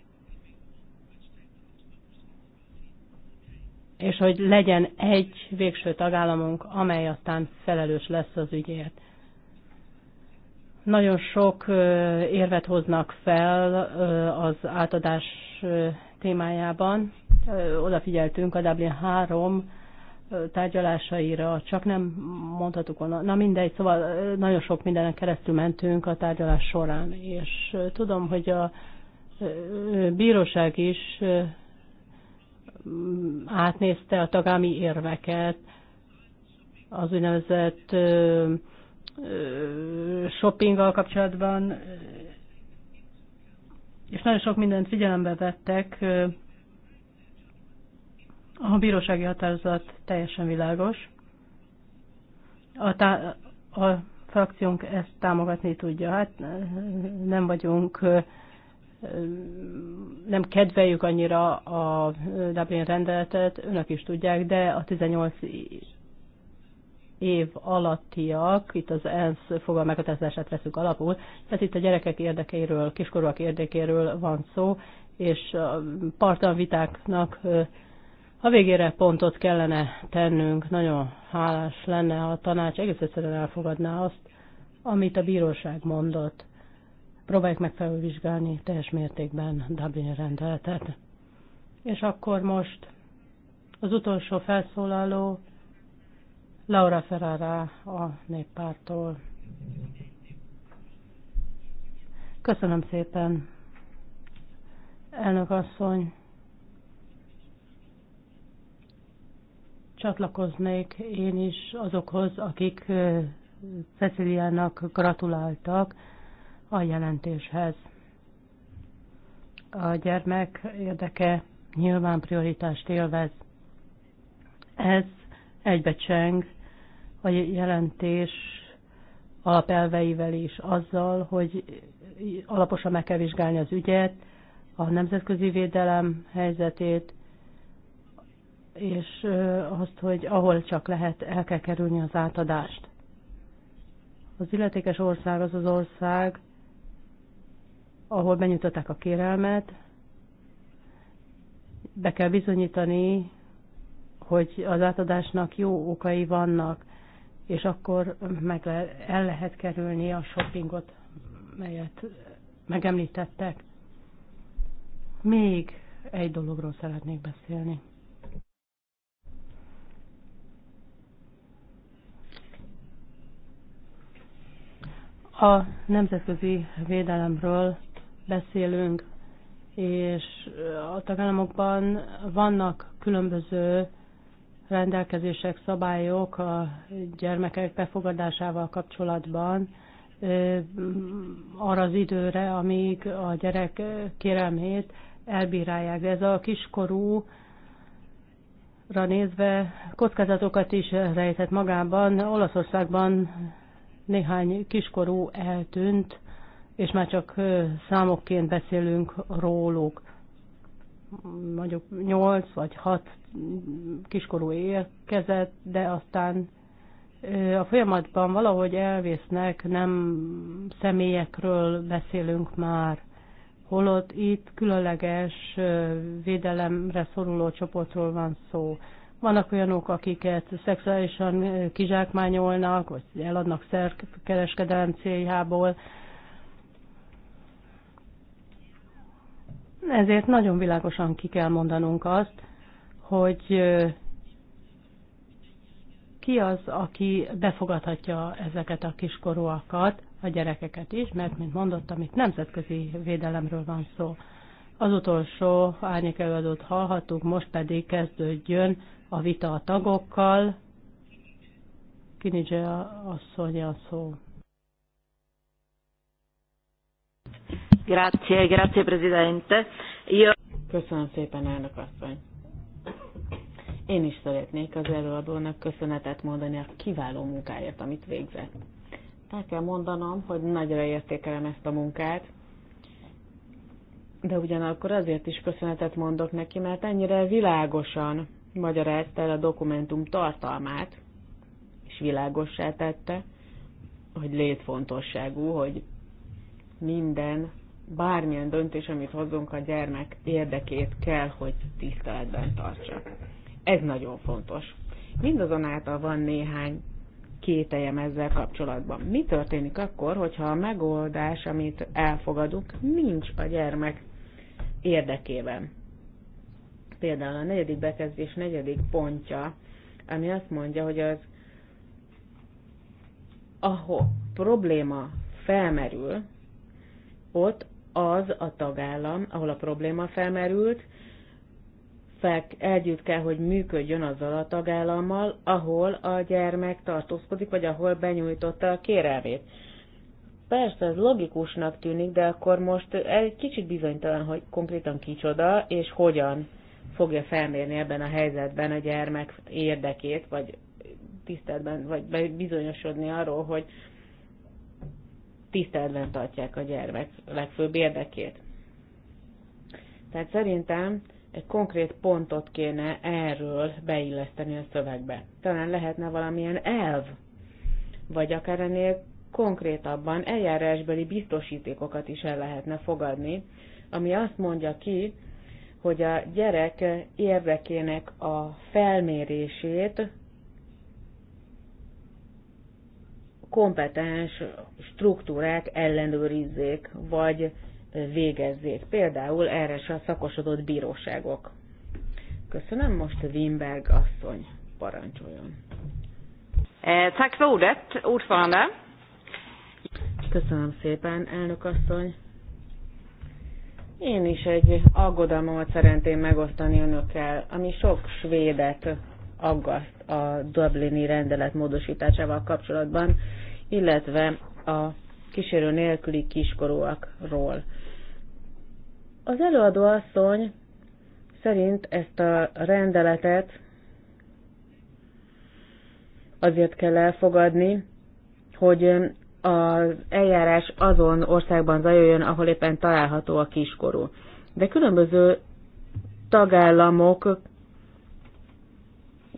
és hogy legyen egy végső tagállamunk, amely aztán felelős lesz az ügyért. Nagyon sok érvet hoznak fel az átadás témájában. Odafigyeltünk a Dublin 3 tárgyalásaira, csak nem mondhatuk volna. Na mindegy, szóval nagyon sok mindenen keresztül mentünk a tárgyalás során, és tudom, hogy a bíróság is átnézte a tagámi érveket, az úgynevezett shoppinggal kapcsolatban, és nagyon sok mindent figyelembe vettek. A bírósági határozat teljesen világos. A, tá- a frakciónk ezt támogatni tudja. Hát nem vagyunk nem kedveljük annyira a Dublin rendeletet, önök is tudják, de a 18 év alattiak, itt az ENSZ fogalmeghatározását veszük alapul, tehát itt a gyerekek érdekeiről, kiskorúak érdekéről van szó, és a partan vitáknak a végére pontot kellene tennünk, nagyon hálás lenne, ha a tanács egész egyszerűen elfogadná azt, amit a bíróság mondott próbáljuk meg felvizsgálni teljes mértékben Dublin rendeletet. És akkor most az utolsó felszólaló Laura Ferrara a néppártól. Köszönöm szépen, elnök asszony. Csatlakoznék én is azokhoz, akik eh, Ceciliának gratuláltak a jelentéshez. A gyermek érdeke nyilván prioritást élvez. Ez egybecseng a jelentés alapelveivel is azzal, hogy alaposan meg kell vizsgálni az ügyet, a nemzetközi védelem helyzetét, és azt, hogy ahol csak lehet, el kell kerülni az átadást. Az illetékes ország az az ország, ahol benyújtották a kérelmet, be kell bizonyítani, hogy az átadásnak jó okai vannak, és akkor meg el lehet kerülni a shoppingot, melyet megemlítettek. Még egy dologról szeretnék beszélni. A nemzetközi védelemről beszélünk, és a tagállamokban vannak különböző rendelkezések, szabályok a gyermekek befogadásával kapcsolatban arra az időre, amíg a gyerek kérelmét elbírálják. De ez a kiskorú nézve kockázatokat is rejtett magában. Olaszországban néhány kiskorú eltűnt, és már csak számokként beszélünk róluk. Mondjuk 8 vagy 6 kiskorú érkezett, de aztán a folyamatban valahogy elvésznek, nem személyekről beszélünk már, holott itt különleges védelemre szoruló csoportról van szó. Vannak olyanok, akiket szexuálisan kizsákmányolnak, vagy eladnak szerkereskedelem céljából, Ezért nagyon világosan ki kell mondanunk azt, hogy ki az, aki befogadhatja ezeket a kiskorúakat, a gyerekeket is, mert, mint mondottam, itt nemzetközi védelemről van szó. Az utolsó árnyék előadót hallhattuk, most pedig kezdődjön a vita a tagokkal. Kinizse asszony a szó. Grazie, grazie Presidente. Io... Köszönöm szépen, elnök asszony. Én is szeretnék az előadónak köszönetet mondani a kiváló munkáért, amit végzett. El kell mondanom, hogy nagyra értékelem ezt a munkát, de ugyanakkor azért is köszönetet mondok neki, mert ennyire világosan magyarázta el a dokumentum tartalmát, és világossá tette, hogy létfontosságú, hogy minden bármilyen döntés, amit hozzunk a gyermek érdekét kell, hogy tiszteletben tartsa. Ez nagyon fontos. Mindazonáltal van néhány kételjem ezzel kapcsolatban. Mi történik akkor, hogyha a megoldás, amit elfogadunk, nincs a gyermek érdekében? Például a negyedik bekezdés negyedik pontja, ami azt mondja, hogy az ahol probléma felmerül, ott az a tagállam, ahol a probléma felmerült, fel, együtt kell, hogy működjön azzal a tagállammal, ahol a gyermek tartózkodik, vagy ahol benyújtotta a kérelmét. Persze, ez logikusnak tűnik, de akkor most egy kicsit bizonytalan, hogy konkrétan kicsoda és hogyan fogja felmérni ebben a helyzetben a gyermek érdekét, vagy tiszteletben, vagy bizonyosodni arról, hogy tiszteletben tartják a gyermek legfőbb érdekét. Tehát szerintem egy konkrét pontot kéne erről beilleszteni a szövegbe. Talán lehetne valamilyen elv, vagy akár ennél konkrétabban eljárásbeli biztosítékokat is el lehetne fogadni, ami azt mondja ki, hogy a gyerek érdekének a felmérését kompetens struktúrák ellenőrizzék, vagy végezzék. Például erre se szakosodott bíróságok. Köszönöm, most Wimberg asszony parancsoljon. Eh, tack för ordet, ordförande. Köszönöm szépen, elnök asszony. Én is egy aggodalmamat szeretném megosztani önökkel, ami sok svédet aggaszt a Dublini rendelet módosításával kapcsolatban, illetve a kísérő nélküli kiskorúakról. Az előadó asszony szerint ezt a rendeletet azért kell elfogadni, hogy az eljárás azon országban zajoljon, ahol éppen található a kiskorú. De különböző tagállamok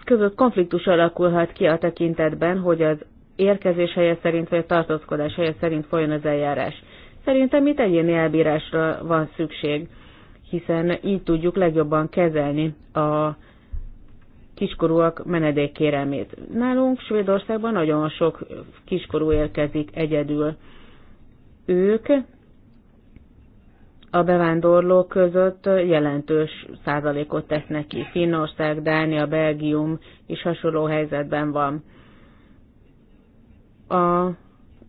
között konfliktus alakulhat ki a tekintetben, hogy az érkezés helye szerint vagy a tartózkodás helye szerint folyjon az eljárás. Szerintem itt egyéni elbírásra van szükség, hiszen így tudjuk legjobban kezelni a kiskorúak menedékkérelmét. Nálunk Svédországban nagyon sok kiskorú érkezik egyedül. Ők a bevándorlók között jelentős százalékot tesznek ki. Finnország, Dánia, Belgium is hasonló helyzetben van. A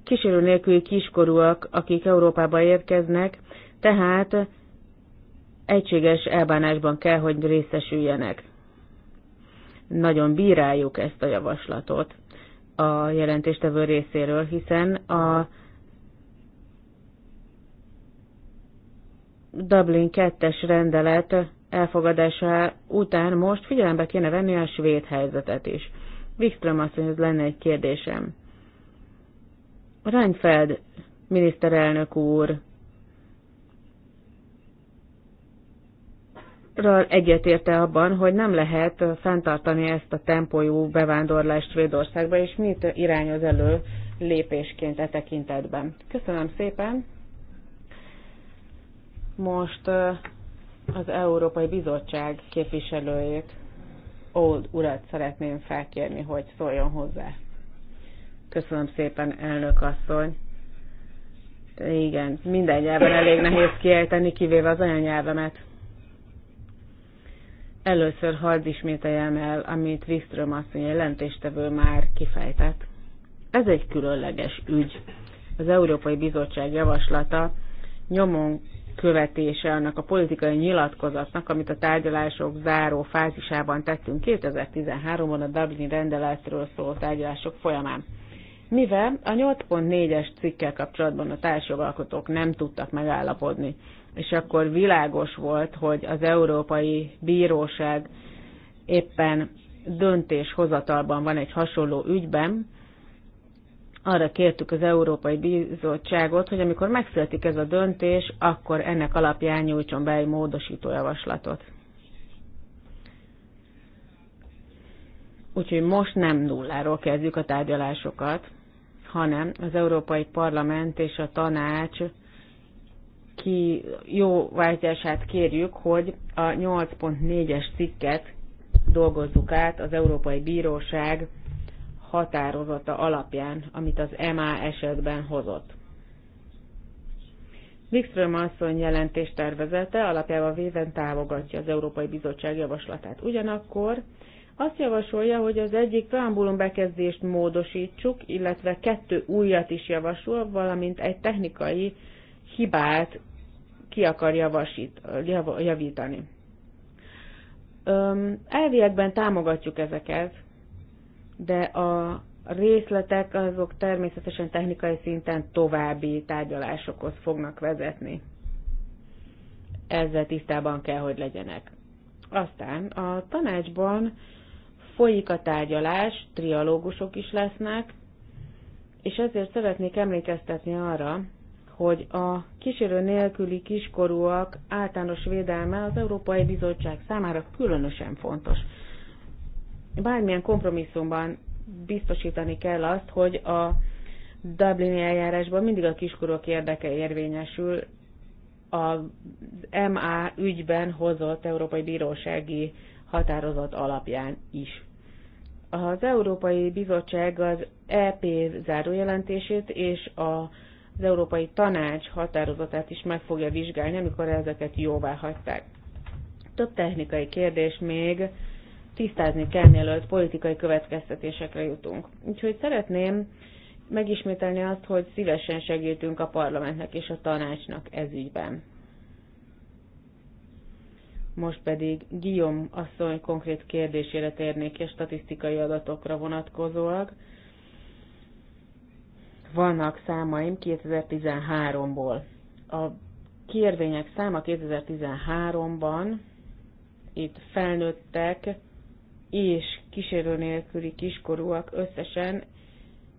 kísérő nélküli kiskorúak, akik Európába érkeznek, tehát egységes elbánásban kell, hogy részesüljenek. Nagyon bíráljuk ezt a javaslatot a jelentéstevő részéről, hiszen a Dublin 2-es rendelet elfogadása után most figyelembe kéne venni a svéd helyzetet is. Wikström asszonyhoz lenne egy kérdésem. Reinfeld miniszterelnök úr egyetérte abban, hogy nem lehet fenntartani ezt a tempójú bevándorlást Svédországba, és mit irányoz elő lépésként e tekintetben. Köszönöm szépen! Most az Európai Bizottság képviselőjét, Old urat szeretném felkérni, hogy szóljon hozzá. Köszönöm szépen, elnök asszony. Igen, minden nyelven elég nehéz kiejteni, kivéve az anyanyelvemet. Először hadd ismételjem el, amit Wistrom asszony jelentéstevő már kifejtett. Ez egy különleges ügy. Az Európai Bizottság javaslata nyomon követése annak a politikai nyilatkozatnak, amit a tárgyalások záró fázisában tettünk 2013-ban a Dublin rendeletről szóló tárgyalások folyamán. Mivel a 8.4-es cikkel kapcsolatban a társjogalkotók nem tudtak megállapodni, és akkor világos volt, hogy az Európai Bíróság éppen döntéshozatalban van egy hasonló ügyben, arra kértük az Európai Bizottságot, hogy amikor megszületik ez a döntés, akkor ennek alapján nyújtson be egy módosító javaslatot. Úgyhogy most nem nulláról kezdjük a tárgyalásokat, hanem az Európai Parlament és a tanács ki váltását kérjük, hogy a 8.4-es cikket dolgozzuk át az Európai Bíróság határozata alapján, amit az MA esetben hozott. Wikström asszony jelentés tervezete alapjában véven támogatja az Európai Bizottság javaslatát. Ugyanakkor azt javasolja, hogy az egyik preambulum bekezdést módosítsuk, illetve kettő újat is javasol, valamint egy technikai hibát ki akar javasít, javítani. elviekben támogatjuk ezeket, de a részletek azok természetesen technikai szinten további tárgyalásokhoz fognak vezetni. Ezzel tisztában kell, hogy legyenek. Aztán a tanácsban folyik a tárgyalás, trialógusok is lesznek, és ezért szeretnék emlékeztetni arra, hogy a kísérő nélküli kiskorúak általános védelme az Európai Bizottság számára különösen fontos bármilyen kompromisszumban biztosítani kell azt, hogy a Dublini eljárásban mindig a kiskorok érdeke érvényesül a MA ügyben hozott Európai Bírósági határozat alapján is. Az Európai Bizottság az EP zárójelentését és az Európai Tanács határozatát is meg fogja vizsgálni, amikor ezeket jóvá hagyták. Több technikai kérdés még, tisztázni kell, mielőtt politikai következtetésekre jutunk. Úgyhogy szeretném megismételni azt, hogy szívesen segítünk a parlamentnek és a tanácsnak ez ügyben. Most pedig Guillaume asszony konkrét kérdésére térnék és statisztikai adatokra vonatkozóak. Vannak számaim 2013-ból. A kérvények száma 2013-ban itt felnőttek és kísérő nélküli kiskorúak összesen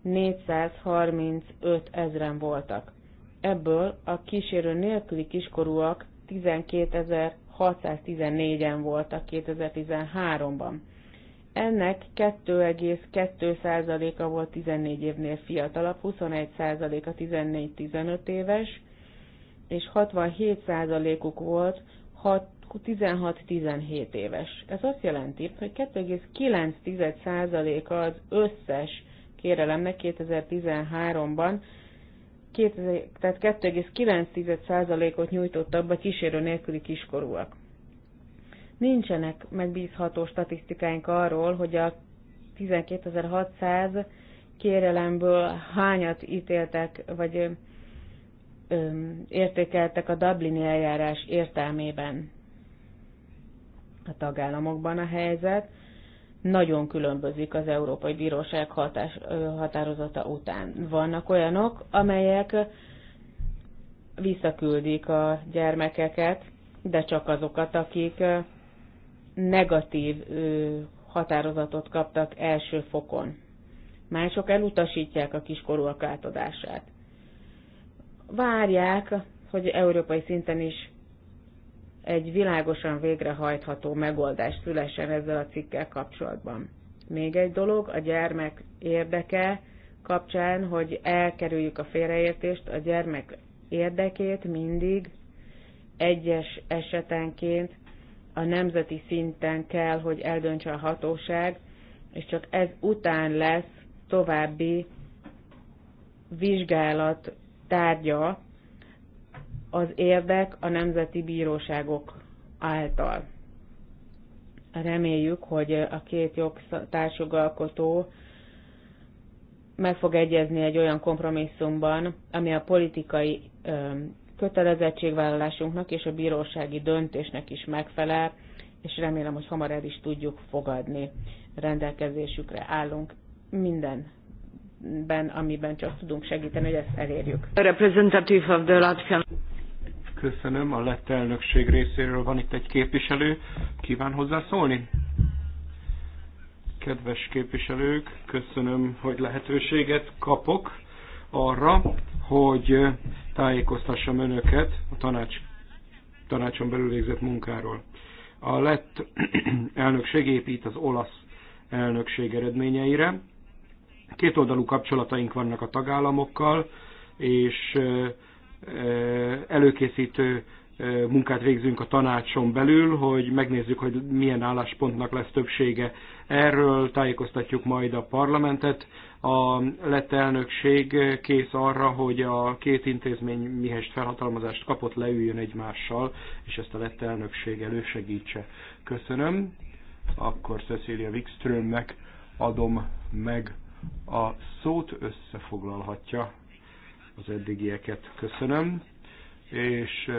435 ezeren voltak. Ebből a kísérő nélküli kiskorúak 12.614-en voltak 2013-ban. Ennek 2,2%-a volt 14 évnél fiatalabb, 21%-a 14-15 éves, és 67%-uk volt 16-17 éves. Ez azt jelenti, hogy 2,9%-a az összes kérelemnek 2013-ban, tehát 2,9%-ot nyújtottak be kísérő nélküli kiskorúak. Nincsenek megbízható statisztikáink arról, hogy a 12.600 kérelemből hányat ítéltek, vagy értékeltek a Dublini eljárás értelmében a tagállamokban a helyzet. Nagyon különbözik az Európai Bíróság hatás, határozata után. Vannak olyanok, amelyek visszaküldik a gyermekeket, de csak azokat, akik negatív határozatot kaptak első fokon. Mások elutasítják a kiskorúak átadását várják, hogy európai szinten is egy világosan végrehajtható megoldást szülessen ezzel a cikkel kapcsolatban. Még egy dolog, a gyermek érdeke kapcsán, hogy elkerüljük a félreértést, a gyermek érdekét mindig egyes esetenként a nemzeti szinten kell, hogy eldöntse a hatóság, és csak ez után lesz további vizsgálat tárgya az érdek a nemzeti bíróságok által. Reméljük, hogy a két jogtársjogalkotó meg fog egyezni egy olyan kompromisszumban, ami a politikai kötelezettségvállalásunknak és a bírósági döntésnek is megfelel, és remélem, hogy hamar el is tudjuk fogadni. Rendelkezésükre állunk minden amiben, amiben csak tudunk segíteni, hogy ezt elérjük. Köszönöm. A lett elnökség részéről van itt egy képviselő. Kíván hozzászólni? Kedves képviselők, köszönöm, hogy lehetőséget kapok arra, hogy tájékoztassam önöket a tanács, tanácson belül végzett munkáról. A lett elnökség épít az olasz elnökség eredményeire, kétoldalú kapcsolataink vannak a tagállamokkal, és előkészítő munkát végzünk a tanácson belül, hogy megnézzük, hogy milyen álláspontnak lesz többsége. Erről tájékoztatjuk majd a parlamentet. A lett elnökség kész arra, hogy a két intézmény mihest felhatalmazást kapott, leüljön egymással, és ezt a lett elnökség elősegítse. Köszönöm. Akkor Cecilia Wikströmnek adom meg a szót összefoglalhatja az eddigieket. Köszönöm, és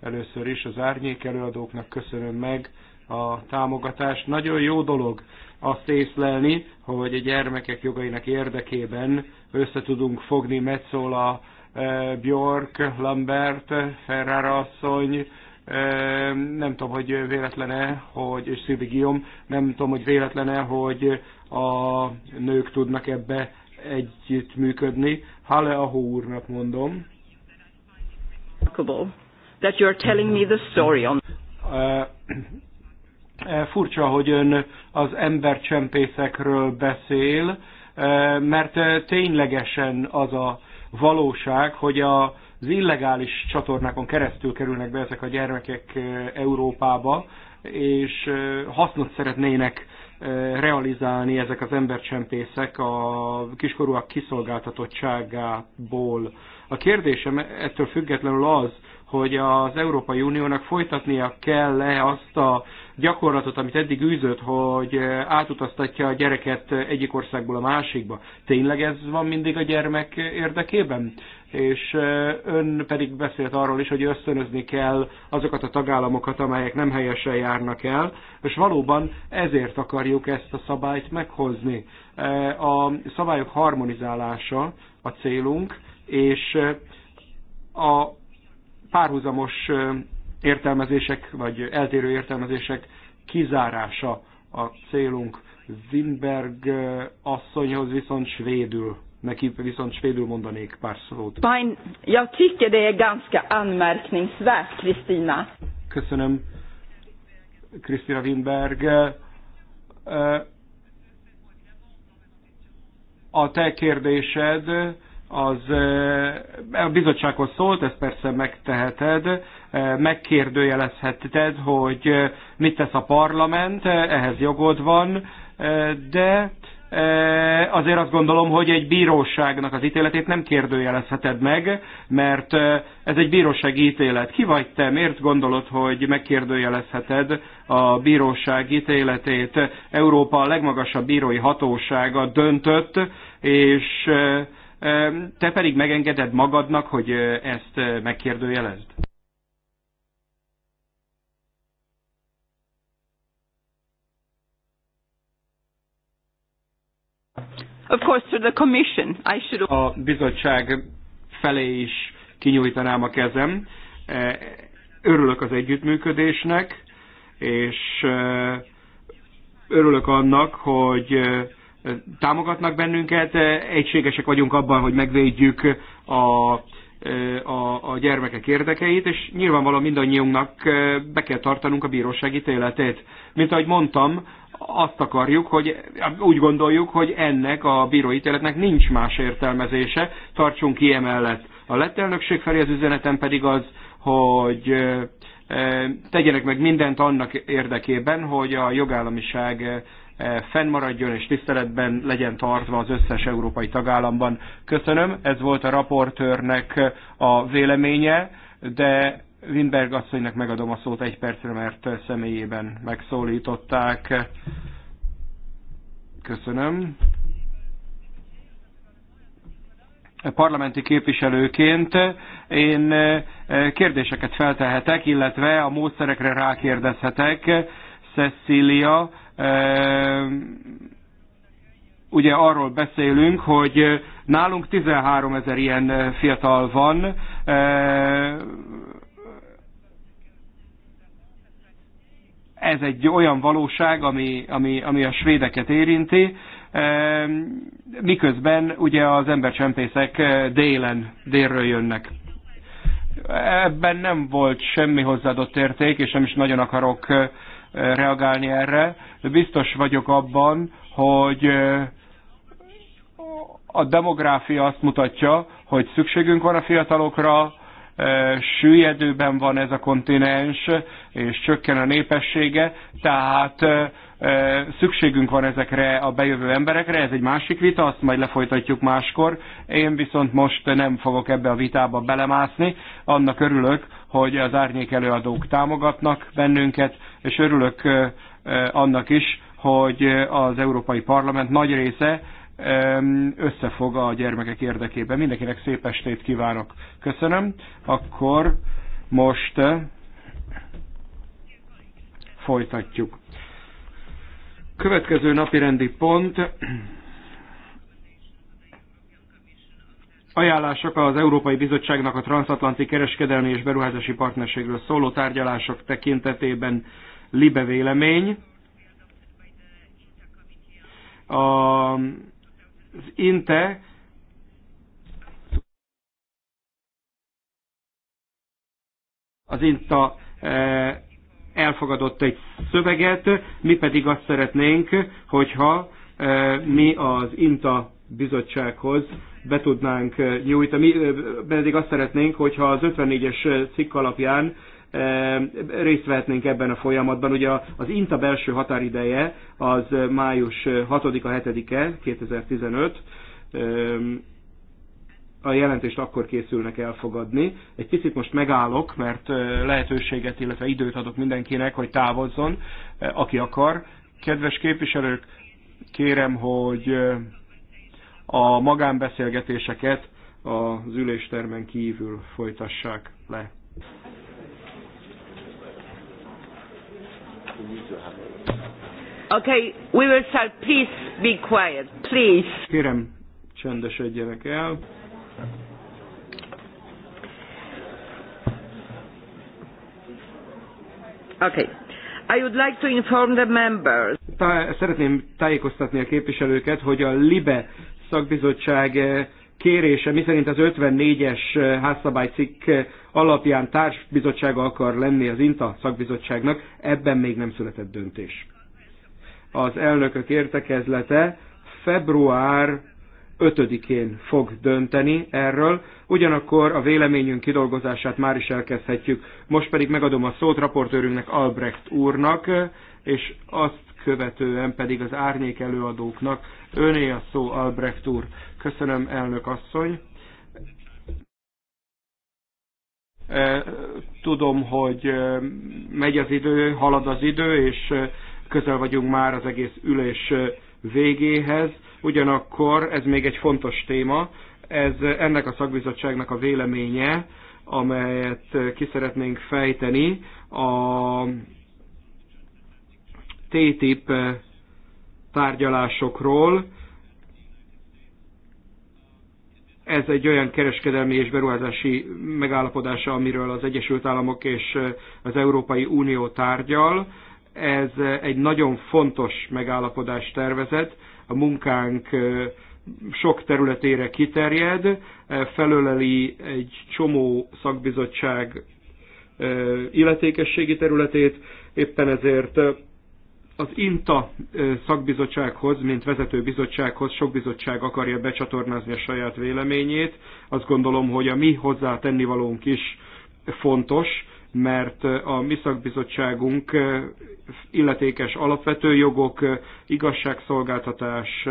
először is az árnyék előadóknak köszönöm meg a támogatást. Nagyon jó dolog azt észlelni, hogy a gyermekek jogainak érdekében összetudunk fogni Metzola, Björk, Lambert, Ferrara asszony, nem tudom, hogy véletlene, hogy, és Szilvi Guillaume, nem tudom, hogy véletlene, hogy a nők tudnak ebbe működni. Hale Aho úrnak mondom. That you're telling me the story on... Furcsa, hogy ön az embercsempészekről beszél, mert ténylegesen az a valóság, hogy a az illegális csatornákon keresztül kerülnek be ezek a gyermekek eh, Európába, és eh, hasznot szeretnének eh, realizálni ezek az embercsempészek a kiskorúak kiszolgáltatottságából. A kérdésem ettől függetlenül az, hogy az Európai Uniónak folytatnia kell-e azt a gyakorlatot, amit eddig űzött, hogy átutaztatja a gyereket egyik országból a másikba. Tényleg ez van mindig a gyermek érdekében? és ön pedig beszélt arról is, hogy ösztönözni kell azokat a tagállamokat, amelyek nem helyesen járnak el, és valóban ezért akarjuk ezt a szabályt meghozni. A szabályok harmonizálása a célunk, és a párhuzamos értelmezések, vagy eltérő értelmezések kizárása a célunk. Wimberg asszonyhoz viszont svédül Neki viszont svédül mondanék pár szót. Pajn, jag tycker det är ganska anmärkningsvärt, Kristina. Köszönöm, Kristina Winberg. Eh, a te kérdésed az eh, a bizottsághoz szólt, ezt persze megteheted, eh, megkérdőjelezheted, hogy mit tesz a parlament, ehhez jogod van, de azért azt gondolom, hogy egy bíróságnak az ítéletét nem kérdőjelezheted meg, mert ez egy bírósági ítélet. Ki vagy te? Miért gondolod, hogy megkérdőjelezheted a bíróság ítéletét? Európa a legmagasabb bírói hatósága döntött, és te pedig megengeded magadnak, hogy ezt megkérdőjelezd? Of course, to the commission. I should... A bizottság felé is kinyújtanám a kezem. E, örülök az együttműködésnek, és e, örülök annak, hogy e, támogatnak bennünket, egységesek vagyunk abban, hogy megvédjük a, a, a gyermekek érdekeit, és nyilvánvalóan mindannyiunknak be kell tartanunk a bíróság ítéletét. Mint ahogy mondtam, azt akarjuk, hogy úgy gondoljuk, hogy ennek a bíróítéletnek nincs más értelmezése, tartsunk ki emellett. A lett elnökség felé az üzenetem pedig az, hogy tegyenek meg mindent annak érdekében, hogy a jogállamiság fennmaradjon és tiszteletben legyen tartva az összes európai tagállamban. Köszönöm, ez volt a raportőrnek a véleménye, de Lindberg asszonynak megadom a szót egy percre, mert személyében megszólították. Köszönöm. Parlamenti képviselőként én kérdéseket feltehetek, illetve a módszerekre rákérdezhetek. Cecilia, eh, ugye arról beszélünk, hogy nálunk 13 ezer ilyen fiatal van, eh, ez egy olyan valóság, ami, ami, ami a svédeket érinti, ehm, miközben ugye az embercsempészek eh, délen, délről jönnek. Ebben nem volt semmi hozzáadott érték, és nem is nagyon akarok eh, reagálni erre. Biztos vagyok abban, hogy eh, a demográfia azt mutatja, hogy szükségünk van a fiatalokra, süllyedőben van ez a kontinens, és csökken a népessége, tehát szükségünk van ezekre a bejövő emberekre, ez egy másik vita, azt majd lefolytatjuk máskor. Én viszont most nem fogok ebbe a vitába belemászni, annak örülök, hogy az árnyék előadók támogatnak bennünket, és örülök annak is, hogy az Európai Parlament nagy része összefog a gyermekek érdekében. Mindenkinek szép estét kívánok. Köszönöm. Akkor most eh, folytatjuk. Következő napi rendi pont ajánlások az Európai Bizottságnak a transatlanti kereskedelmi és beruházási partnerségről szóló tárgyalások tekintetében libe vélemény. A az INTE az INTA eh, elfogadott egy szöveget, mi pedig azt szeretnénk, hogyha eh, mi az INTA bizottsághoz be tudnánk eh, nyújtani. Mi pedig azt szeretnénk, hogyha az 54-es cikk alapján részt vehetnénk ebben a folyamatban. Ugye az INTA belső határideje az május 6-a, 7-e, 2015 a jelentést akkor készülnek elfogadni. Egy picit most megállok, mert lehetőséget, illetve időt adok mindenkinek, hogy távozzon, aki akar. Kedves képviselők, kérem, hogy a magánbeszélgetéseket az üléstermen kívül folytassák le. Okay, we will start. Please be quiet, please. Kérem, csendesedjenek el. Okay. I would like to inform the members. Tá szeretném tájékoztatni a képviselőket, hogy a LIBE szakbizottság eh, kérése, miszerint az 54-es házszabálycikk alapján társbizottsága akar lenni az INTA szakbizottságnak, ebben még nem született döntés. Az elnökök értekezlete február 5-én fog dönteni erről, ugyanakkor a véleményünk kidolgozását már is elkezdhetjük. Most pedig megadom a szót raportőrünknek Albrecht úrnak, és azt követően pedig az árnyék előadóknak. Öné a szó, Albrecht úr. Köszönöm, elnök asszony. E, tudom, hogy e, megy az idő, halad az idő, és e, közel vagyunk már az egész ülés végéhez. Ugyanakkor ez még egy fontos téma, ez ennek a szakbizottságnak a véleménye, amelyet ki szeretnénk fejteni a TTIP tárgyalásokról, ez egy olyan kereskedelmi és beruházási megállapodása, amiről az Egyesült Államok és az Európai Unió tárgyal. Ez egy nagyon fontos megállapodás tervezet. A munkánk sok területére kiterjed, felöleli egy csomó szakbizottság illetékességi területét, éppen ezért az INTA szakbizottsághoz, mint vezető bizottsághoz sok bizottság akarja becsatornázni a saját véleményét. Azt gondolom, hogy a mi hozzá tennivalónk is fontos, mert a mi szakbizottságunk illetékes alapvető jogok, igazságszolgáltatás,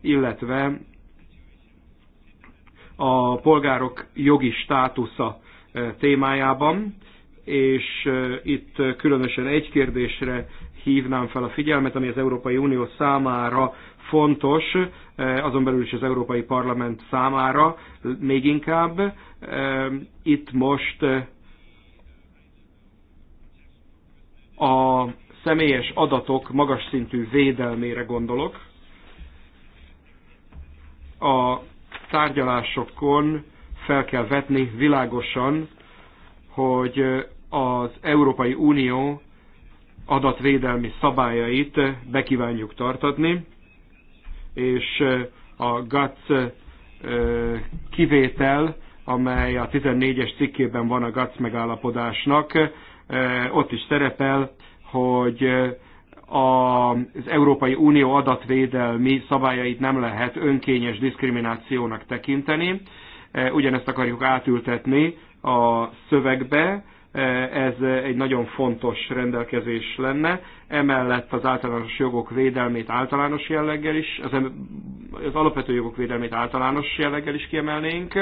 illetve a polgárok jogi státusza témájában, és itt különösen egy kérdésre hívnám fel a figyelmet, ami az Európai Unió számára fontos, eh, azon belül is az Európai Parlament számára még inkább. Eh, itt most eh, a személyes adatok magas szintű védelmére gondolok. A tárgyalásokon fel kell vetni világosan, hogy az Európai Unió adatvédelmi szabályait bekívánjuk tartatni, és a GATS kivétel, amely a 14-es cikkében van a GATS megállapodásnak, ott is szerepel, hogy az Európai Unió adatvédelmi szabályait nem lehet önkényes diszkriminációnak tekinteni. Ugyanezt akarjuk átültetni a szövegbe, ez egy nagyon fontos rendelkezés lenne. Emellett az általános jogok védelmét általános jelleggel is, az, az alapvető jogok védelmét általános jelleggel is kiemelnénk.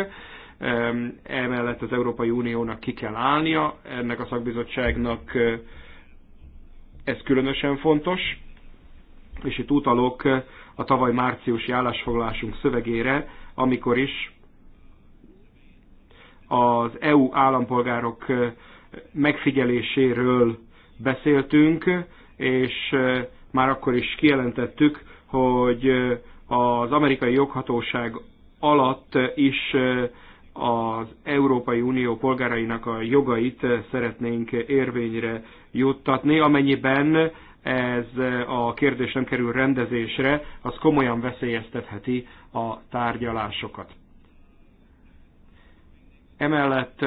Emellett az Európai Uniónak ki kell állnia, ennek a szakbizottságnak ez különösen fontos, és itt utalok a tavaly márciusi állásfoglalásunk szövegére, amikor is az EU állampolgárok megfigyeléséről beszéltünk, és eh, már akkor is kijelentettük, hogy eh, az amerikai joghatóság alatt eh, is az Európai Unió polgárainak a jogait szeretnénk érvényre juttatni, amennyiben ez a kérdés nem kerül rendezésre, az komolyan veszélyeztetheti a tárgyalásokat. Emellett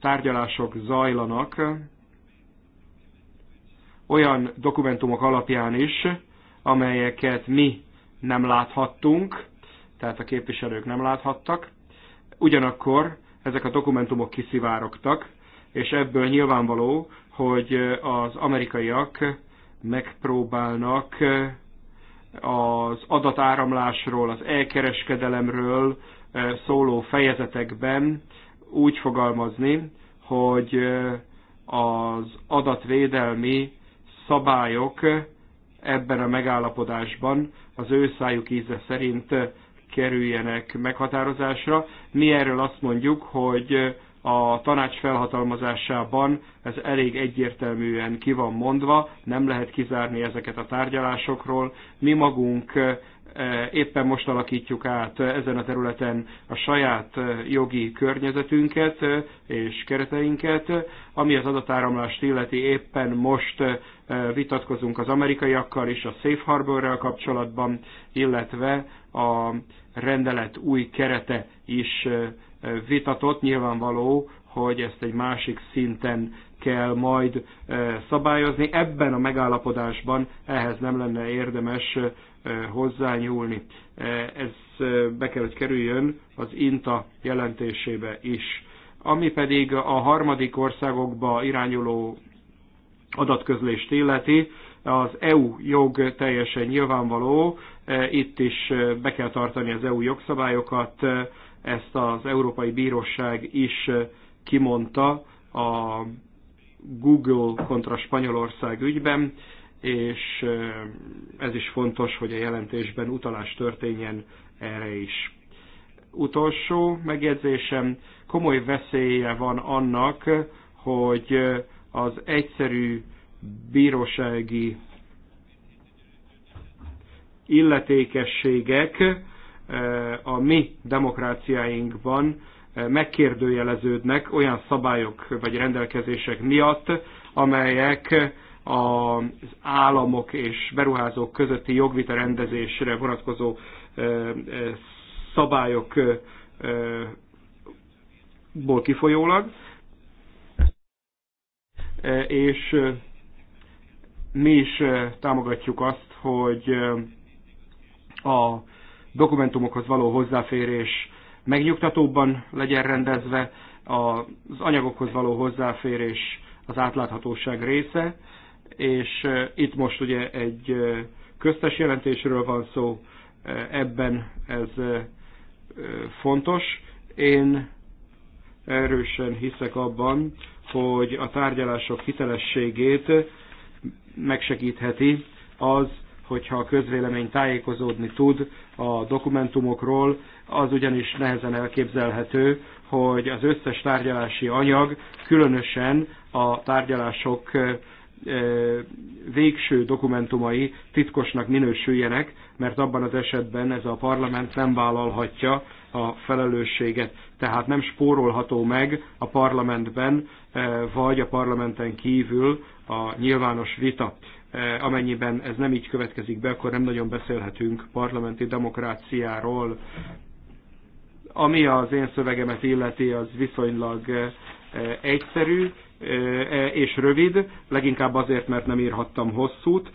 tárgyalások zajlanak olyan dokumentumok alapján is, amelyeket mi nem láthattunk, tehát a képviselők nem láthattak. Ugyanakkor ezek a dokumentumok kiszivárogtak, és ebből nyilvánvaló, hogy az amerikaiak megpróbálnak az adatáramlásról, az elkereskedelemről szóló fejezetekben úgy fogalmazni, hogy az adatvédelmi szabályok ebben a megállapodásban az ő szájuk íze szerint kerüljenek meghatározásra. Mi erről azt mondjuk, hogy a tanács felhatalmazásában ez elég egyértelműen ki van mondva, nem lehet kizárni ezeket a tárgyalásokról. Mi magunk E, éppen most alakítjuk át ezen a területen a saját e, jogi környezetünket e, és kereteinket, ami az adatáramlást illeti éppen most vitatkozunk az amerikaiakkal és a Safe Harbor-rel kapcsolatban, illetve a rendelet új kerete is vitatott, nyilvánvaló, hogy ezt egy másik szinten kell majd szabályozni. Ebben a megállapodásban ehhez nem lenne érdemes hozzányúlni. Ez be kell, hogy kerüljön az INTA jelentésébe is. Ami pedig a harmadik országokba irányuló adatközlést illeti, az EU jog teljesen nyilvánvaló, itt is be kell tartani az EU jogszabályokat, ezt az Európai Bíróság is kimondta a Google kontra Spanyolország ügyben és eh, ez is fontos, hogy a jelentésben utalás történjen erre is. Utolsó megjegyzésem, komoly veszélye van annak, hogy az egyszerű bírósági illetékességek eh, a mi demokráciáinkban eh, megkérdőjeleződnek olyan szabályok vagy rendelkezések miatt, amelyek az államok és beruházók közötti jogvita rendezésre vonatkozó szabályokból kifolyólag. És mi is támogatjuk azt, hogy a dokumentumokhoz való hozzáférés megnyugtatóbban legyen rendezve, az anyagokhoz való hozzáférés az átláthatóság része, és itt most ugye egy köztes jelentésről van szó, ebben ez fontos. Én erősen hiszek abban, hogy a tárgyalások hitelességét megsegítheti az, hogyha a közvélemény tájékozódni tud a dokumentumokról, az ugyanis nehezen elképzelhető, hogy az összes tárgyalási anyag, különösen a tárgyalások végső dokumentumai titkosnak minősüljenek, mert abban az esetben ez a parlament nem vállalhatja a felelősséget. Tehát nem spórolható meg a parlamentben, vagy a parlamenten kívül a nyilvános vita. Amennyiben ez nem így következik be, akkor nem nagyon beszélhetünk parlamenti demokráciáról. Ami az én szövegemet illeti, az viszonylag egyszerű, E, és rövid, leginkább azért, mert nem írhattam hosszút.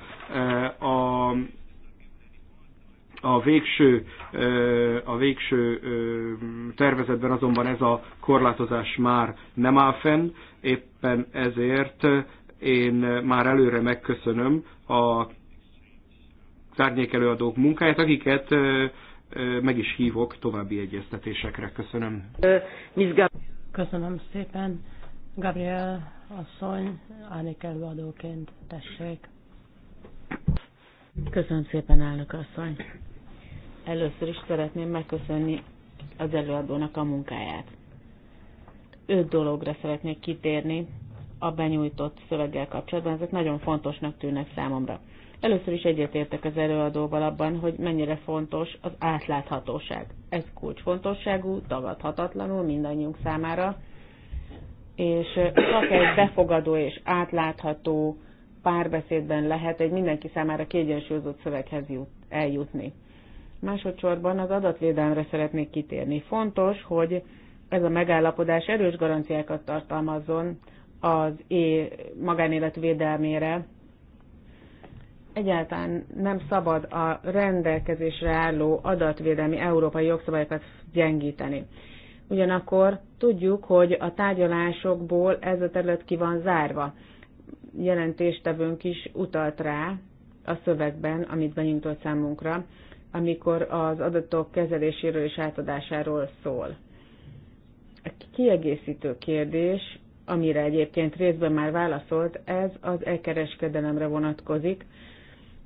A, a végső, a végső tervezetben azonban ez a korlátozás már nem áll fenn, éppen ezért én már előre megköszönöm a tárnyékelőadók munkáját, akiket meg is hívok további egyeztetésekre. Köszönöm. Köszönöm szépen. Gabriel asszony, állnék előadóként, tessék. Köszönöm szépen, elnök asszony. Először is szeretném megköszönni az előadónak a munkáját. Öt dologra szeretnék kitérni a benyújtott szöveggel kapcsolatban, ezek nagyon fontosnak tűnnek számomra. Először is egyetértek az előadóval abban, hogy mennyire fontos az átláthatóság. Ez kulcsfontosságú, tagadhatatlanul mindannyiunk számára, és csak egy befogadó és átlátható párbeszédben lehet egy mindenki számára kiegyensúlyozott szöveghez jut, eljutni. Másodszorban az adatvédelemre szeretnék kitérni. Fontos, hogy ez a megállapodás erős garanciákat tartalmazzon az é magánélet védelmére. Egyáltalán nem szabad a rendelkezésre álló adatvédelmi európai jogszabályokat gyengíteni. Ugyanakkor tudjuk, hogy a tárgyalásokból ez a terület ki van zárva. Jelentéstevőnk is utalt rá a szövegben, amit benyújtott számunkra, amikor az adatok kezeléséről és átadásáról szól. A kiegészítő kérdés, amire egyébként részben már válaszolt, ez az e-kereskedelemre vonatkozik,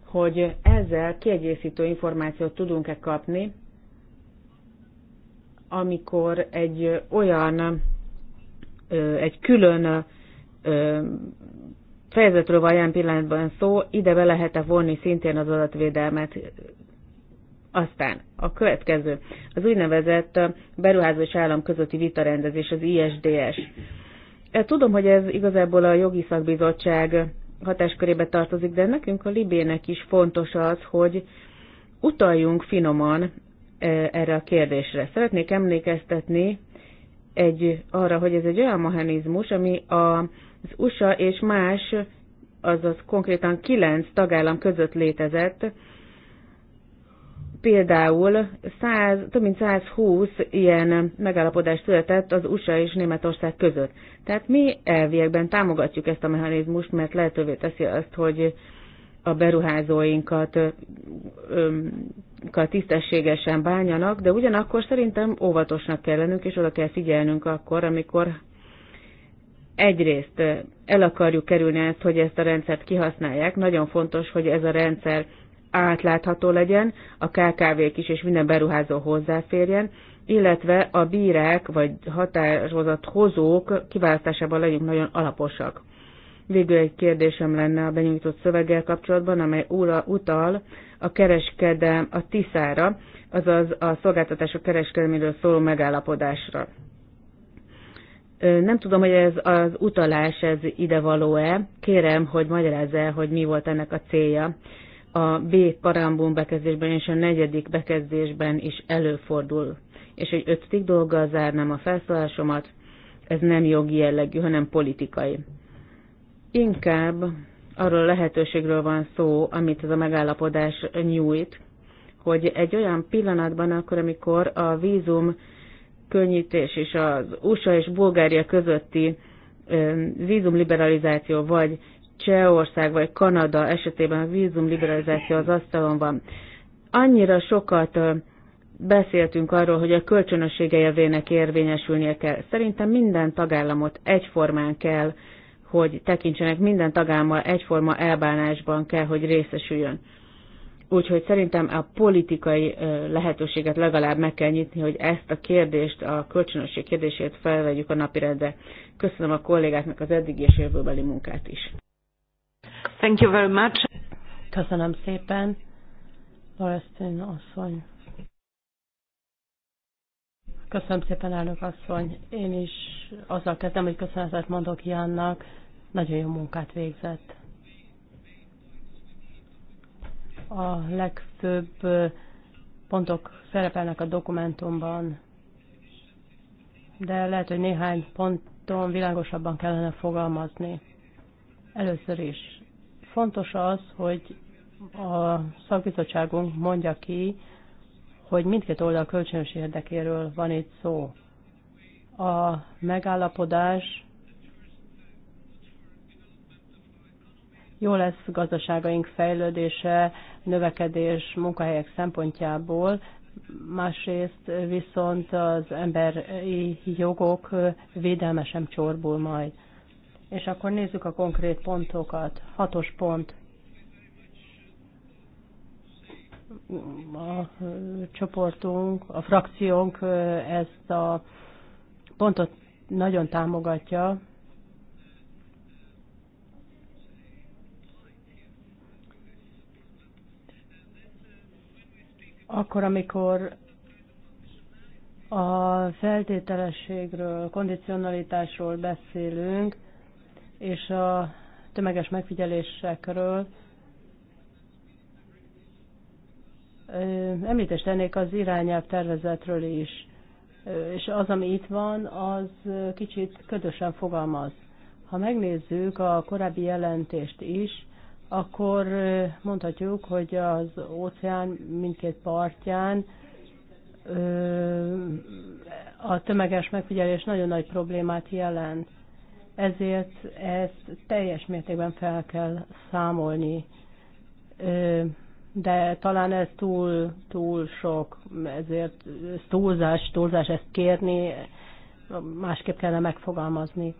hogy ezzel kiegészítő információt tudunk-e kapni, amikor egy olyan, egy külön fejezetről van ilyen pillanatban szó, ide be lehet-e vonni szintén az adatvédelmet. Aztán a következő, az úgynevezett beruházó és állam közötti vitarendezés, az ISDS. Tudom, hogy ez igazából a jogi szakbizottság hatáskörébe tartozik, de nekünk a Libének is fontos az, hogy utaljunk finoman erre a kérdésre. Szeretnék emlékeztetni egy, arra, hogy ez egy olyan mechanizmus, ami az USA és más, azaz konkrétan kilenc tagállam között létezett, például 100, több mint 120 ilyen megállapodás született az USA és Németország között. Tehát mi elviekben támogatjuk ezt a mechanizmust, mert lehetővé teszi azt, hogy a beruházóinkat tisztességesen bánjanak, de ugyanakkor szerintem óvatosnak kell lennünk, és oda kell figyelnünk akkor, amikor egyrészt el akarjuk kerülni ezt, hogy ezt a rendszert kihasználják. Nagyon fontos, hogy ez a rendszer átlátható legyen, a KKV-k is és minden beruházó hozzáférjen, illetve a bírák vagy határozat hozók kiválasztásában legyünk nagyon alaposak. Végül egy kérdésem lenne a benyújtott szöveggel kapcsolatban, amely úra utal a kereskedem a tiszára, azaz a szolgáltatások kereskedelméről szóló megállapodásra. Nem tudom, hogy ez az utalás ez ide való-e. Kérem, hogy magyarázz el, hogy mi volt ennek a célja. A B parambum bekezdésben és a negyedik bekezdésben is előfordul. És egy ötödik dolga zárnám a felszólásomat, ez nem jogi jellegű, hanem politikai. Inkább arról a lehetőségről van szó, amit ez a megállapodás nyújt, hogy egy olyan pillanatban, akkor, amikor a vízum könnyítés és az USA és Bulgária közötti vízumliberalizáció, vagy Csehország vagy Kanada esetében a vízumliberalizáció az asztalon van. Annyira sokat beszéltünk arról, hogy a kölcsönössége jelvének érvényesülnie kell. Szerintem minden tagállamot egyformán kell hogy tekintsenek minden tagámmal egyforma elbánásban kell, hogy részesüljön. Úgyhogy szerintem a politikai lehetőséget legalább meg kell nyitni, hogy ezt a kérdést, a kölcsönösség kérdését felvegyük a napirendre. Köszönöm a kollégáknak az eddigi és jövőbeli munkát is. Thank you very much. Köszönöm szépen. Loresztin asszony. Köszönöm szépen, elnök asszony. Én is azzal kezdtem, hogy köszönetet mondok Jánnak nagyon jó munkát végzett. A legfőbb pontok szerepelnek a dokumentumban, de lehet, hogy néhány ponton világosabban kellene fogalmazni. Először is fontos az, hogy a szakbizottságunk mondja ki, hogy mindkét oldal kölcsönös érdekéről van itt szó. A megállapodás Jó lesz gazdaságaink fejlődése, növekedés munkahelyek szempontjából, másrészt viszont az emberi jogok védelme sem csorbul majd. És akkor nézzük a konkrét pontokat. Hatos pont. A csoportunk, a frakciónk ezt a pontot nagyon támogatja, Akkor, amikor a feltételességről, kondicionalitásról beszélünk, és a tömeges megfigyelésekről, említést tennék az irányelv tervezetről is, és az, ami itt van, az kicsit ködösen fogalmaz. Ha megnézzük a korábbi jelentést is, akkor mondhatjuk, hogy az óceán mindkét partján a tömeges megfigyelés nagyon nagy problémát jelent. Ezért ezt teljes mértékben fel kell számolni. De talán ez túl, túl sok, ezért ez túlzás, túlzás ezt kérni, másképp kellene megfogalmazni.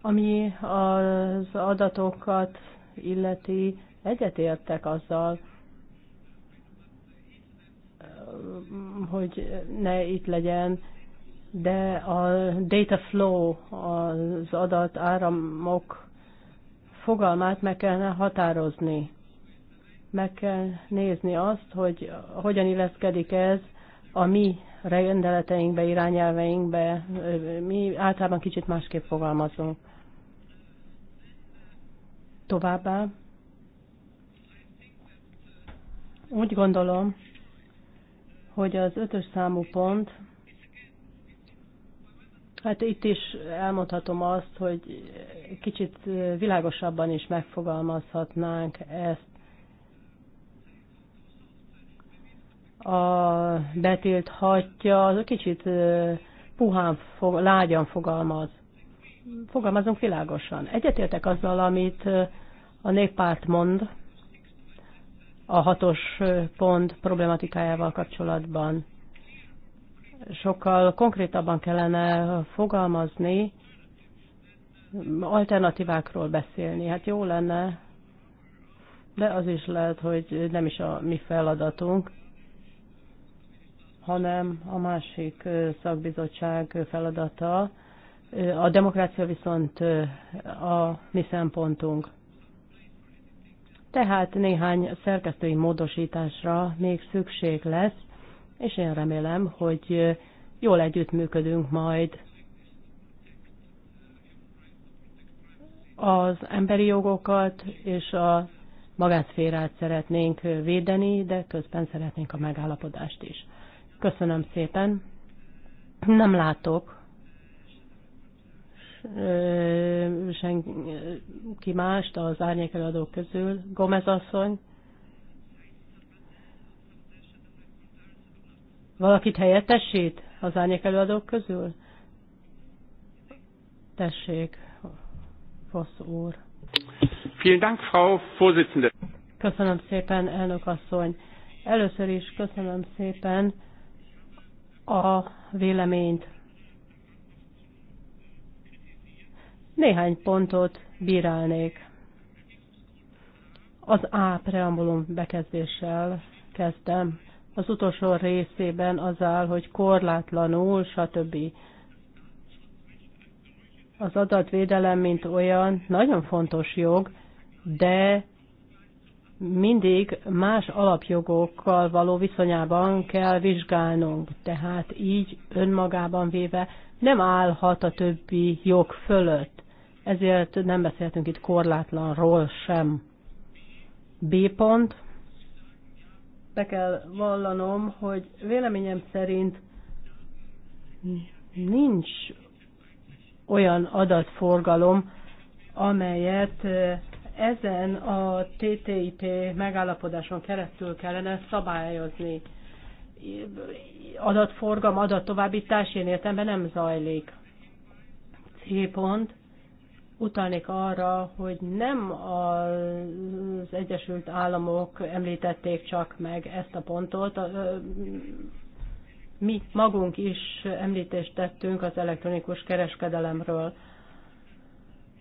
Ami az adatokat illeti, egyetértek azzal, hogy ne itt legyen, de a data flow, az adat áramok fogalmát meg kellene határozni. Meg kell nézni azt, hogy hogyan illeszkedik ez a mi rendeleteinkbe, irányelveinkbe. Mi általában kicsit másképp fogalmazunk. Továbbá úgy gondolom, hogy az ötös számú pont, hát itt is elmondhatom azt, hogy kicsit világosabban is megfogalmazhatnánk ezt, a betilthatja, az kicsit puhán, lágyan fogalmaz fogalmazunk világosan. Egyetértek azzal, amit a néppárt mond a hatos pont problematikájával kapcsolatban. Sokkal konkrétabban kellene fogalmazni, alternatívákról beszélni. Hát jó lenne, de az is lehet, hogy nem is a mi feladatunk, hanem a másik szakbizottság feladata, a demokrácia viszont a mi szempontunk. Tehát néhány szerkesztői módosításra még szükség lesz, és én remélem, hogy jól együttműködünk majd az emberi jogokat és a magánszférát szeretnénk védeni, de közben szeretnénk a megállapodást is. Köszönöm szépen. Nem látok senki mást az árnyékeladók közül. Gomez asszony. Valakit helyettesít az árnyékeladók közül? Tessék, Fosz úr. Vielen Dank, Frau Vorsitzende. Köszönöm szépen, elnök asszony. Először is köszönöm szépen a véleményt. Néhány pontot bírálnék. Az A preambulum bekezdéssel kezdtem. Az utolsó részében az áll, hogy korlátlanul, stb. Az adatvédelem, mint olyan, nagyon fontos jog, de mindig más alapjogokkal való viszonyában kell vizsgálnunk. Tehát így önmagában véve nem állhat a többi jog fölött ezért nem beszélhetünk itt korlátlanról sem. B pont. Be kell vallanom, hogy véleményem szerint nincs olyan adatforgalom, amelyet ezen a TTIP megállapodáson keresztül kellene szabályozni. Adatforgalom, adattovábbítás én értemben nem zajlik. C pont utalnék arra, hogy nem az Egyesült Államok említették csak meg ezt a pontot, mi magunk is említést tettünk az elektronikus kereskedelemről.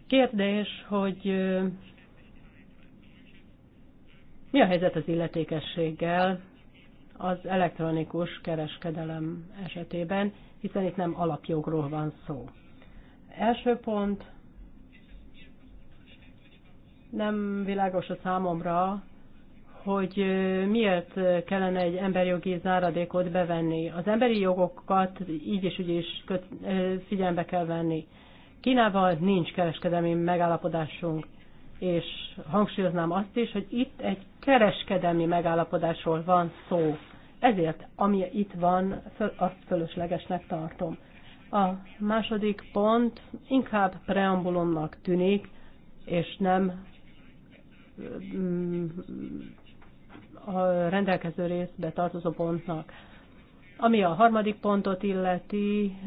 Kérdés, hogy mi a helyzet az illetékességgel az elektronikus kereskedelem esetében, hiszen itt nem alapjogról van szó. Első pont, nem világos a számomra, hogy miért kellene egy emberjogi záradékot bevenni. Az emberi jogokat így és úgy is figyelembe kell venni. Kínával nincs kereskedelmi megállapodásunk, és hangsúlyoznám azt is, hogy itt egy kereskedelmi megállapodásról van szó. Ezért, ami itt van, azt fölöslegesnek tartom. A második pont inkább preambulumnak tűnik, és nem a rendelkező részbe tartozó pontnak. Ami a harmadik pontot illeti,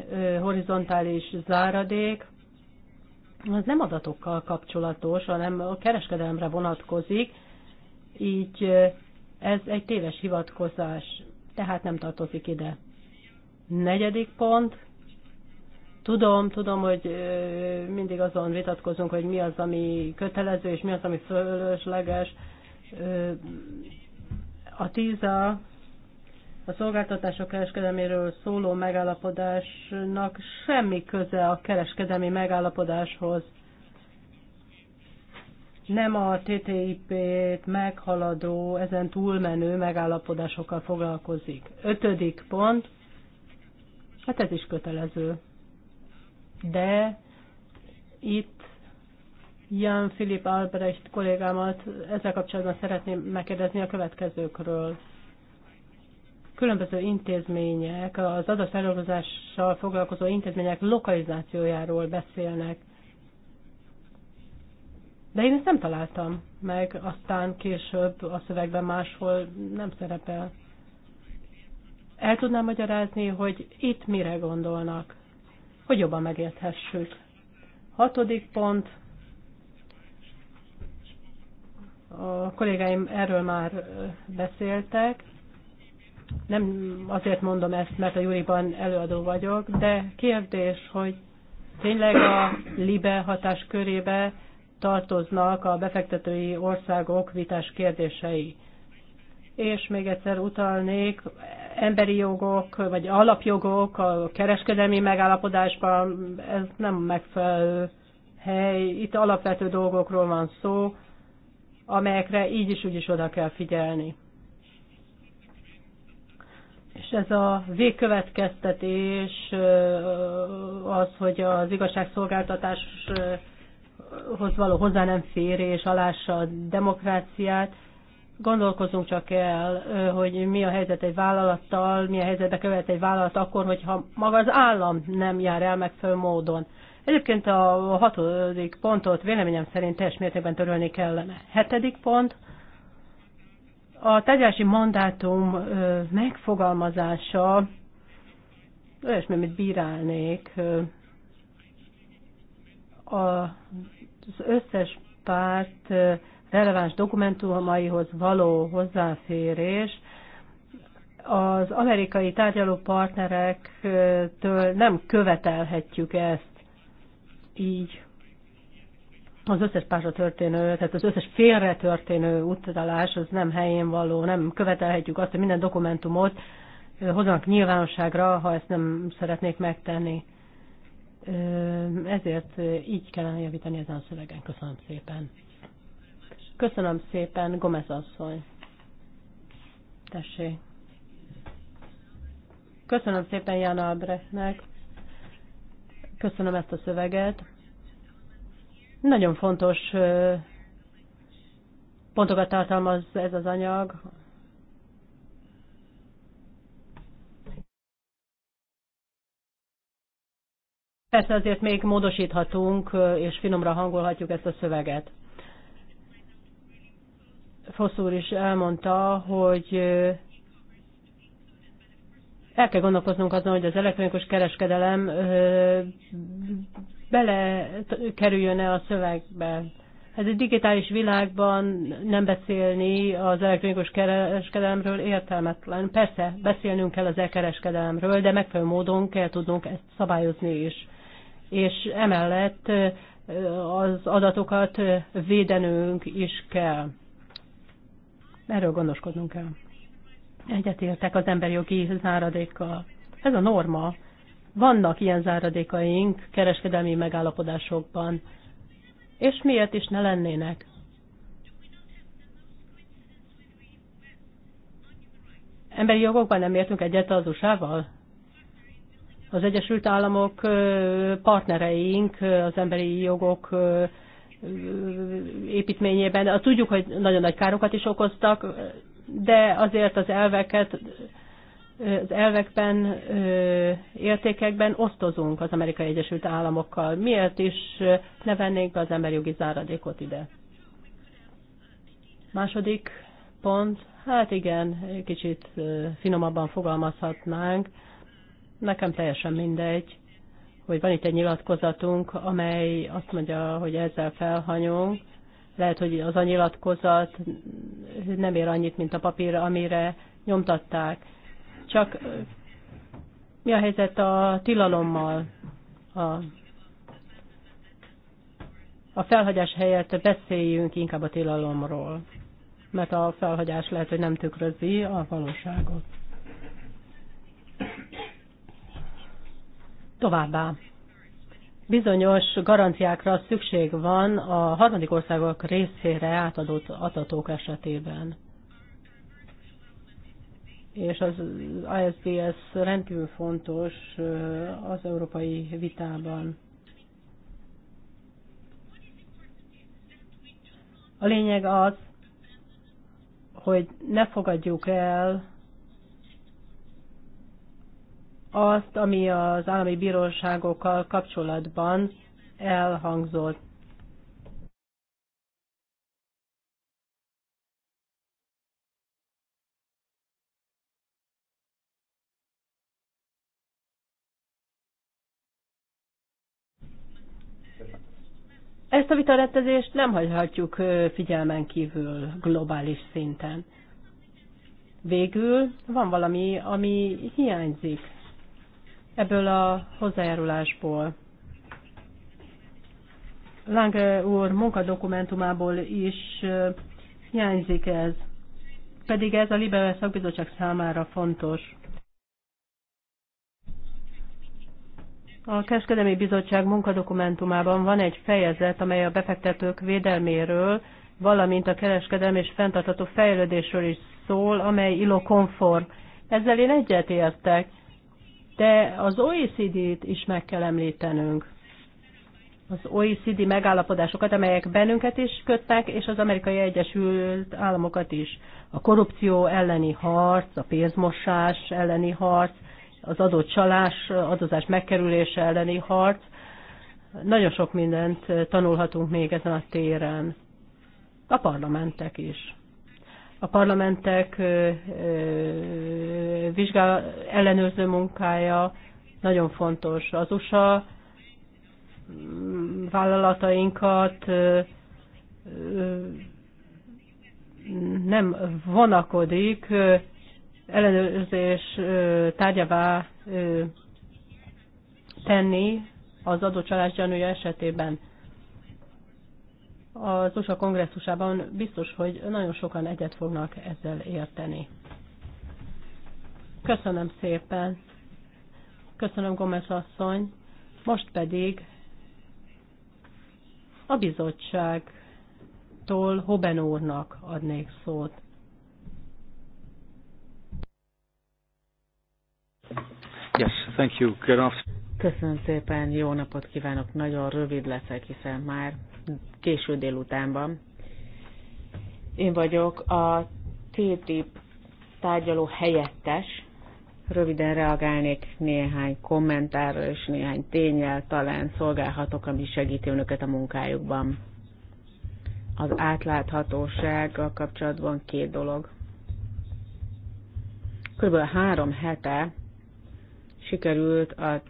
horizontális záradék, az nem adatokkal kapcsolatos, hanem a kereskedelemre vonatkozik, így ez egy téves hivatkozás, tehát nem tartozik ide. Negyedik pont, Tudom, tudom, hogy mindig azon vitatkozunk, hogy mi az, ami kötelező, és mi az, ami fölösleges. A TISA, a szolgáltatások kereskedelméről szóló megállapodásnak semmi köze a kereskedelmi megállapodáshoz. Nem a TTIP-t meghaladó, ezen túlmenő megállapodásokkal foglalkozik. Ötödik pont, hát ez is kötelező de itt Jan Filip Albrecht kollégámat ezzel kapcsolatban szeretném megkérdezni a következőkről. Különböző intézmények, az adatfeldolgozással foglalkozó intézmények lokalizációjáról beszélnek. De én ezt nem találtam meg, aztán később a szövegben máshol nem szerepel. El tudnám magyarázni, hogy itt mire gondolnak? hogy jobban megérthessük. Hatodik pont. A kollégáim erről már beszéltek. Nem azért mondom ezt, mert a júliban előadó vagyok, de kérdés, hogy tényleg a LIBE hatás körébe tartoznak a befektetői országok vitás kérdései és még egyszer utalnék emberi jogok, vagy alapjogok a kereskedelmi megállapodásban, ez nem megfelelő hely. Itt alapvető dolgokról van szó, amelyekre így is úgy is oda kell figyelni. És ez a végkövetkeztetés az, hogy az igazságszolgáltatáshoz való hozzá nem férés alássa a demokráciát, gondolkozunk csak el, hogy mi a helyzet egy vállalattal, mi a helyzetbe követ egy vállalat akkor, hogyha maga az állam nem jár el megfelelő módon. Egyébként a hatodik pontot véleményem szerint teljes mértékben törölni kellene. Hetedik pont, a tárgyalási mandátum megfogalmazása olyasmi, amit bírálnék. Az összes párt releváns dokumentumaihoz való hozzáférés az amerikai tárgyaló partnerektől nem követelhetjük ezt így az összes pásra történő, tehát az összes félre történő utalás az nem helyén való, nem követelhetjük azt, hogy minden dokumentumot hozzanak nyilvánosságra, ha ezt nem szeretnék megtenni. Ezért így kellene javítani ezen a szövegen. Köszönöm szépen. Köszönöm szépen, Gomez asszony. Tessék. Köszönöm szépen Jana Albrechtnek. Köszönöm ezt a szöveget. Nagyon fontos pontokat tartalmaz ez az anyag. Persze azért még módosíthatunk és finomra hangolhatjuk ezt a szöveget hosszú úr is elmondta, hogy el kell gondolkoznunk azon, hogy az elektronikus kereskedelem belekerüljön-e a szövegbe. Ez egy digitális világban nem beszélni az elektronikus kereskedelemről értelmetlen. Persze, beszélnünk kell az e-kereskedelemről, de megfelelő módon kell tudnunk ezt szabályozni is. És emellett az adatokat védenünk is kell. Erről gondoskodnunk kell. Egyetértek az emberjogi záradékkal. Ez a norma. Vannak ilyen záradékaink kereskedelmi megállapodásokban. És miért is ne lennének? Emberi jogokban nem értünk egyet az USA-val? Az Egyesült Államok partnereink az emberi jogok építményében. Tudjuk, hogy nagyon nagy károkat is okoztak, de azért az elveket az elvekben, értékekben osztozunk az Amerikai Egyesült Államokkal. Miért is ne vennénk az jogi záradékot ide? Második pont, hát igen, kicsit finomabban fogalmazhatnánk. Nekem teljesen mindegy, hogy van itt egy nyilatkozatunk, amely azt mondja, hogy ezzel felhanyunk. Lehet, hogy az a nyilatkozat nem ér annyit, mint a papír, amire nyomtatták. Csak mi a helyzet a tilalommal? A, a felhagyás helyett beszéljünk inkább a tilalomról, mert a felhagyás lehet, hogy nem tükrözi a valóságot. Továbbá bizonyos garanciákra szükség van a harmadik országok részére átadott adatok esetében. És az ISDS rendkívül fontos az európai vitában. A lényeg az, hogy ne fogadjuk el azt, ami az állami bíróságokkal kapcsolatban elhangzott. Ezt a vitarettezést nem hagyhatjuk figyelmen kívül globális szinten. Végül van valami, ami hiányzik ebből a hozzájárulásból. Lange úr munkadokumentumából is hiányzik ez, pedig ez a Libe szakbizottság számára fontos. A kereskedelmi Bizottság munkadokumentumában van egy fejezet, amely a befektetők védelméről, valamint a kereskedelm és fenntartató fejlődésről is szól, amely ilokonform. Ezzel én egyetértek, de az OECD-t is meg kell említenünk. Az OECD megállapodásokat, amelyek bennünket is kötnek, és az amerikai Egyesült Államokat is. A korrupció elleni harc, a pénzmosás elleni harc, az adott csalás, adózás megkerülése elleni harc. Nagyon sok mindent tanulhatunk még ezen a téren. A parlamentek is a parlamentek vizsgál, ellenőrző munkája nagyon fontos. Az USA mm, vállalatainkat nem vonakodik ellenőrzés tárgyává tenni az adócsalás gyanúja esetében az USA kongresszusában biztos, hogy nagyon sokan egyet fognak ezzel érteni. Köszönöm szépen. Köszönöm, Gomez asszony. Most pedig a bizottságtól Hoben úrnak adnék szót. Yes, thank you. Good Köszönöm szépen, jó napot kívánok, nagyon rövid leszek, hiszen már késő délutánban. Én vagyok a TTIP tárgyaló helyettes. Röviden reagálnék néhány kommentárra és néhány tényel talán szolgálhatok, ami segíti önöket a munkájukban. Az átláthatósággal kapcsolatban két dolog. Körülbelül három hete sikerült a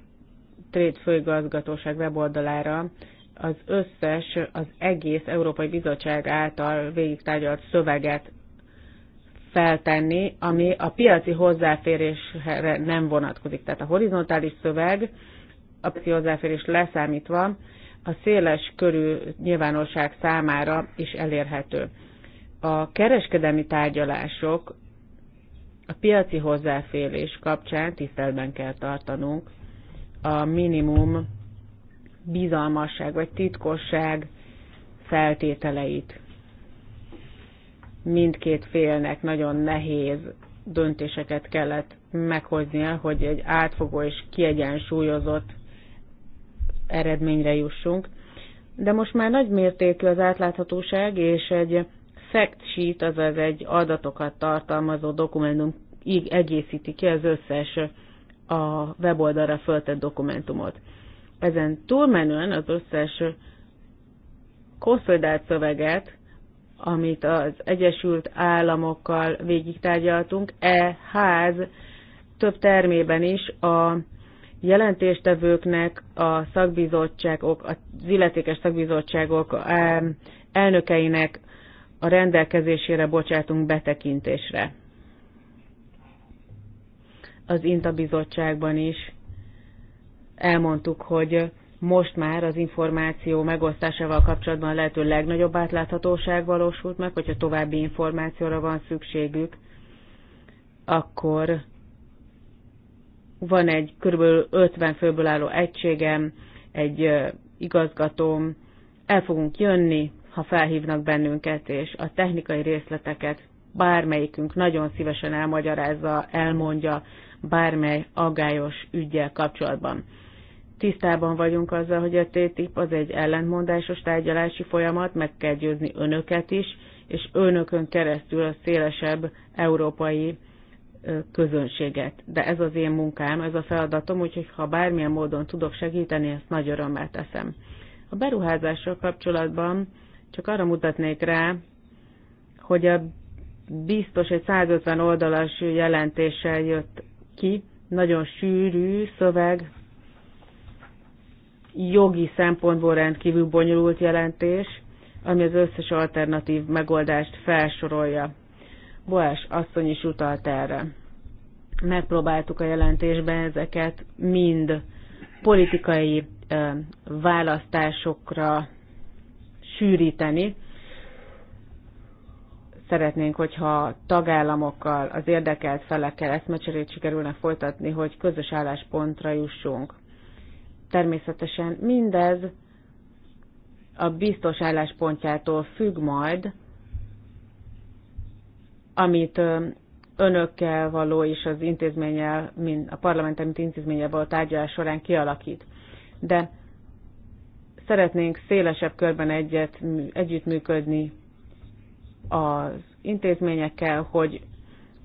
Trade főigazgatóság weboldalára az összes, az egész Európai Bizottság által végigtárgyalt szöveget feltenni, ami a piaci hozzáférésre nem vonatkozik. Tehát a horizontális szöveg, a piaci hozzáférés leszámítva, a széles körű nyilvánosság számára is elérhető. A kereskedelmi tárgyalások a piaci hozzáférés kapcsán tisztelben kell tartanunk a minimum bizalmasság vagy titkosság feltételeit. Mindkét félnek nagyon nehéz döntéseket kellett meghoznia, hogy egy átfogó és kiegyensúlyozott eredményre jussunk. De most már nagy mértékű az átláthatóság, és egy fact sheet, azaz egy adatokat tartalmazó dokumentum így egészíti ki az összes a weboldalra föltett dokumentumot. Ezen túlmenően az összes konszolidált szöveget, amit az Egyesült Államokkal végigtárgyaltunk, e ház több termében is a jelentéstevőknek a szakbizottságok, az illetékes szakbizottságok elnökeinek a rendelkezésére bocsátunk betekintésre. Az INTA bizottságban is elmondtuk, hogy most már az információ megosztásával kapcsolatban lehető legnagyobb átláthatóság valósult meg, hogyha további információra van szükségük, akkor van egy kb. 50 főből álló egységem, egy igazgatóm, el fogunk jönni, ha felhívnak bennünket, és a technikai részleteket bármelyikünk nagyon szívesen elmagyarázza, elmondja bármely agályos ügyjel kapcsolatban. Tisztában vagyunk azzal, hogy a TTIP az egy ellentmondásos tárgyalási folyamat, meg kell győzni önöket is, és önökön keresztül a szélesebb európai közönséget. De ez az én munkám, ez a feladatom, úgyhogy ha bármilyen módon tudok segíteni, ezt nagy örömmel teszem. A beruházással kapcsolatban csak arra mutatnék rá, hogy a biztos egy 150 oldalas jelentéssel jött ki, nagyon sűrű szöveg, jogi szempontból rendkívül bonyolult jelentés, ami az összes alternatív megoldást felsorolja. Boás asszony is utalt erre. Megpróbáltuk a jelentésben ezeket mind politikai választásokra sűríteni. Szeretnénk, hogyha tagállamokkal, az érdekelt felekkel eszmecserét sikerülne folytatni, hogy közös álláspontra jussunk. Természetesen mindez a biztos álláspontjától függ majd, amit önökkel való és az intézménnyel, mint a parlament, mint intézménnyel való tárgyalás során kialakít. De szeretnénk szélesebb körben egyet, együttműködni az intézményekkel, hogy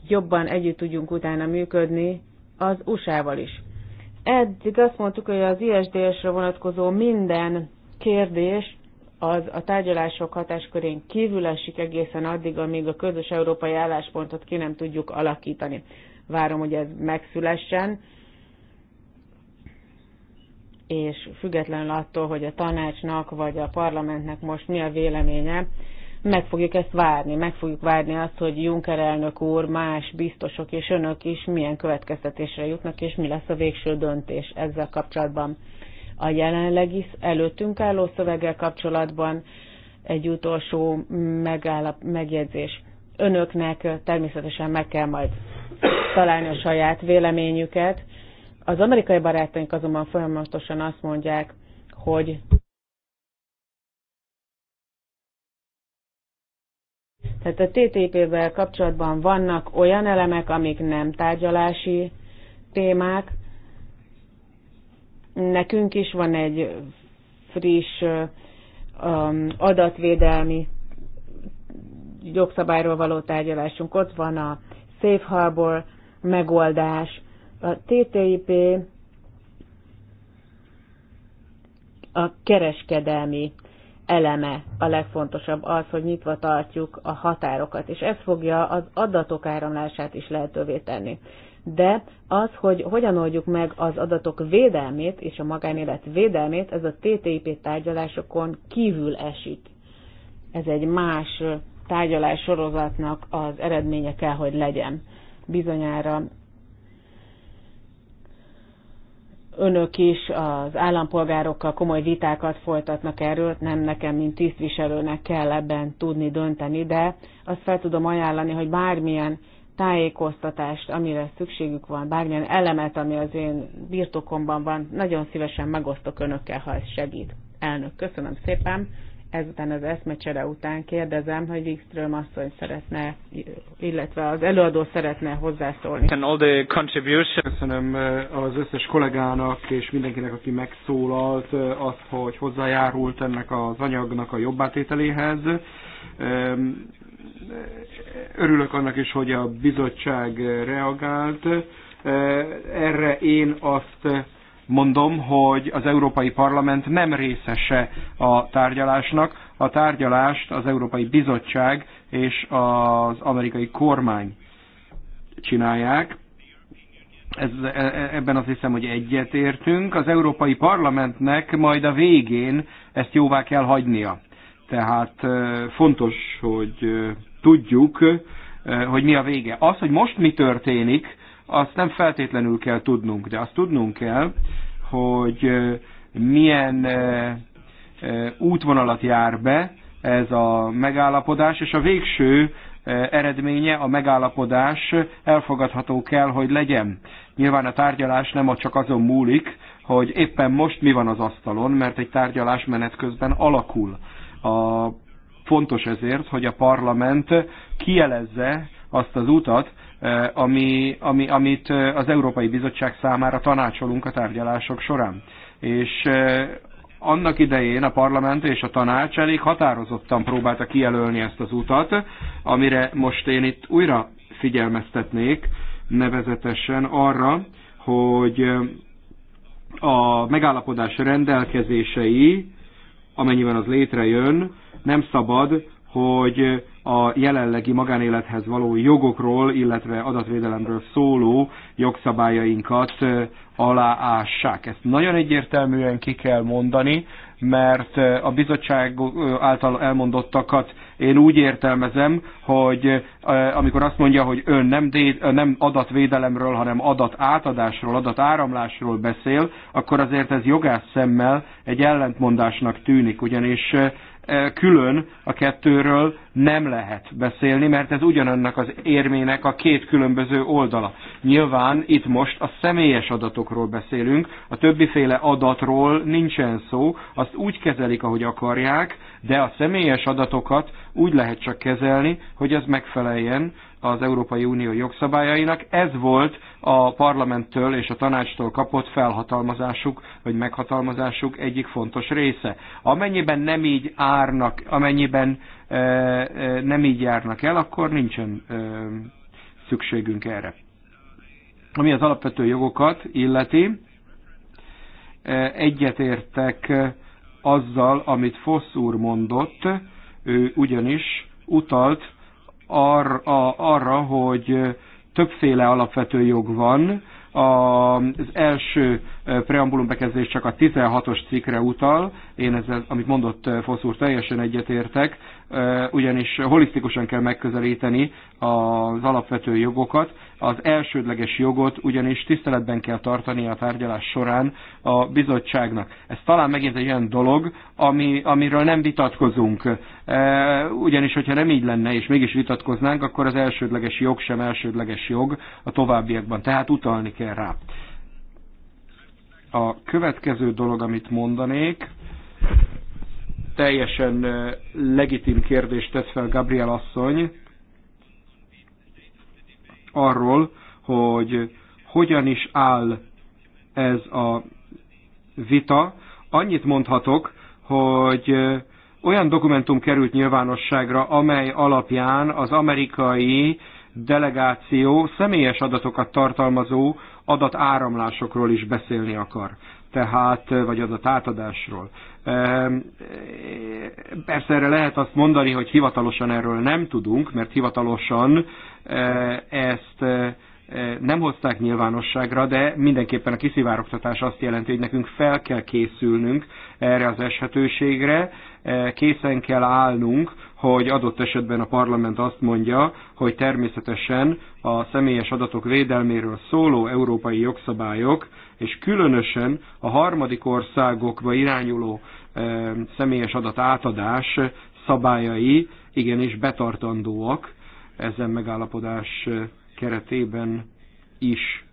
jobban együtt tudjunk utána működni az USA-val is. Eddig azt mondtuk, hogy az ISDS-re vonatkozó minden kérdés az a tárgyalások hatáskörén kívül esik egészen addig, amíg a közös európai álláspontot ki nem tudjuk alakítani. Várom, hogy ez megszülessen, és függetlenül attól, hogy a tanácsnak vagy a parlamentnek most mi a véleménye, meg fogjuk ezt várni, meg fogjuk várni azt, hogy Juncker elnök úr, más biztosok és önök is milyen következtetésre jutnak, és mi lesz a végső döntés ezzel kapcsolatban. A jelenlegi előttünk álló szöveggel kapcsolatban egy utolsó megállap, megjegyzés. Önöknek természetesen meg kell majd találni a saját véleményüket. Az amerikai barátaink azonban folyamatosan azt mondják, hogy Tehát a TTP-vel kapcsolatban vannak olyan elemek, amik nem tárgyalási témák. Nekünk is van egy friss um, adatvédelmi jogszabályról való tárgyalásunk. Ott van a Safe Harbor megoldás. A TTIP a kereskedelmi eleme a legfontosabb az, hogy nyitva tartjuk a határokat, és ez fogja az adatok áramlását is lehetővé tenni. De az, hogy hogyan oldjuk meg az adatok védelmét és a magánélet védelmét, ez a TTIP tárgyalásokon kívül esik. Ez egy más tárgyalás sorozatnak az eredménye kell, hogy legyen. Bizonyára önök is az állampolgárokkal komoly vitákat folytatnak erről, nem nekem, mint tisztviselőnek kell ebben tudni dönteni, de azt fel tudom ajánlani, hogy bármilyen tájékoztatást, amire szükségük van, bármilyen elemet, ami az én birtokomban van, nagyon szívesen megosztok önökkel, ha ez segít. Elnök, köszönöm szépen ezután az eszmecsere után kérdezem, hogy Wikström asszony szeretne, illetve az előadó szeretne hozzászólni. Köszönöm eh, az összes kollégának és mindenkinek, aki megszólalt eh, azt, hogy hozzájárult ennek az anyagnak a jobbátételéhez. Eh, örülök annak is, hogy a bizottság reagált. Erre én azt mondom, hogy az Európai Parlament nem részese a tárgyalásnak. A tárgyalást az Európai Bizottság és az amerikai kormány csinálják. Ez, e, e, ebben azt hiszem, hogy egyetértünk. Az Európai Parlamentnek majd a végén ezt jóvá kell hagynia. Tehát e, fontos, hogy tudjuk, hogy mi a vége. Az, hogy most mi történik, azt nem feltétlenül kell tudnunk, de azt tudnunk kell, hogy milyen útvonalat jár be ez a megállapodás, és a végső eredménye, a megállapodás elfogadható kell, hogy legyen. Nyilván a tárgyalás nem csak azon múlik, hogy éppen most mi van az asztalon, mert egy tárgyalás menet közben alakul. A, fontos ezért, hogy a parlament kielezze azt az utat, Eh, ami, ami, amit eh, az Európai Bizottság számára tanácsolunk a tárgyalások során. És eh, annak idején a parlament és a tanács elég határozottan próbálta kijelölni ezt az utat, amire most én itt újra figyelmeztetnék, nevezetesen arra, hogy a megállapodás rendelkezései, amennyiben az létrejön, nem szabad, hogy a jelenlegi magánélethez való jogokról, illetve adatvédelemről szóló jogszabályainkat aláássák. Ezt nagyon egyértelműen ki kell mondani, mert a bizottság által elmondottakat én úgy értelmezem, hogy amikor azt mondja, hogy ön nem, déd, nem adatvédelemről, hanem adatátadásról, adatáramlásról beszél, akkor azért ez jogász szemmel egy ellentmondásnak tűnik, ugyanis külön a kettőről nem lehet beszélni, mert ez ugyanannak az érmének a két különböző oldala. Nyilván itt most a személyes adatokról beszélünk, a többiféle adatról nincsen szó, azt úgy kezelik, ahogy akarják, de a személyes adatokat úgy lehet csak kezelni, hogy ez megfeleljen az Európai Unió jogszabályainak. Ez volt a parlamenttől és a tanácstól kapott felhatalmazásuk, vagy meghatalmazásuk egyik fontos része. Amennyiben nem így árnak, amennyiben e, e, nem így járnak el, akkor nincsen e, szükségünk erre. Ami az alapvető jogokat illeti, e, egyetértek azzal, amit Fossz úr mondott, ő ugyanis utalt ar, a, arra, hogy többféle alapvető jog van. Az első preambulum bekezdés csak a 16-os cikkre utal, én ezzel, amit mondott Fosz úr, teljesen egyetértek, ugyanis holisztikusan kell megközelíteni az alapvető jogokat, az elsődleges jogot ugyanis tiszteletben kell tartani a tárgyalás során a bizottságnak. Ez talán megint egy olyan dolog, ami, amiről nem vitatkozunk, ugyanis hogyha nem így lenne, és mégis vitatkoznánk, akkor az elsődleges jog sem elsődleges jog a továbbiakban, tehát utalni kell rá. A következő dolog, amit mondanék, teljesen legitim kérdést tesz fel Gabriel asszony arról, hogy hogyan is áll ez a vita. Annyit mondhatok, hogy olyan dokumentum került nyilvánosságra, amely alapján az amerikai delegáció személyes adatokat tartalmazó adatáramlásokról is beszélni akar tehát, vagy adatátadásról. Ehm, persze erre lehet azt mondani, hogy hivatalosan erről nem tudunk, mert hivatalosan e, ezt e, nem hozták nyilvánosságra, de mindenképpen a kiszivárogtatás azt jelenti, hogy nekünk fel kell készülnünk erre az eshetőségre, e, készen kell állnunk hogy adott esetben a parlament azt mondja, hogy természetesen a személyes adatok védelméről szóló európai jogszabályok, és különösen a harmadik országokba irányuló eh, személyes adat átadás szabályai igenis betartandóak ezen megállapodás eh, keretében is,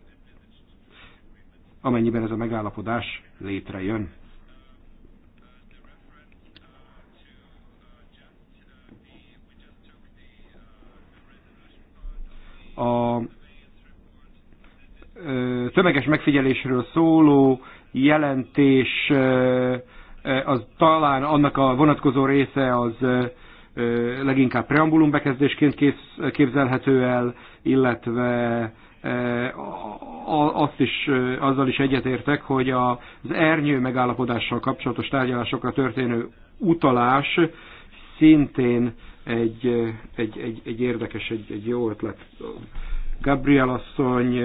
amennyiben ez a megállapodás létrejön. a tömeges megfigyelésről szóló jelentés az talán annak a vonatkozó része az leginkább preambulum bekezdésként képzelhető el, illetve azt is, azzal is egyetértek, hogy az ernyő megállapodással kapcsolatos tárgyalásokra történő utalás szintén egy, egy, egy, egy érdekes, egy, egy jó ötlet. Gabriel asszony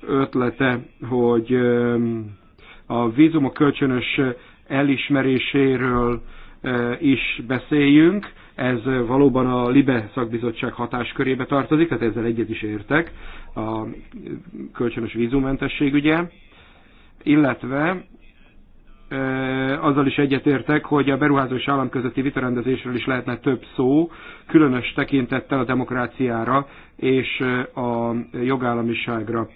ötlete, hogy a vízumok kölcsönös elismeréséről is beszéljünk. Ez valóban a LIBE szakbizottság hatáskörébe tartozik, tehát ezzel egyet is értek, a kölcsönös vízumentesség, ügye. Illetve azzal is egyetértek, hogy a beruházó és állam közötti vitarendezésről is lehetne több szó, különös tekintettel a demokráciára és a jogállamiságra.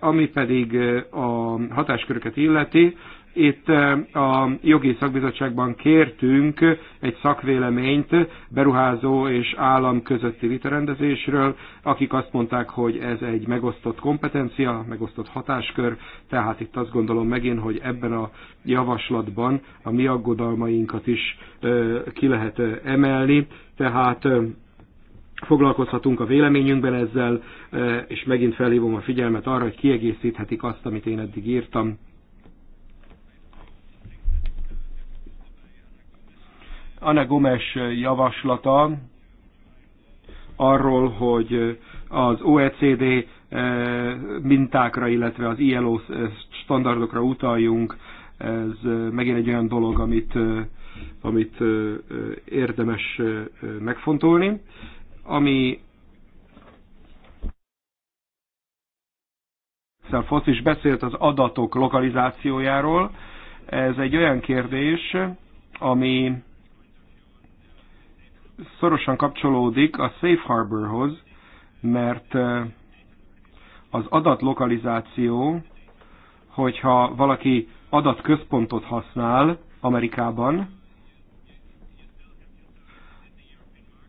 Ami pedig a hatásköröket illeti, itt eh, a jogi szakbizottságban kértünk egy szakvéleményt beruházó és állam közötti vitarendezésről, akik azt mondták, hogy ez egy megosztott kompetencia, megosztott hatáskör, tehát itt azt gondolom megint, hogy ebben a javaslatban a mi aggodalmainkat is eh, ki lehet eh, emelni, tehát foglalkozhatunk a véleményünkben ezzel, és megint felhívom a figyelmet arra, hogy kiegészíthetik azt, amit én eddig írtam. Anne Gomes javaslata arról, hogy az OECD eh, mintákra, illetve az ILO standardokra utaljunk, ez eh, megint egy olyan dolog, amit, eh, amit érdemes megfontolni. Ami Fosz is beszélt az adatok lokalizációjáról. Ez egy olyan kérdés, ami szorosan kapcsolódik a Safe Harborhoz, mert az adatlokalizáció, hogyha valaki adatközpontot használ Amerikában,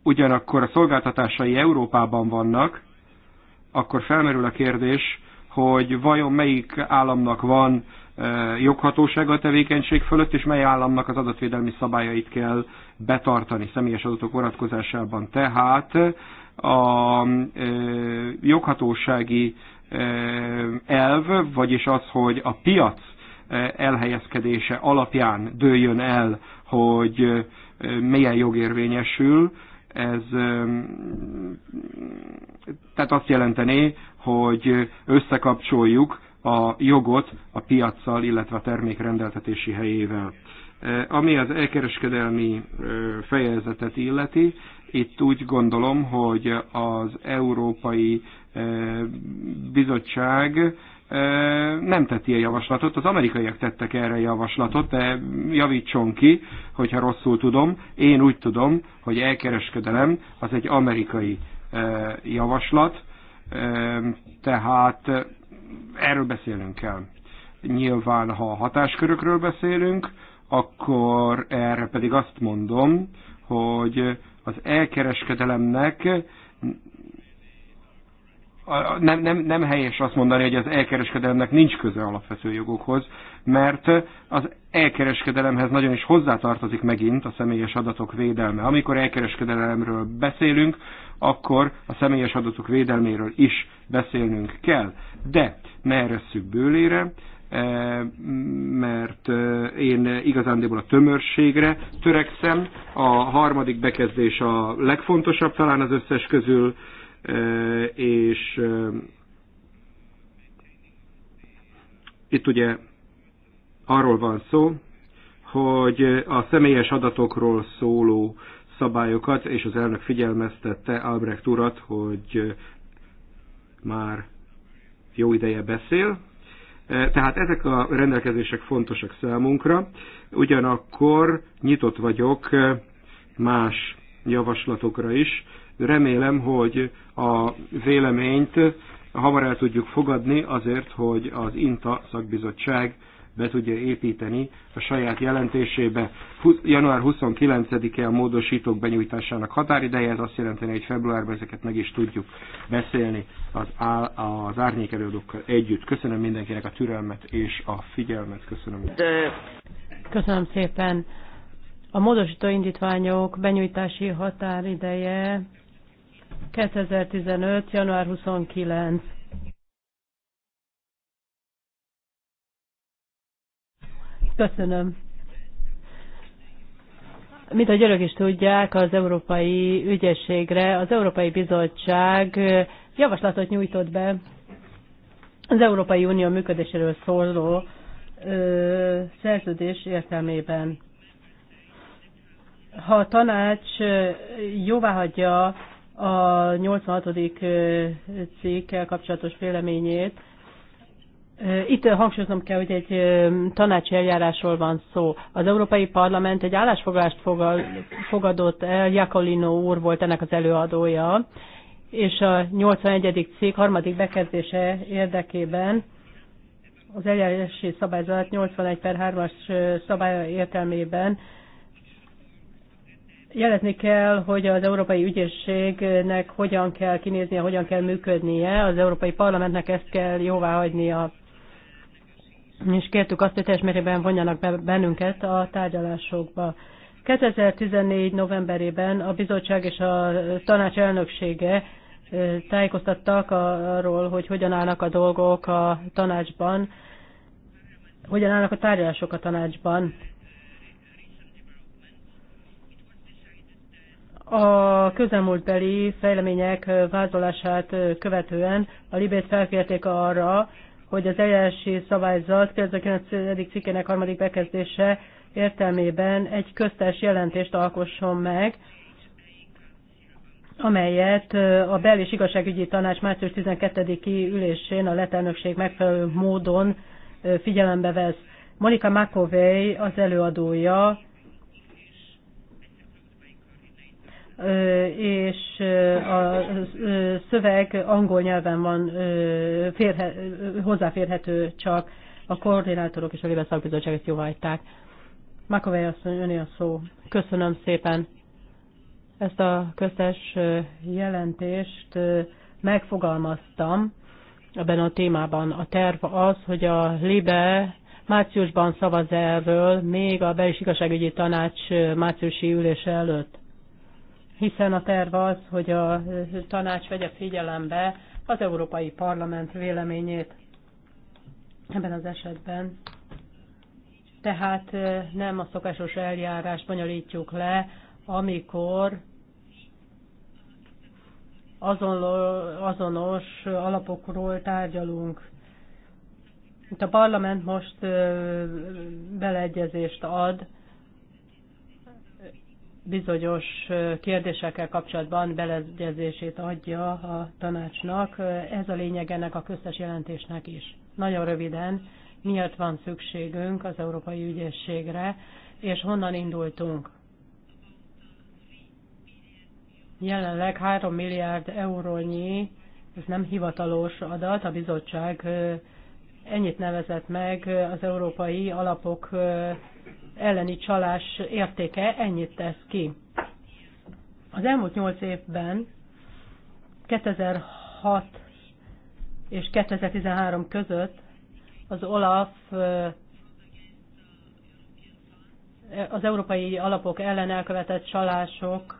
ugyanakkor a szolgáltatásai Európában vannak, akkor felmerül a kérdés, hogy vajon melyik államnak van joghatósága a tevékenység fölött, és mely államnak az adatvédelmi szabályait kell betartani személyes adatok vonatkozásában. Tehát a joghatósági elv, vagyis az, hogy a piac elhelyezkedése alapján dőljön el, hogy milyen jogérvényesül, ez tehát azt jelentené, hogy összekapcsoljuk a jogot a piaccal, illetve a termék rendeltetési helyével. E, ami az elkereskedelmi e, fejezetet illeti, itt úgy gondolom, hogy az Európai e, Bizottság nem tett ilyen javaslatot, az amerikaiak tettek erre javaslatot, de javítson ki, hogyha rosszul tudom. Én úgy tudom, hogy elkereskedelem az egy amerikai javaslat, tehát erről beszélnünk kell. Nyilván, ha hatáskörökről beszélünk, akkor erre pedig azt mondom, hogy az elkereskedelemnek nem, nem, nem helyes azt mondani, hogy az elkereskedelemnek nincs köze alapvető jogokhoz, mert az elkereskedelemhez nagyon is hozzátartozik megint a személyes adatok védelme. Amikor elkereskedelemről beszélünk, akkor a személyes adatok védelméről is beszélnünk kell. De ne eresszük bőlére, e, mert e, én igazándiból a tömörségre törekszem. A harmadik bekezdés a legfontosabb talán az összes közül, e, és itt ugye arról van szó, hogy a személyes adatokról szóló szabályokat, és az elnök figyelmeztette Albrecht urat, hogy már jó ideje beszél. Tehát ezek a rendelkezések fontosak számunkra, ugyanakkor nyitott vagyok más javaslatokra is. Remélem, hogy a véleményt hamar el tudjuk fogadni azért, hogy az INTA szakbizottság be tudja építeni a saját jelentésébe. Január 29-e a módosítók benyújtásának határideje, ez azt jelenti, hogy februárban ezeket meg is tudjuk beszélni az, az árnyékelődőkkel együtt. Köszönöm mindenkinek a türelmet és a figyelmet. Köszönöm. Köszönöm szépen. A módosító indítványok benyújtási határideje 2015. január 29. Köszönöm. Mint a györök is tudják, az Európai Ügyességre az Európai Bizottság javaslatot nyújtott be az Európai Unió működéséről szóló ö, szerződés értelmében. Ha a tanács jóváhagyja a 86. cikkel kapcsolatos véleményét, itt hangsúlyoznom kell, hogy egy tanácsi eljárásról van szó. Az Európai Parlament egy állásfoglalást fogadott el, Jakolino úr volt ennek az előadója, és a 81. cég harmadik bekezdése érdekében az eljárási szabályzat 81 per 3-as szabály értelmében jelezni kell, hogy az Európai Ügyészségnek hogyan kell kinéznie, hogyan kell működnie, az Európai Parlamentnek ezt kell jóváhagynia és kértük azt, hogy teljes mérében vonjanak be bennünket a tárgyalásokba. 2014. novemberében a bizottság és a tanács elnöksége tájékoztattak arról, hogy hogyan állnak a dolgok a tanácsban, hogyan állnak a tárgyalások a tanácsban. A közelmúltbeli fejlemények vázolását követően a Libét felkérték arra, hogy az eljárási szabályzat 2009. cikkének harmadik bekezdése értelmében egy köztes jelentést alkosson meg, amelyet a Bel- és Igazságügyi Tanács március 12-i ülésén a letelnökség megfelelő módon figyelembe vesz. Monika Makovej az előadója és a szöveg angol nyelven van férhe, hozzáférhető csak a koordinátorok és a Libes Szakbizottság ezt jóváhagyták. Makovely asszony, öné a szó. Köszönöm szépen ezt a köztes jelentést megfogalmaztam ebben a témában. A terv az, hogy a Libe márciusban szavaz erről, még a belis igazságügyi tanács márciusi ülése előtt hiszen a terv az, hogy a tanács vegye figyelembe az Európai Parlament véleményét ebben az esetben. Tehát eh, nem a szokásos eljárást bonyolítjuk le, amikor azonos alapokról tárgyalunk. Itt a parlament most eh, beleegyezést ad bizonyos kérdésekkel kapcsolatban belegyezését adja a tanácsnak. Ez a lényeg ennek a köztes jelentésnek is. Nagyon röviden, miért van szükségünk az Európai Ügyészségre, és honnan indultunk? Jelenleg 3 milliárd eurónyi, ez nem hivatalos adat, a bizottság ennyit nevezett meg az európai alapok elleni csalás értéke ennyit tesz ki. Az elmúlt nyolc évben 2006 és 2013 között az OLAF az európai alapok ellen elkövetett csalások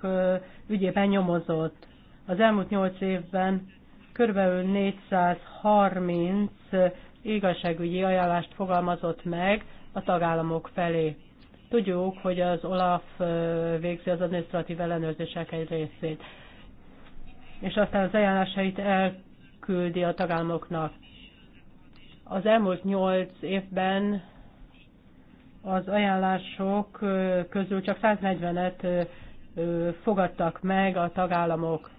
ügyében nyomozott. Az elmúlt nyolc évben körülbelül 430 igazságügyi ajánlást fogalmazott meg a tagállamok felé. Tudjuk, hogy az OLAF végzi az administratív ellenőrzések egy részét, és aztán az ajánlásait elküldi a tagállamoknak. Az elmúlt nyolc évben az ajánlások közül csak 140-et fogadtak meg a tagállamok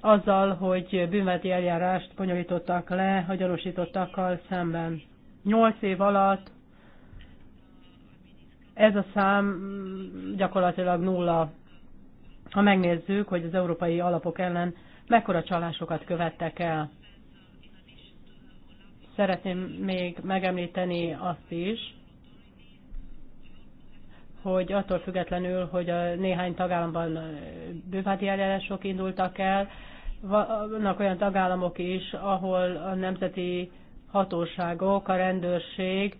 azzal, hogy bűnveti eljárást bonyolítottak le a gyanúsítottakkal szemben. Nyolc év alatt ez a szám gyakorlatilag nulla, ha megnézzük, hogy az európai alapok ellen mekkora csalásokat követtek el. Szeretném még megemlíteni azt is, hogy attól függetlenül, hogy a néhány tagállamban bűvádi eljárások indultak el, vannak olyan tagállamok is, ahol a nemzeti hatóságok, a rendőrség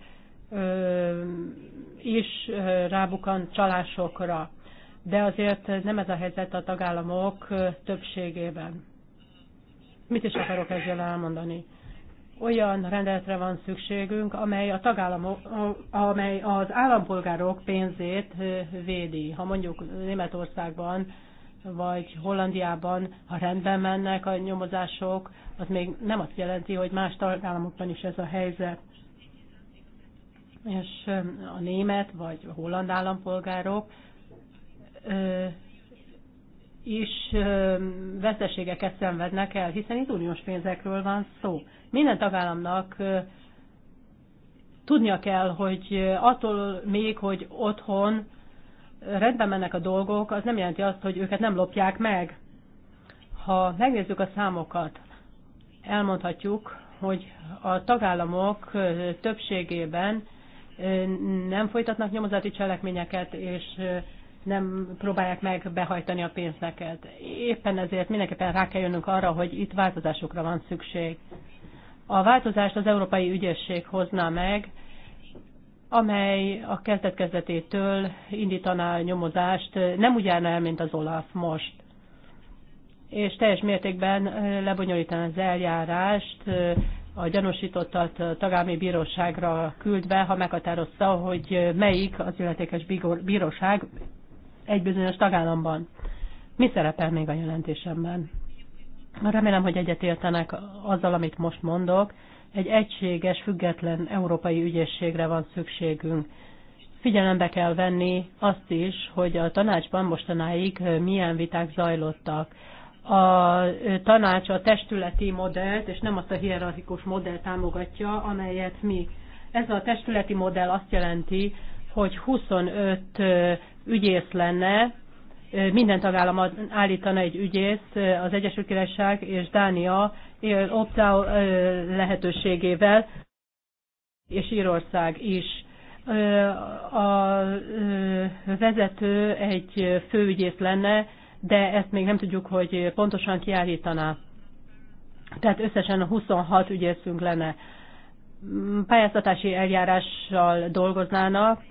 is rábukant csalásokra. De azért nem ez a helyzet a tagállamok többségében. Mit is akarok ezzel elmondani? Olyan rendeletre van szükségünk, amely, a tagállamok, amely az állampolgárok pénzét védi. Ha mondjuk Németországban vagy Hollandiában, ha rendben mennek a nyomozások, az még nem azt jelenti, hogy más tagállamokban is ez a helyzet és a német vagy a holland állampolgárok is veszteségeket szenvednek el, hiszen itt uniós pénzekről van szó. Minden tagállamnak tudnia kell, hogy attól még, hogy otthon rendben mennek a dolgok, az nem jelenti azt, hogy őket nem lopják meg. Ha megnézzük a számokat, elmondhatjuk, hogy a tagállamok többségében nem folytatnak nyomozati cselekményeket, és nem próbálják meg behajtani a pénzeket. Éppen ezért mindenképpen rá kell jönnünk arra, hogy itt változásokra van szükség. A változást az Európai Ügyesség hozná meg, amely a kezdet-kezdetétől indítaná a nyomozást, nem úgy járna el, mint az Olaf most. És teljes mértékben lebonyolítaná az eljárást, a gyanúsítottat tagállami bíróságra küldve, ha meghatározta, hogy melyik az illetékes bíróság egy bizonyos tagállamban. Mi szerepel még a jelentésemben? Remélem, hogy egyetértenek azzal, amit most mondok. Egy egységes, független európai ügyészségre van szükségünk. Figyelembe kell venni azt is, hogy a tanácsban mostanáig milyen viták zajlottak a tanács a testületi modellt, és nem azt a hierarchikus modellt támogatja, amelyet mi. Ez a testületi modell azt jelenti, hogy 25 ügyész lenne, minden tagállam állítana egy ügyész, az Egyesült Királyság és Dánia opt lehetőségével, és Írország is. A vezető egy főügyész lenne, de ezt még nem tudjuk, hogy pontosan kiállítaná. Tehát összesen 26 ügyészünk lenne. Pályáztatási eljárással dolgoznának,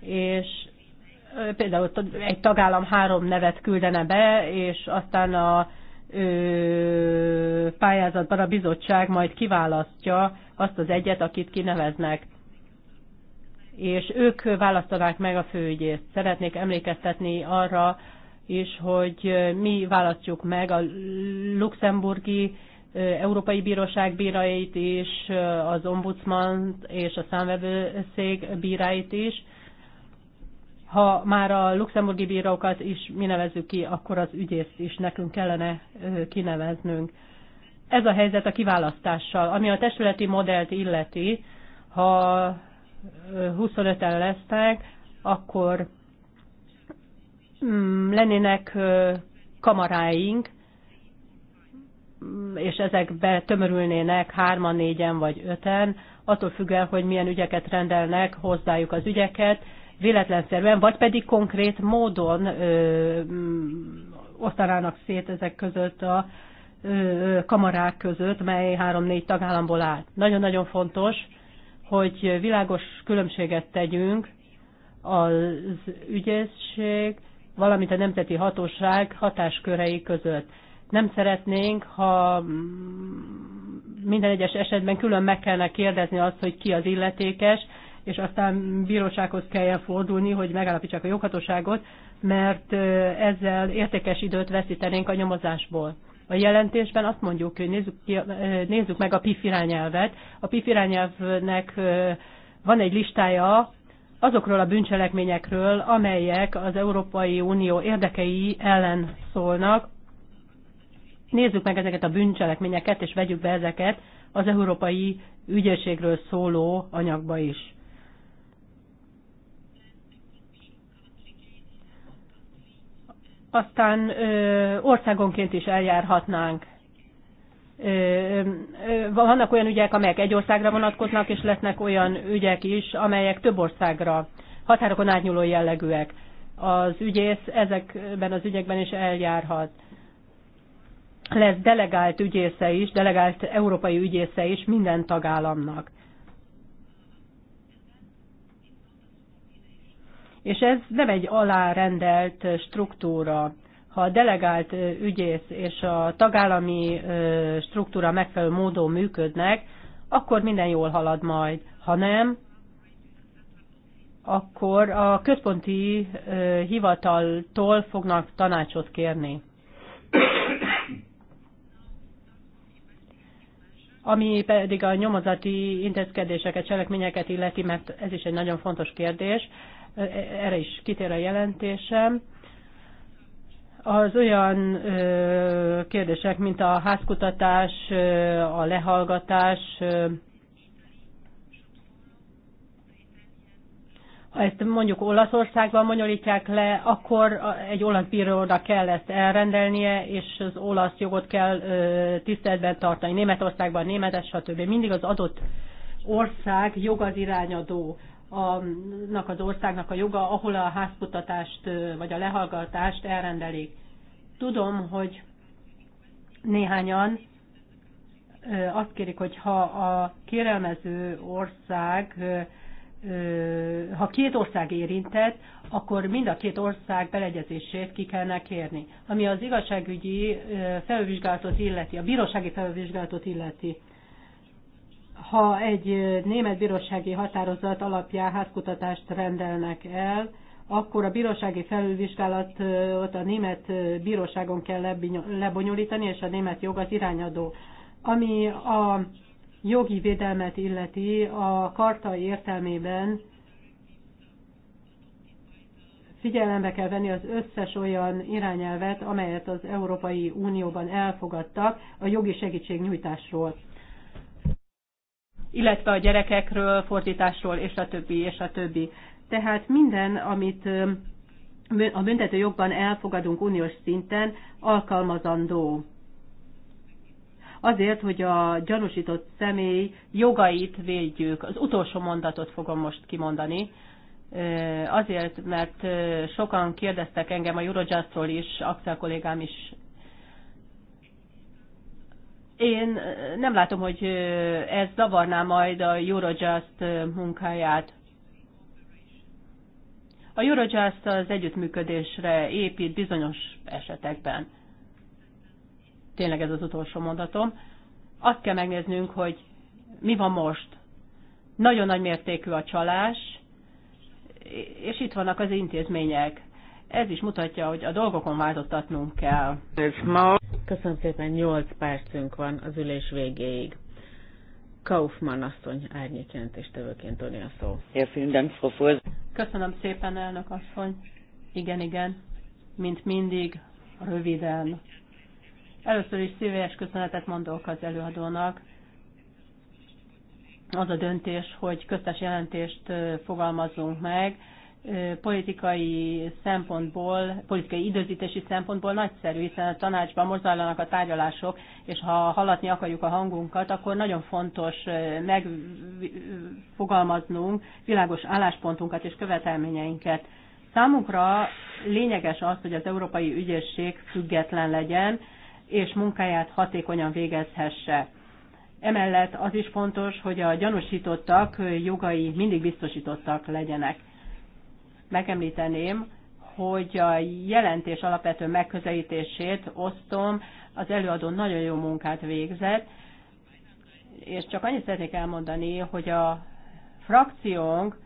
és például egy tagállam három nevet küldene be, és aztán a ö, pályázatban a bizottság majd kiválasztja azt az egyet, akit kineveznek. És ők választanák meg a főügyészt. Szeretnék emlékeztetni arra, és hogy mi választjuk meg a luxemburgi Európai Bíróság bíráit is, az ombudsman és a számvevőszék bíráit is. Ha már a luxemburgi bírókat is mi nevezzük ki, akkor az ügyészt is nekünk kellene kineveznünk. Ez a helyzet a kiválasztással. Ami a testületi modellt illeti, ha 25-en lesznek, akkor Mm, lennének kamaráink, mm, és ezekbe tömörülnének hárman, négyen vagy öten, attól függően, hogy milyen ügyeket rendelnek hozzájuk az ügyeket, véletlenszerűen, vagy pedig konkrét módon ö, mm, osztanának szét ezek között a ö, kamarák között, mely három-négy tagállamból áll. Nagyon-nagyon fontos, hogy világos különbséget tegyünk az ügyészség, valamint a nemzeti hatóság hatáskörei között. Nem szeretnénk, ha mm, minden egyes esetben külön meg kellene kérdezni azt, hogy ki az illetékes, és aztán bírósághoz kelljen fordulni, hogy megállapítsák a joghatóságot, mert ezzel értékes időt veszítenénk a nyomozásból. A jelentésben azt mondjuk, hogy nézzük, ki, nézzük meg a PIF irányelvet. A PIF irányelvnek van egy listája azokról a bűncselekményekről, amelyek az Európai Unió érdekei ellen szólnak. Nézzük meg ezeket a bűncselekményeket, és vegyük be ezeket az Európai Ügyészségről szóló anyagba is. Aztán ö, országonként is eljárhatnánk vannak olyan ügyek, amelyek egy országra vonatkoznak, és lesznek olyan ügyek is, amelyek több országra, határokon átnyúló jellegűek. Az ügyész ezekben az ügyekben is eljárhat. Lesz delegált ügyésze is, delegált európai ügyésze is minden tagállamnak. És ez nem egy alárendelt struktúra ha a delegált ügyész és a tagállami struktúra megfelelő módon működnek, akkor minden jól halad majd. Ha nem, akkor a központi hivataltól fognak tanácsot kérni. Ami pedig a nyomozati intézkedéseket, cselekményeket illeti, mert ez is egy nagyon fontos kérdés, erre is kitér a jelentésem az olyan ö, kérdések, mint a házkutatás, ö, a lehallgatás, ö, ha ezt mondjuk Olaszországban monyolítják le, akkor egy olasz bíróra kell ezt elrendelnie, és az olasz jogot kell ö, tiszteletben tartani. Németországban németes, stb. Mindig az adott ország jog az irányadó annak az országnak a joga, ahol a házkutatást vagy a lehallgatást elrendelik. Tudom, hogy néhányan azt kérik, hogy ha a kérelmező ország, ha két ország érintett, akkor mind a két ország beleegyezését ki kellene kérni. Ami az igazságügyi felvizsgálatot illeti, a bírósági felvizsgálatot illeti ha egy német bírósági határozat alapján házkutatást rendelnek el, akkor a bírósági felülvizsgálatot a német bíróságon kell lebonyolítani, és a német jog az irányadó. Ami a jogi védelmet illeti, a karta értelmében figyelembe kell venni az összes olyan irányelvet, amelyet az Európai Unióban elfogadtak a jogi segítségnyújtásról illetve a gyerekekről, fordításról, és a többi, és a többi. Tehát minden, amit a büntető jogban elfogadunk uniós szinten, alkalmazandó. Azért, hogy a gyanúsított személy jogait védjük. Az utolsó mondatot fogom most kimondani. Azért, mert sokan kérdeztek engem a Eurojustról is, Axel kollégám is én nem látom, hogy ez zavarná majd a Eurojust munkáját. A Eurojust az együttműködésre épít bizonyos esetekben. Tényleg ez az utolsó mondatom. Azt kell megnéznünk, hogy mi van most. Nagyon nagy mértékű a csalás, és itt vannak az intézmények. Ez is mutatja, hogy a dolgokon változtatnunk kell. Köszönöm szépen, 8 percünk van az ülés végéig. Kaufmann asszony árnyékjelentéstevőként adni a szó. Köszönöm szépen, elnök asszony. Igen, igen, mint mindig, röviden. Először is szíves köszönetet mondok az előadónak. Az a döntés, hogy köztes jelentést fogalmazzunk meg, politikai szempontból, politikai időzítési szempontból nagyszerű, hiszen a tanácsban most zajlanak a tárgyalások, és ha hallatni akarjuk a hangunkat, akkor nagyon fontos megfogalmaznunk világos álláspontunkat és követelményeinket. Számunkra lényeges az, hogy az Európai Ügyészség független legyen, és munkáját hatékonyan végezhesse. Emellett az is fontos, hogy a gyanúsítottak jogai mindig biztosítottak legyenek megemlíteném, hogy a jelentés alapvető megközelítését osztom, az előadó nagyon jó munkát végzett, és csak annyit szeretnék elmondani, hogy a frakciónk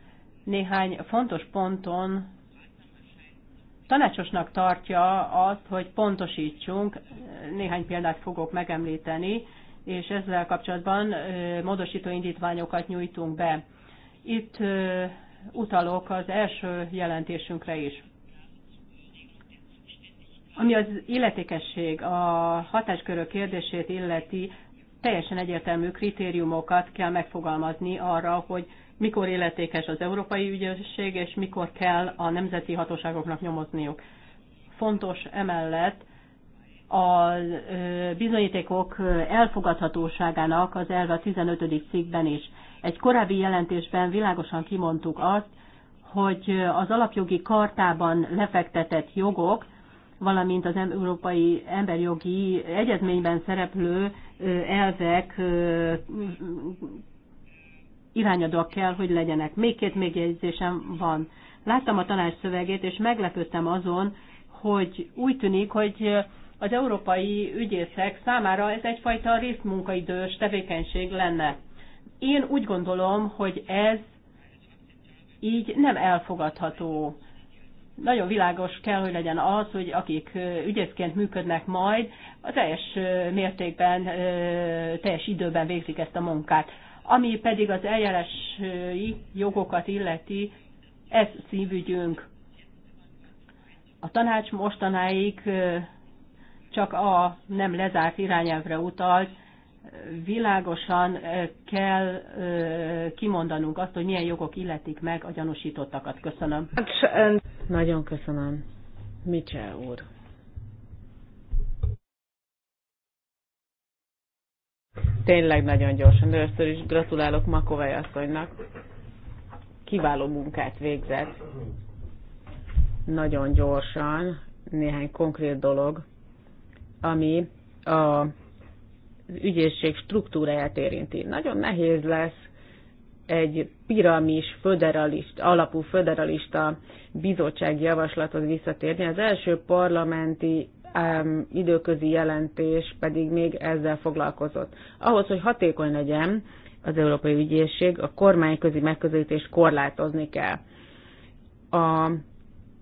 néhány fontos ponton tanácsosnak tartja azt, hogy pontosítsunk, néhány példát fogok megemlíteni, és ezzel kapcsolatban módosító indítványokat nyújtunk be. Itt utalok az első jelentésünkre is. Ami az illetékesség, a hatáskörök kérdését illeti, teljesen egyértelmű kritériumokat kell megfogalmazni arra, hogy mikor illetékes az európai ügyesség, és mikor kell a nemzeti hatóságoknak nyomozniuk. Fontos emellett a bizonyítékok elfogadhatóságának az elve a 15. cikkben is. Egy korábbi jelentésben világosan kimondtuk azt, hogy az alapjogi kartában lefektetett jogok, valamint az Európai Emberjogi Egyezményben szereplő elvek irányadóak kell, hogy legyenek. Még két megjegyzésem van. Láttam a tanács szövegét, és meglepődtem azon, hogy úgy tűnik, hogy az európai ügyészek számára ez egyfajta részmunkaidős tevékenység lenne. Én úgy gondolom, hogy ez így nem elfogadható. Nagyon világos kell, hogy legyen az, hogy akik ügyészként működnek majd, a teljes mértékben, teljes időben végzik ezt a munkát. Ami pedig az eljárási jogokat illeti, ez szívügyünk. A tanács mostanáig csak a nem lezárt irányelvre utalt, világosan kell kimondanunk azt, hogy milyen jogok illetik meg a gyanúsítottakat. Köszönöm. Nagyon köszönöm. Mitchell úr. Tényleg nagyon gyorsan, de először is gratulálok Makovej asszonynak. Kiváló munkát végzett. Nagyon gyorsan, néhány konkrét dolog, ami a ügyészség struktúráját érinti. Nagyon nehéz lesz egy piramis föderalist, alapú föderalista bizottsági javaslathoz visszatérni. Az első parlamenti um, időközi jelentés pedig még ezzel foglalkozott. Ahhoz, hogy hatékony legyen az Európai Ügyészség, a kormányközi megközelítést korlátozni kell. A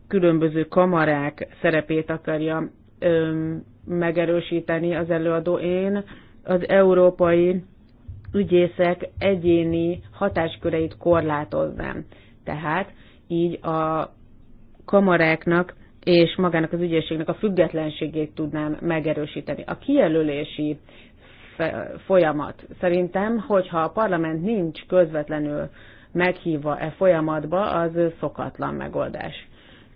különböző kamarák szerepét akarja öm, megerősíteni az előadó. Én az európai ügyészek egyéni hatásköreit korlátoznám. Tehát így a kamaráknak és magának az ügyészségnek a függetlenségét tudnám megerősíteni. A kijelölési folyamat szerintem, hogyha a parlament nincs közvetlenül meghívva e folyamatba, az szokatlan megoldás.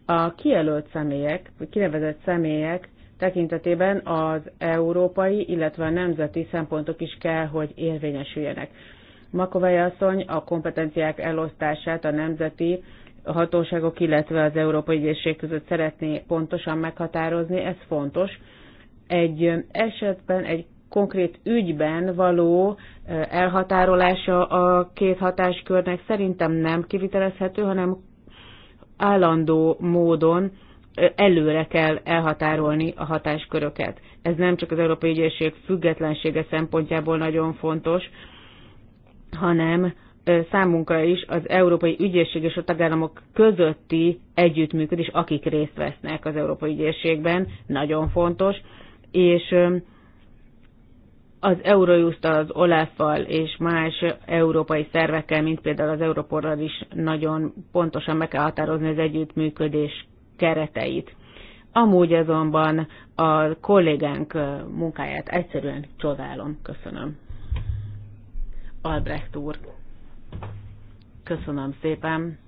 A kijelölt személyek, kinevezett személyek tekintetében az európai, illetve a nemzeti szempontok is kell, hogy érvényesüljenek. Makovai asszony a kompetenciák elosztását a nemzeti hatóságok, illetve az Európai Ügyészség között szeretné pontosan meghatározni, ez fontos. Egy esetben, egy konkrét ügyben való elhatárolása a két hatáskörnek szerintem nem kivitelezhető, hanem állandó módon előre kell elhatárolni a hatásköröket. Ez nem csak az Európai Ügyészség függetlensége szempontjából nagyon fontos, hanem számunkra is az Európai Ügyészség és a tagállamok közötti együttműködés, akik részt vesznek az Európai Ügyészségben, nagyon fontos, és az Eurojust az olaf és más európai szervekkel, mint például az Europorral is nagyon pontosan meg kell határozni az együttműködés kereteit. Amúgy azonban a kollégánk munkáját egyszerűen csodálom. Köszönöm. Albrecht úr. Köszönöm szépen.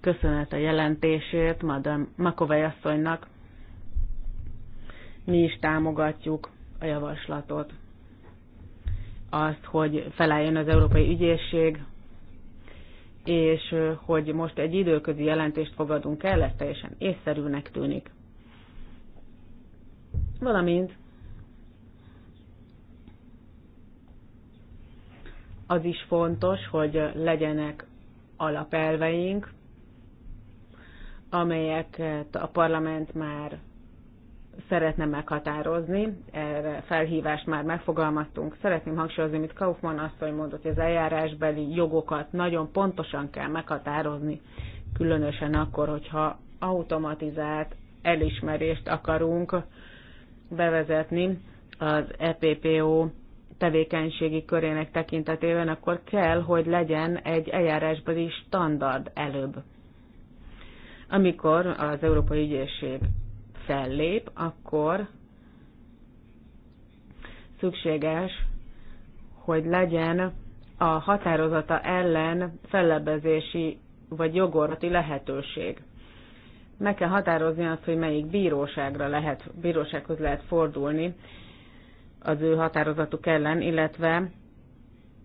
Köszönet a jelentését, Madame Makovej asszonynak. Mi is támogatjuk a javaslatot. Azt, hogy felálljon az Európai Ügyészség, és hogy most egy időközi jelentést fogadunk el, ez teljesen észszerűnek tűnik. Valamint az is fontos, hogy legyenek alapelveink, amelyeket a parlament már szeretne meghatározni, erre felhívást már megfogalmaztunk. Szeretném hangsúlyozni, amit Kaufmann asszony mondott, hogy az eljárásbeli jogokat nagyon pontosan kell meghatározni, különösen akkor, hogyha automatizált elismerést akarunk bevezetni az EPPO tevékenységi körének tekintetében, akkor kell, hogy legyen egy eljárásbeli standard előbb. Amikor az Európai Ügyészség fellép, akkor szükséges, hogy legyen a határozata ellen fellebbezési vagy jogorvati lehetőség. Meg kell határozni azt, hogy melyik bíróságra lehet, bírósághoz lehet fordulni az ő határozatuk ellen, illetve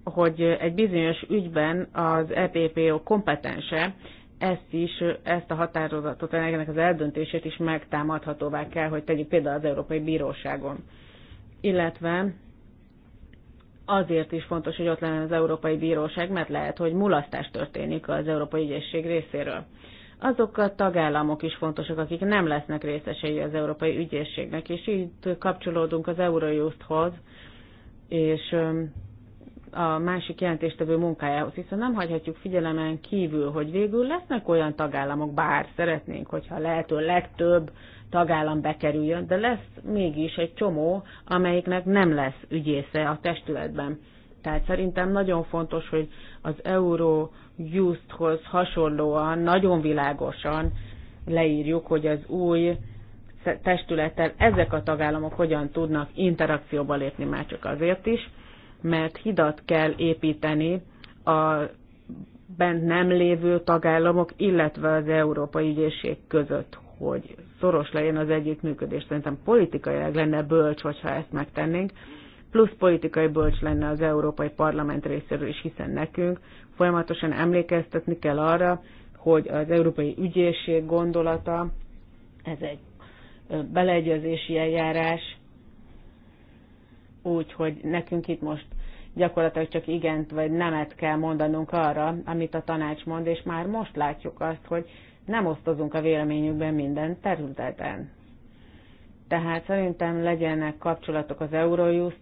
hogy egy bizonyos ügyben az EPPO kompetense, ezt is, ezt a határozatot, ennek az eldöntését is megtámadhatóvá kell, hogy tegyük például az Európai Bíróságon. Illetve azért is fontos, hogy ott lenne az Európai Bíróság, mert lehet, hogy mulasztás történik az Európai Ügyészség részéről. Azok a tagállamok is fontosak, akik nem lesznek részesei az Európai Ügyészségnek, és így kapcsolódunk az Eurojusthoz, és a másik jelentéstevő munkájához, hiszen nem hagyhatjuk figyelemen kívül, hogy végül lesznek olyan tagállamok, bár szeretnénk, hogyha lehető legtöbb tagállam bekerüljön, de lesz mégis egy csomó, amelyiknek nem lesz ügyésze a testületben. Tehát szerintem nagyon fontos, hogy az euró Justhoz hasonlóan, nagyon világosan leírjuk, hogy az új testülettel ezek a tagállamok hogyan tudnak interakcióba lépni már csak azért is, mert hidat kell építeni a bent nem lévő tagállamok, illetve az Európai Ügyészség között, hogy szoros legyen az együttműködés. Szerintem politikailag lenne bölcs, hogyha ezt megtennénk, plusz politikai bölcs lenne az Európai Parlament részéről is, hiszen nekünk folyamatosan emlékeztetni kell arra, hogy az Európai Ügyészség gondolata, ez egy beleegyezési eljárás, úgy, hogy nekünk itt most gyakorlatilag csak igent vagy nemet kell mondanunk arra, amit a tanács mond, és már most látjuk azt, hogy nem osztozunk a véleményükben minden területen. Tehát szerintem legyenek kapcsolatok az Eurojust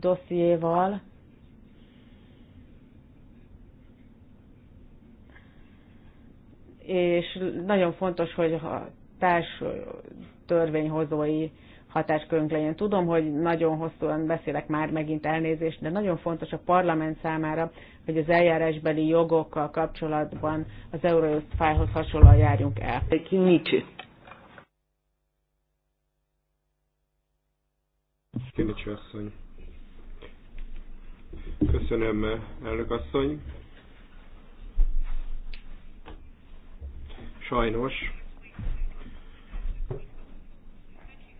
dossziéval, és nagyon fontos, hogy a társ törvényhozói hatáskörünk legyen. Tudom, hogy nagyon hosszúan beszélek már megint elnézést, de nagyon fontos a parlament számára, hogy az eljárásbeli jogokkal kapcsolatban az Eurojust fájhoz hasonlóan járjunk el. Kinicsi. Kinicsi asszony. Köszönöm, elnök asszony. Sajnos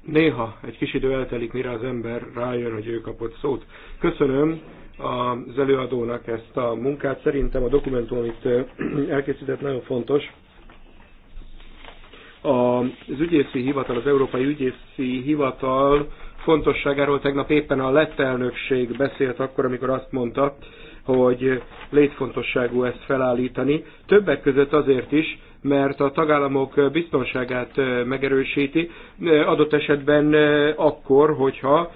néha egy kis idő eltelik, mire az ember rájön, hogy ő kapott szót. Köszönöm az előadónak ezt a munkát. Szerintem a dokumentum, amit elkészített, nagyon fontos. Az ügyészi hivatal, az Európai Ügyészi Hivatal fontosságáról tegnap éppen a lett elnökség beszélt akkor, amikor azt mondta, hogy létfontosságú ezt felállítani. Többek között azért is, mert a tagállamok biztonságát megerősíti, adott esetben akkor, hogyha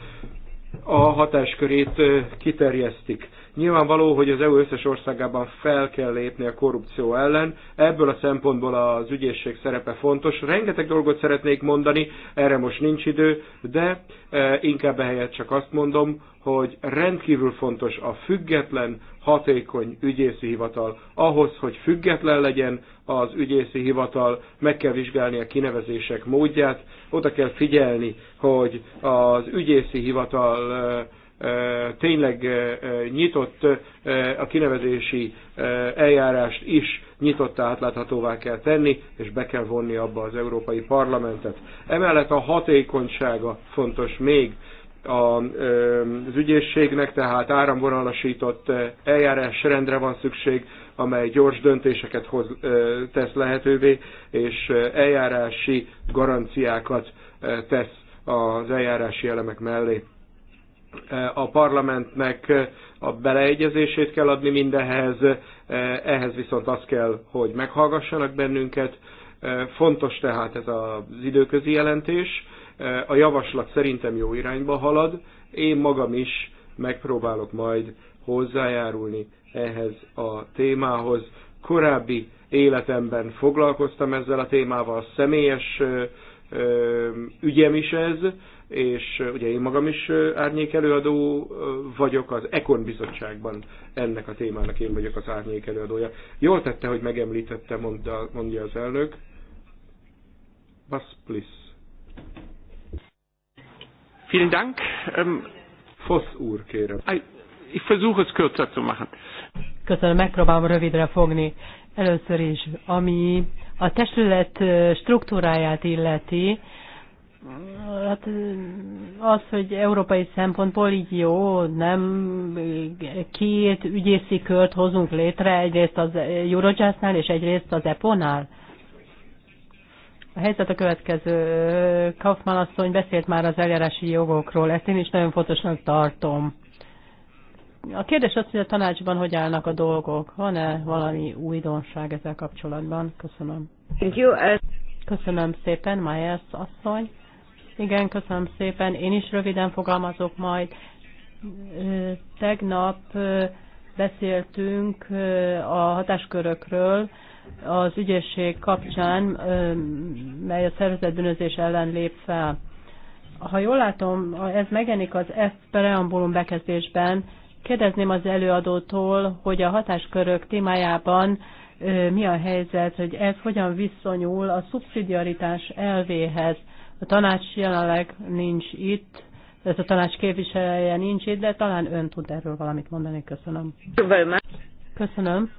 a hatáskörét kiterjesztik. Nyilvánvaló, hogy az EU összes országában fel kell lépni a korrupció ellen, ebből a szempontból az ügyészség szerepe fontos. Rengeteg dolgot szeretnék mondani, erre most nincs idő, de e, inkább ehelyett csak azt mondom, hogy rendkívül fontos a független, hatékony ügyészi hivatal. Ahhoz, hogy független legyen az ügyészi hivatal, meg kell vizsgálni a kinevezések módját, oda kell figyelni, hogy az ügyészi hivatal e, tényleg nyitott a kinevezési eljárást is nyitott átláthatóvá kell tenni, és be kell vonni abba az Európai Parlamentet. Emellett a hatékonysága fontos még az ügyészségnek, tehát áramvonalasított eljárásrendre van szükség, amely gyors döntéseket hoz, tesz lehetővé, és eljárási garanciákat tesz az eljárási elemek mellé a parlamentnek a beleegyezését kell adni mindenhez, ehhez viszont azt kell, hogy meghallgassanak bennünket. Fontos tehát ez az időközi jelentés. A javaslat szerintem jó irányba halad. Én magam is megpróbálok majd hozzájárulni ehhez a témához. Korábbi életemben foglalkoztam ezzel a témával, személyes ügyem is ez, és ugye én magam is árnyék előadó vagyok, az Ekon bizottságban ennek a témának én vagyok az árnyék előadója. Jól tette, hogy megemlítette, mondja, mondja az elnök. Basplis. Vielen Dank. Um, Fosz úr, kérem. Ich versuche es kürzer zu machen. Köszönöm, megpróbálom rövidre fogni. Először is, ami a testület struktúráját illeti, hát az, hogy európai szempontból így jó, nem két ügyészi kört hozunk létre, egyrészt az Eurojustnál és egyrészt az EPO-nál. A helyzet a következő. Kaufmann asszony beszélt már az eljárási jogokról, ezt én is nagyon fontosnak tartom. A kérdés az, hogy a tanácsban hogy állnak a dolgok. Van-e valami újdonság ezzel kapcsolatban? Köszönöm. Köszönöm szépen, Myers asszony. Igen, köszönöm szépen. Én is röviden fogalmazok majd. Tegnap beszéltünk a hatáskörökről az ügyesség kapcsán, mely a szervezetbűnözés ellen lép fel. Ha jól látom, ez megjelenik az F preambulum bekezdésben. Kérdezném az előadótól, hogy a hatáskörök témájában mi a helyzet, hogy ez hogyan viszonyul a szubszidiaritás elvéhez a tanács jelenleg nincs itt, ez a tanács képviselője nincs itt, de talán ön tud erről valamit mondani. Köszönöm. Köszönöm.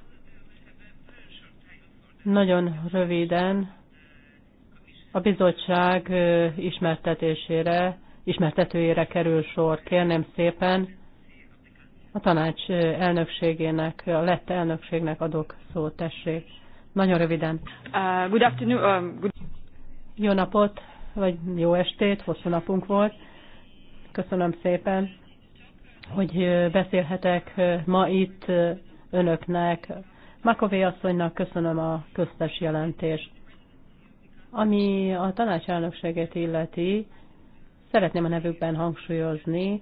Nagyon röviden a bizottság ismertetésére, ismertetőjére kerül sor. Kérném szépen, a tanács elnökségének, a lett elnökségnek adok szót, tessék. Nagyon röviden. Uh, good afternoon. Uh, good... Jó napot, vagy jó estét, hosszú napunk volt. Köszönöm szépen, hogy beszélhetek ma itt önöknek. Makové asszonynak köszönöm a köztes jelentést. Ami a tanácselnökséget illeti, szeretném a nevükben hangsúlyozni,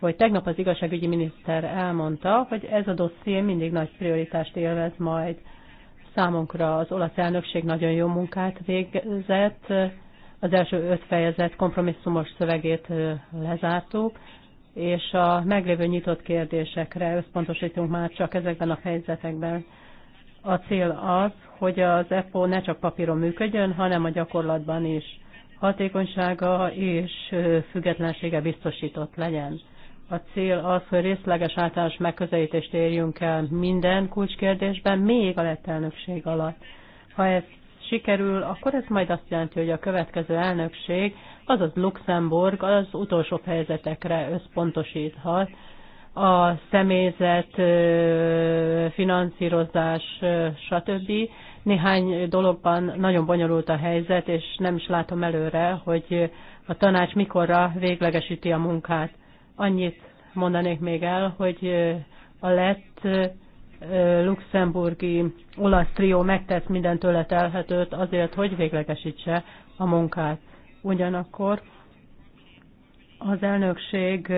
hogy tegnap az igazságügyi miniszter elmondta, hogy ez a dosszié mindig nagy prioritást élvez majd. Számunkra az olasz elnökség nagyon jó munkát végzett, az első öt fejezet kompromisszumos szövegét lezártuk, és a meglévő nyitott kérdésekre összpontosítunk már csak ezekben a helyzetekben. A cél az, hogy az EPO ne csak papíron működjön, hanem a gyakorlatban is hatékonysága és függetlensége biztosított legyen. A cél az, hogy részleges általános megközelítést érjünk el minden kulcskérdésben, még a lett elnökség alatt. Ha ez sikerül, akkor ez majd azt jelenti, hogy a következő elnökség, azaz Luxemburg az utolsó helyzetekre összpontosíthat. A személyzet, finanszírozás, stb. Néhány dologban nagyon bonyolult a helyzet, és nem is látom előre, hogy a tanács mikorra véglegesíti a munkát. Annyit mondanék még el, hogy a lett luxemburgi olasz trió megtesz minden tőle telhetőt azért, hogy véglegesítse a munkát. Ugyanakkor az elnökség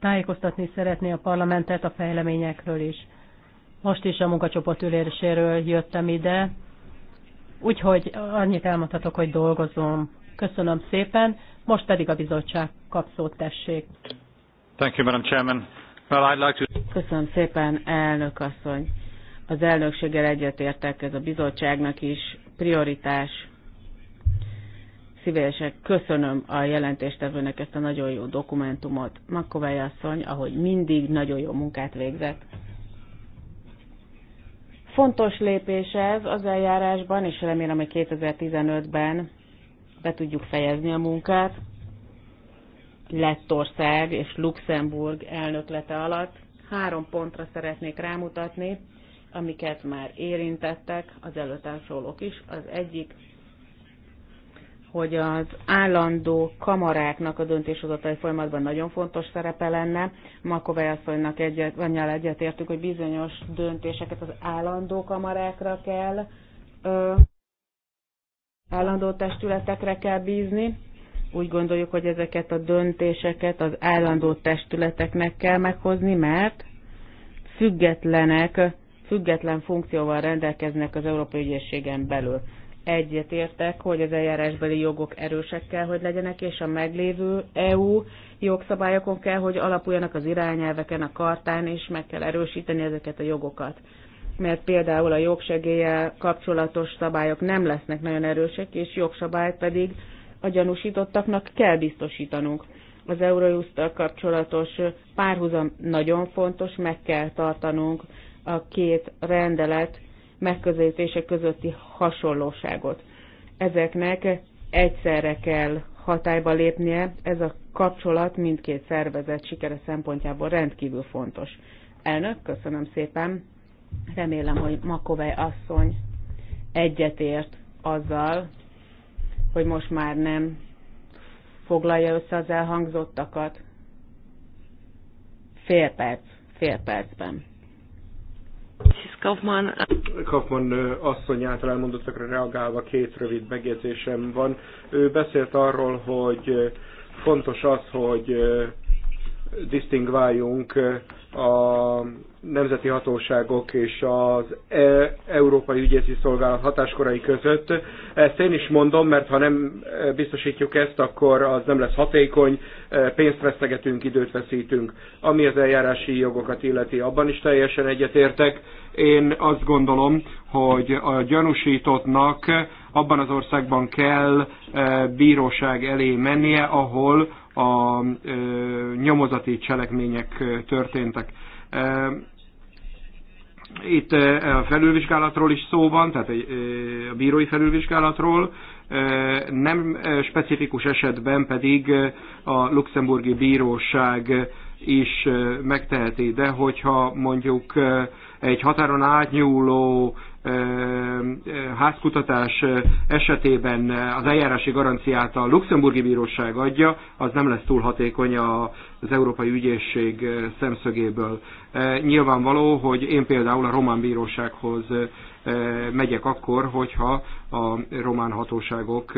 tájékoztatni szeretné a parlamentet a fejleményekről is. Most is a munkacsoport üléséről jöttem ide, úgyhogy annyit elmondhatok, hogy dolgozom. Köszönöm szépen. Most pedig a bizottság kap szót, tessék. Thank you, Madam Chairman. Well, I'd like to... Köszönöm szépen, elnök asszony. Az elnökséggel egyetértek, ez a bizottságnak is prioritás. Szívesen köszönöm a jelentéstevőnek ezt a nagyon jó dokumentumot. Makkovály asszony, ahogy mindig, nagyon jó munkát végzett fontos lépés ez az eljárásban, és remélem, hogy 2015-ben be tudjuk fejezni a munkát. Lettország és Luxemburg elnöklete alatt három pontra szeretnék rámutatni, amiket már érintettek az előttel szólók is. Az egyik, hogy az állandó kamaráknak a döntéshozatai folyamatban nagyon fontos szerepe lenne. Makovely asszonynak egyet, egyetértük, hogy bizonyos döntéseket az állandó kamarákra kell ö, állandó testületekre kell bízni. Úgy gondoljuk, hogy ezeket a döntéseket az állandó testületeknek kell meghozni, mert függetlenek, független funkcióval rendelkeznek az Európai Ügyészségen belül. értek, hogy az eljárásbeli jogok erősek kell, hogy legyenek, és a meglévő EU jogszabályokon kell, hogy alapuljanak az irányelveken, a kartán, és meg kell erősíteni ezeket a jogokat mert például a jogsegéllyel kapcsolatos szabályok nem lesznek nagyon erősek, és jogszabályt pedig a gyanúsítottaknak kell biztosítanunk. Az eurojust kapcsolatos párhuzam nagyon fontos, meg kell tartanunk a két rendelet megközelítése közötti hasonlóságot. Ezeknek egyszerre kell hatályba lépnie, ez a kapcsolat mindkét szervezet sikere szempontjából rendkívül fontos. Elnök, köszönöm szépen! Remélem, hogy Makovej asszony egyetért azzal, hogy most már nem foglalja össze az elhangzottakat. Fél perc, fél percben. Mrs. Kaufmann. Uh, Kaufmann uh, asszony által elmondottakra reagálva két rövid megjegyzésem van. Ő beszélt arról, hogy uh, fontos az, hogy disztingváljunk a nemzeti hatóságok és az e Európai Ügyészi Szolgálat hatáskorai között. Ezt én is mondom, mert ha nem e, biztosítjuk ezt, akkor az nem lesz hatékony, e, pénzt vesztegetünk, időt veszítünk. Ami az eljárási jogokat illeti, abban is teljesen egyetértek. Én azt gondolom, hogy a gyanúsítottnak abban az országban kell e, bíróság elé mennie, ahol a nyomozati cselekmények történtek. Itt a felülvizsgálatról is szó van, tehát a bírói felülvizsgálatról, nem specifikus esetben pedig a luxemburgi bíróság is megteheti, de hogyha mondjuk egy határon átnyúló házkutatás esetében az eljárási garanciát a luxemburgi bíróság adja, az nem lesz túl hatékony az Európai Ügyészség szemszögéből. Nyilvánvaló, hogy én például a román bírósághoz megyek akkor, hogyha a román hatóságok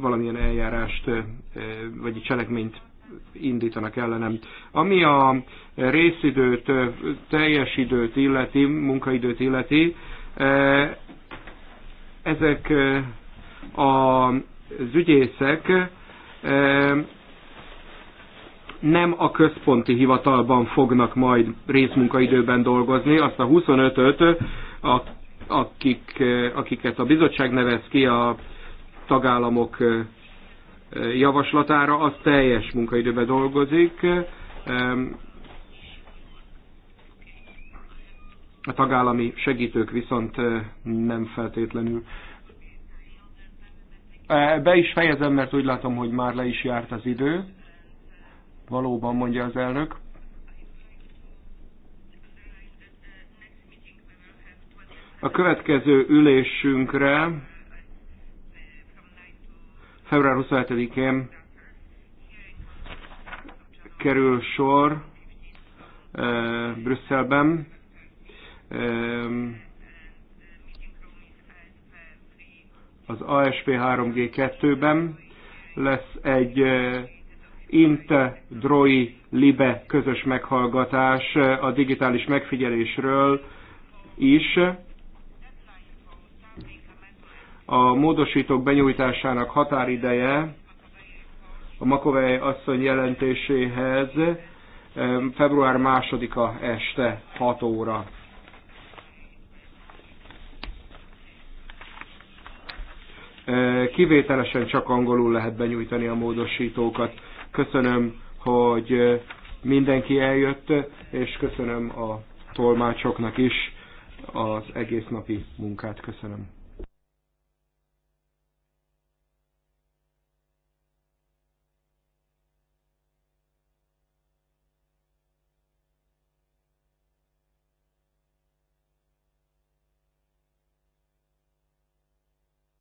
valamilyen eljárást vagy cselekményt indítanak ellenem. Ami a részidőt, teljes időt illeti, munkaidőt illeti, ezek az ügyészek nem a központi hivatalban fognak majd részmunkaidőben dolgozni, azt a 25-öt, akik, akiket a bizottság nevez ki a tagállamok javaslatára, az teljes munkaidőben dolgozik. A tagállami segítők viszont nem feltétlenül. Be is fejezem, mert úgy látom, hogy már le is járt az idő. Valóban, mondja az elnök. A következő ülésünkre Február 27-én kerül sor Brüsszelben. az ASP 3G2-ben lesz egy INT DROI LIBE közös meghallgatás a digitális megfigyelésről is. A módosítók benyújtásának határideje a makovei asszony jelentéséhez eh, február 2-a este 6 óra. Eh, kivételesen csak angolul lehet benyújtani a módosítókat. Köszönöm, hogy eh, mindenki eljött, és köszönöm a tolmácsoknak is az egész napi munkát. Köszönöm.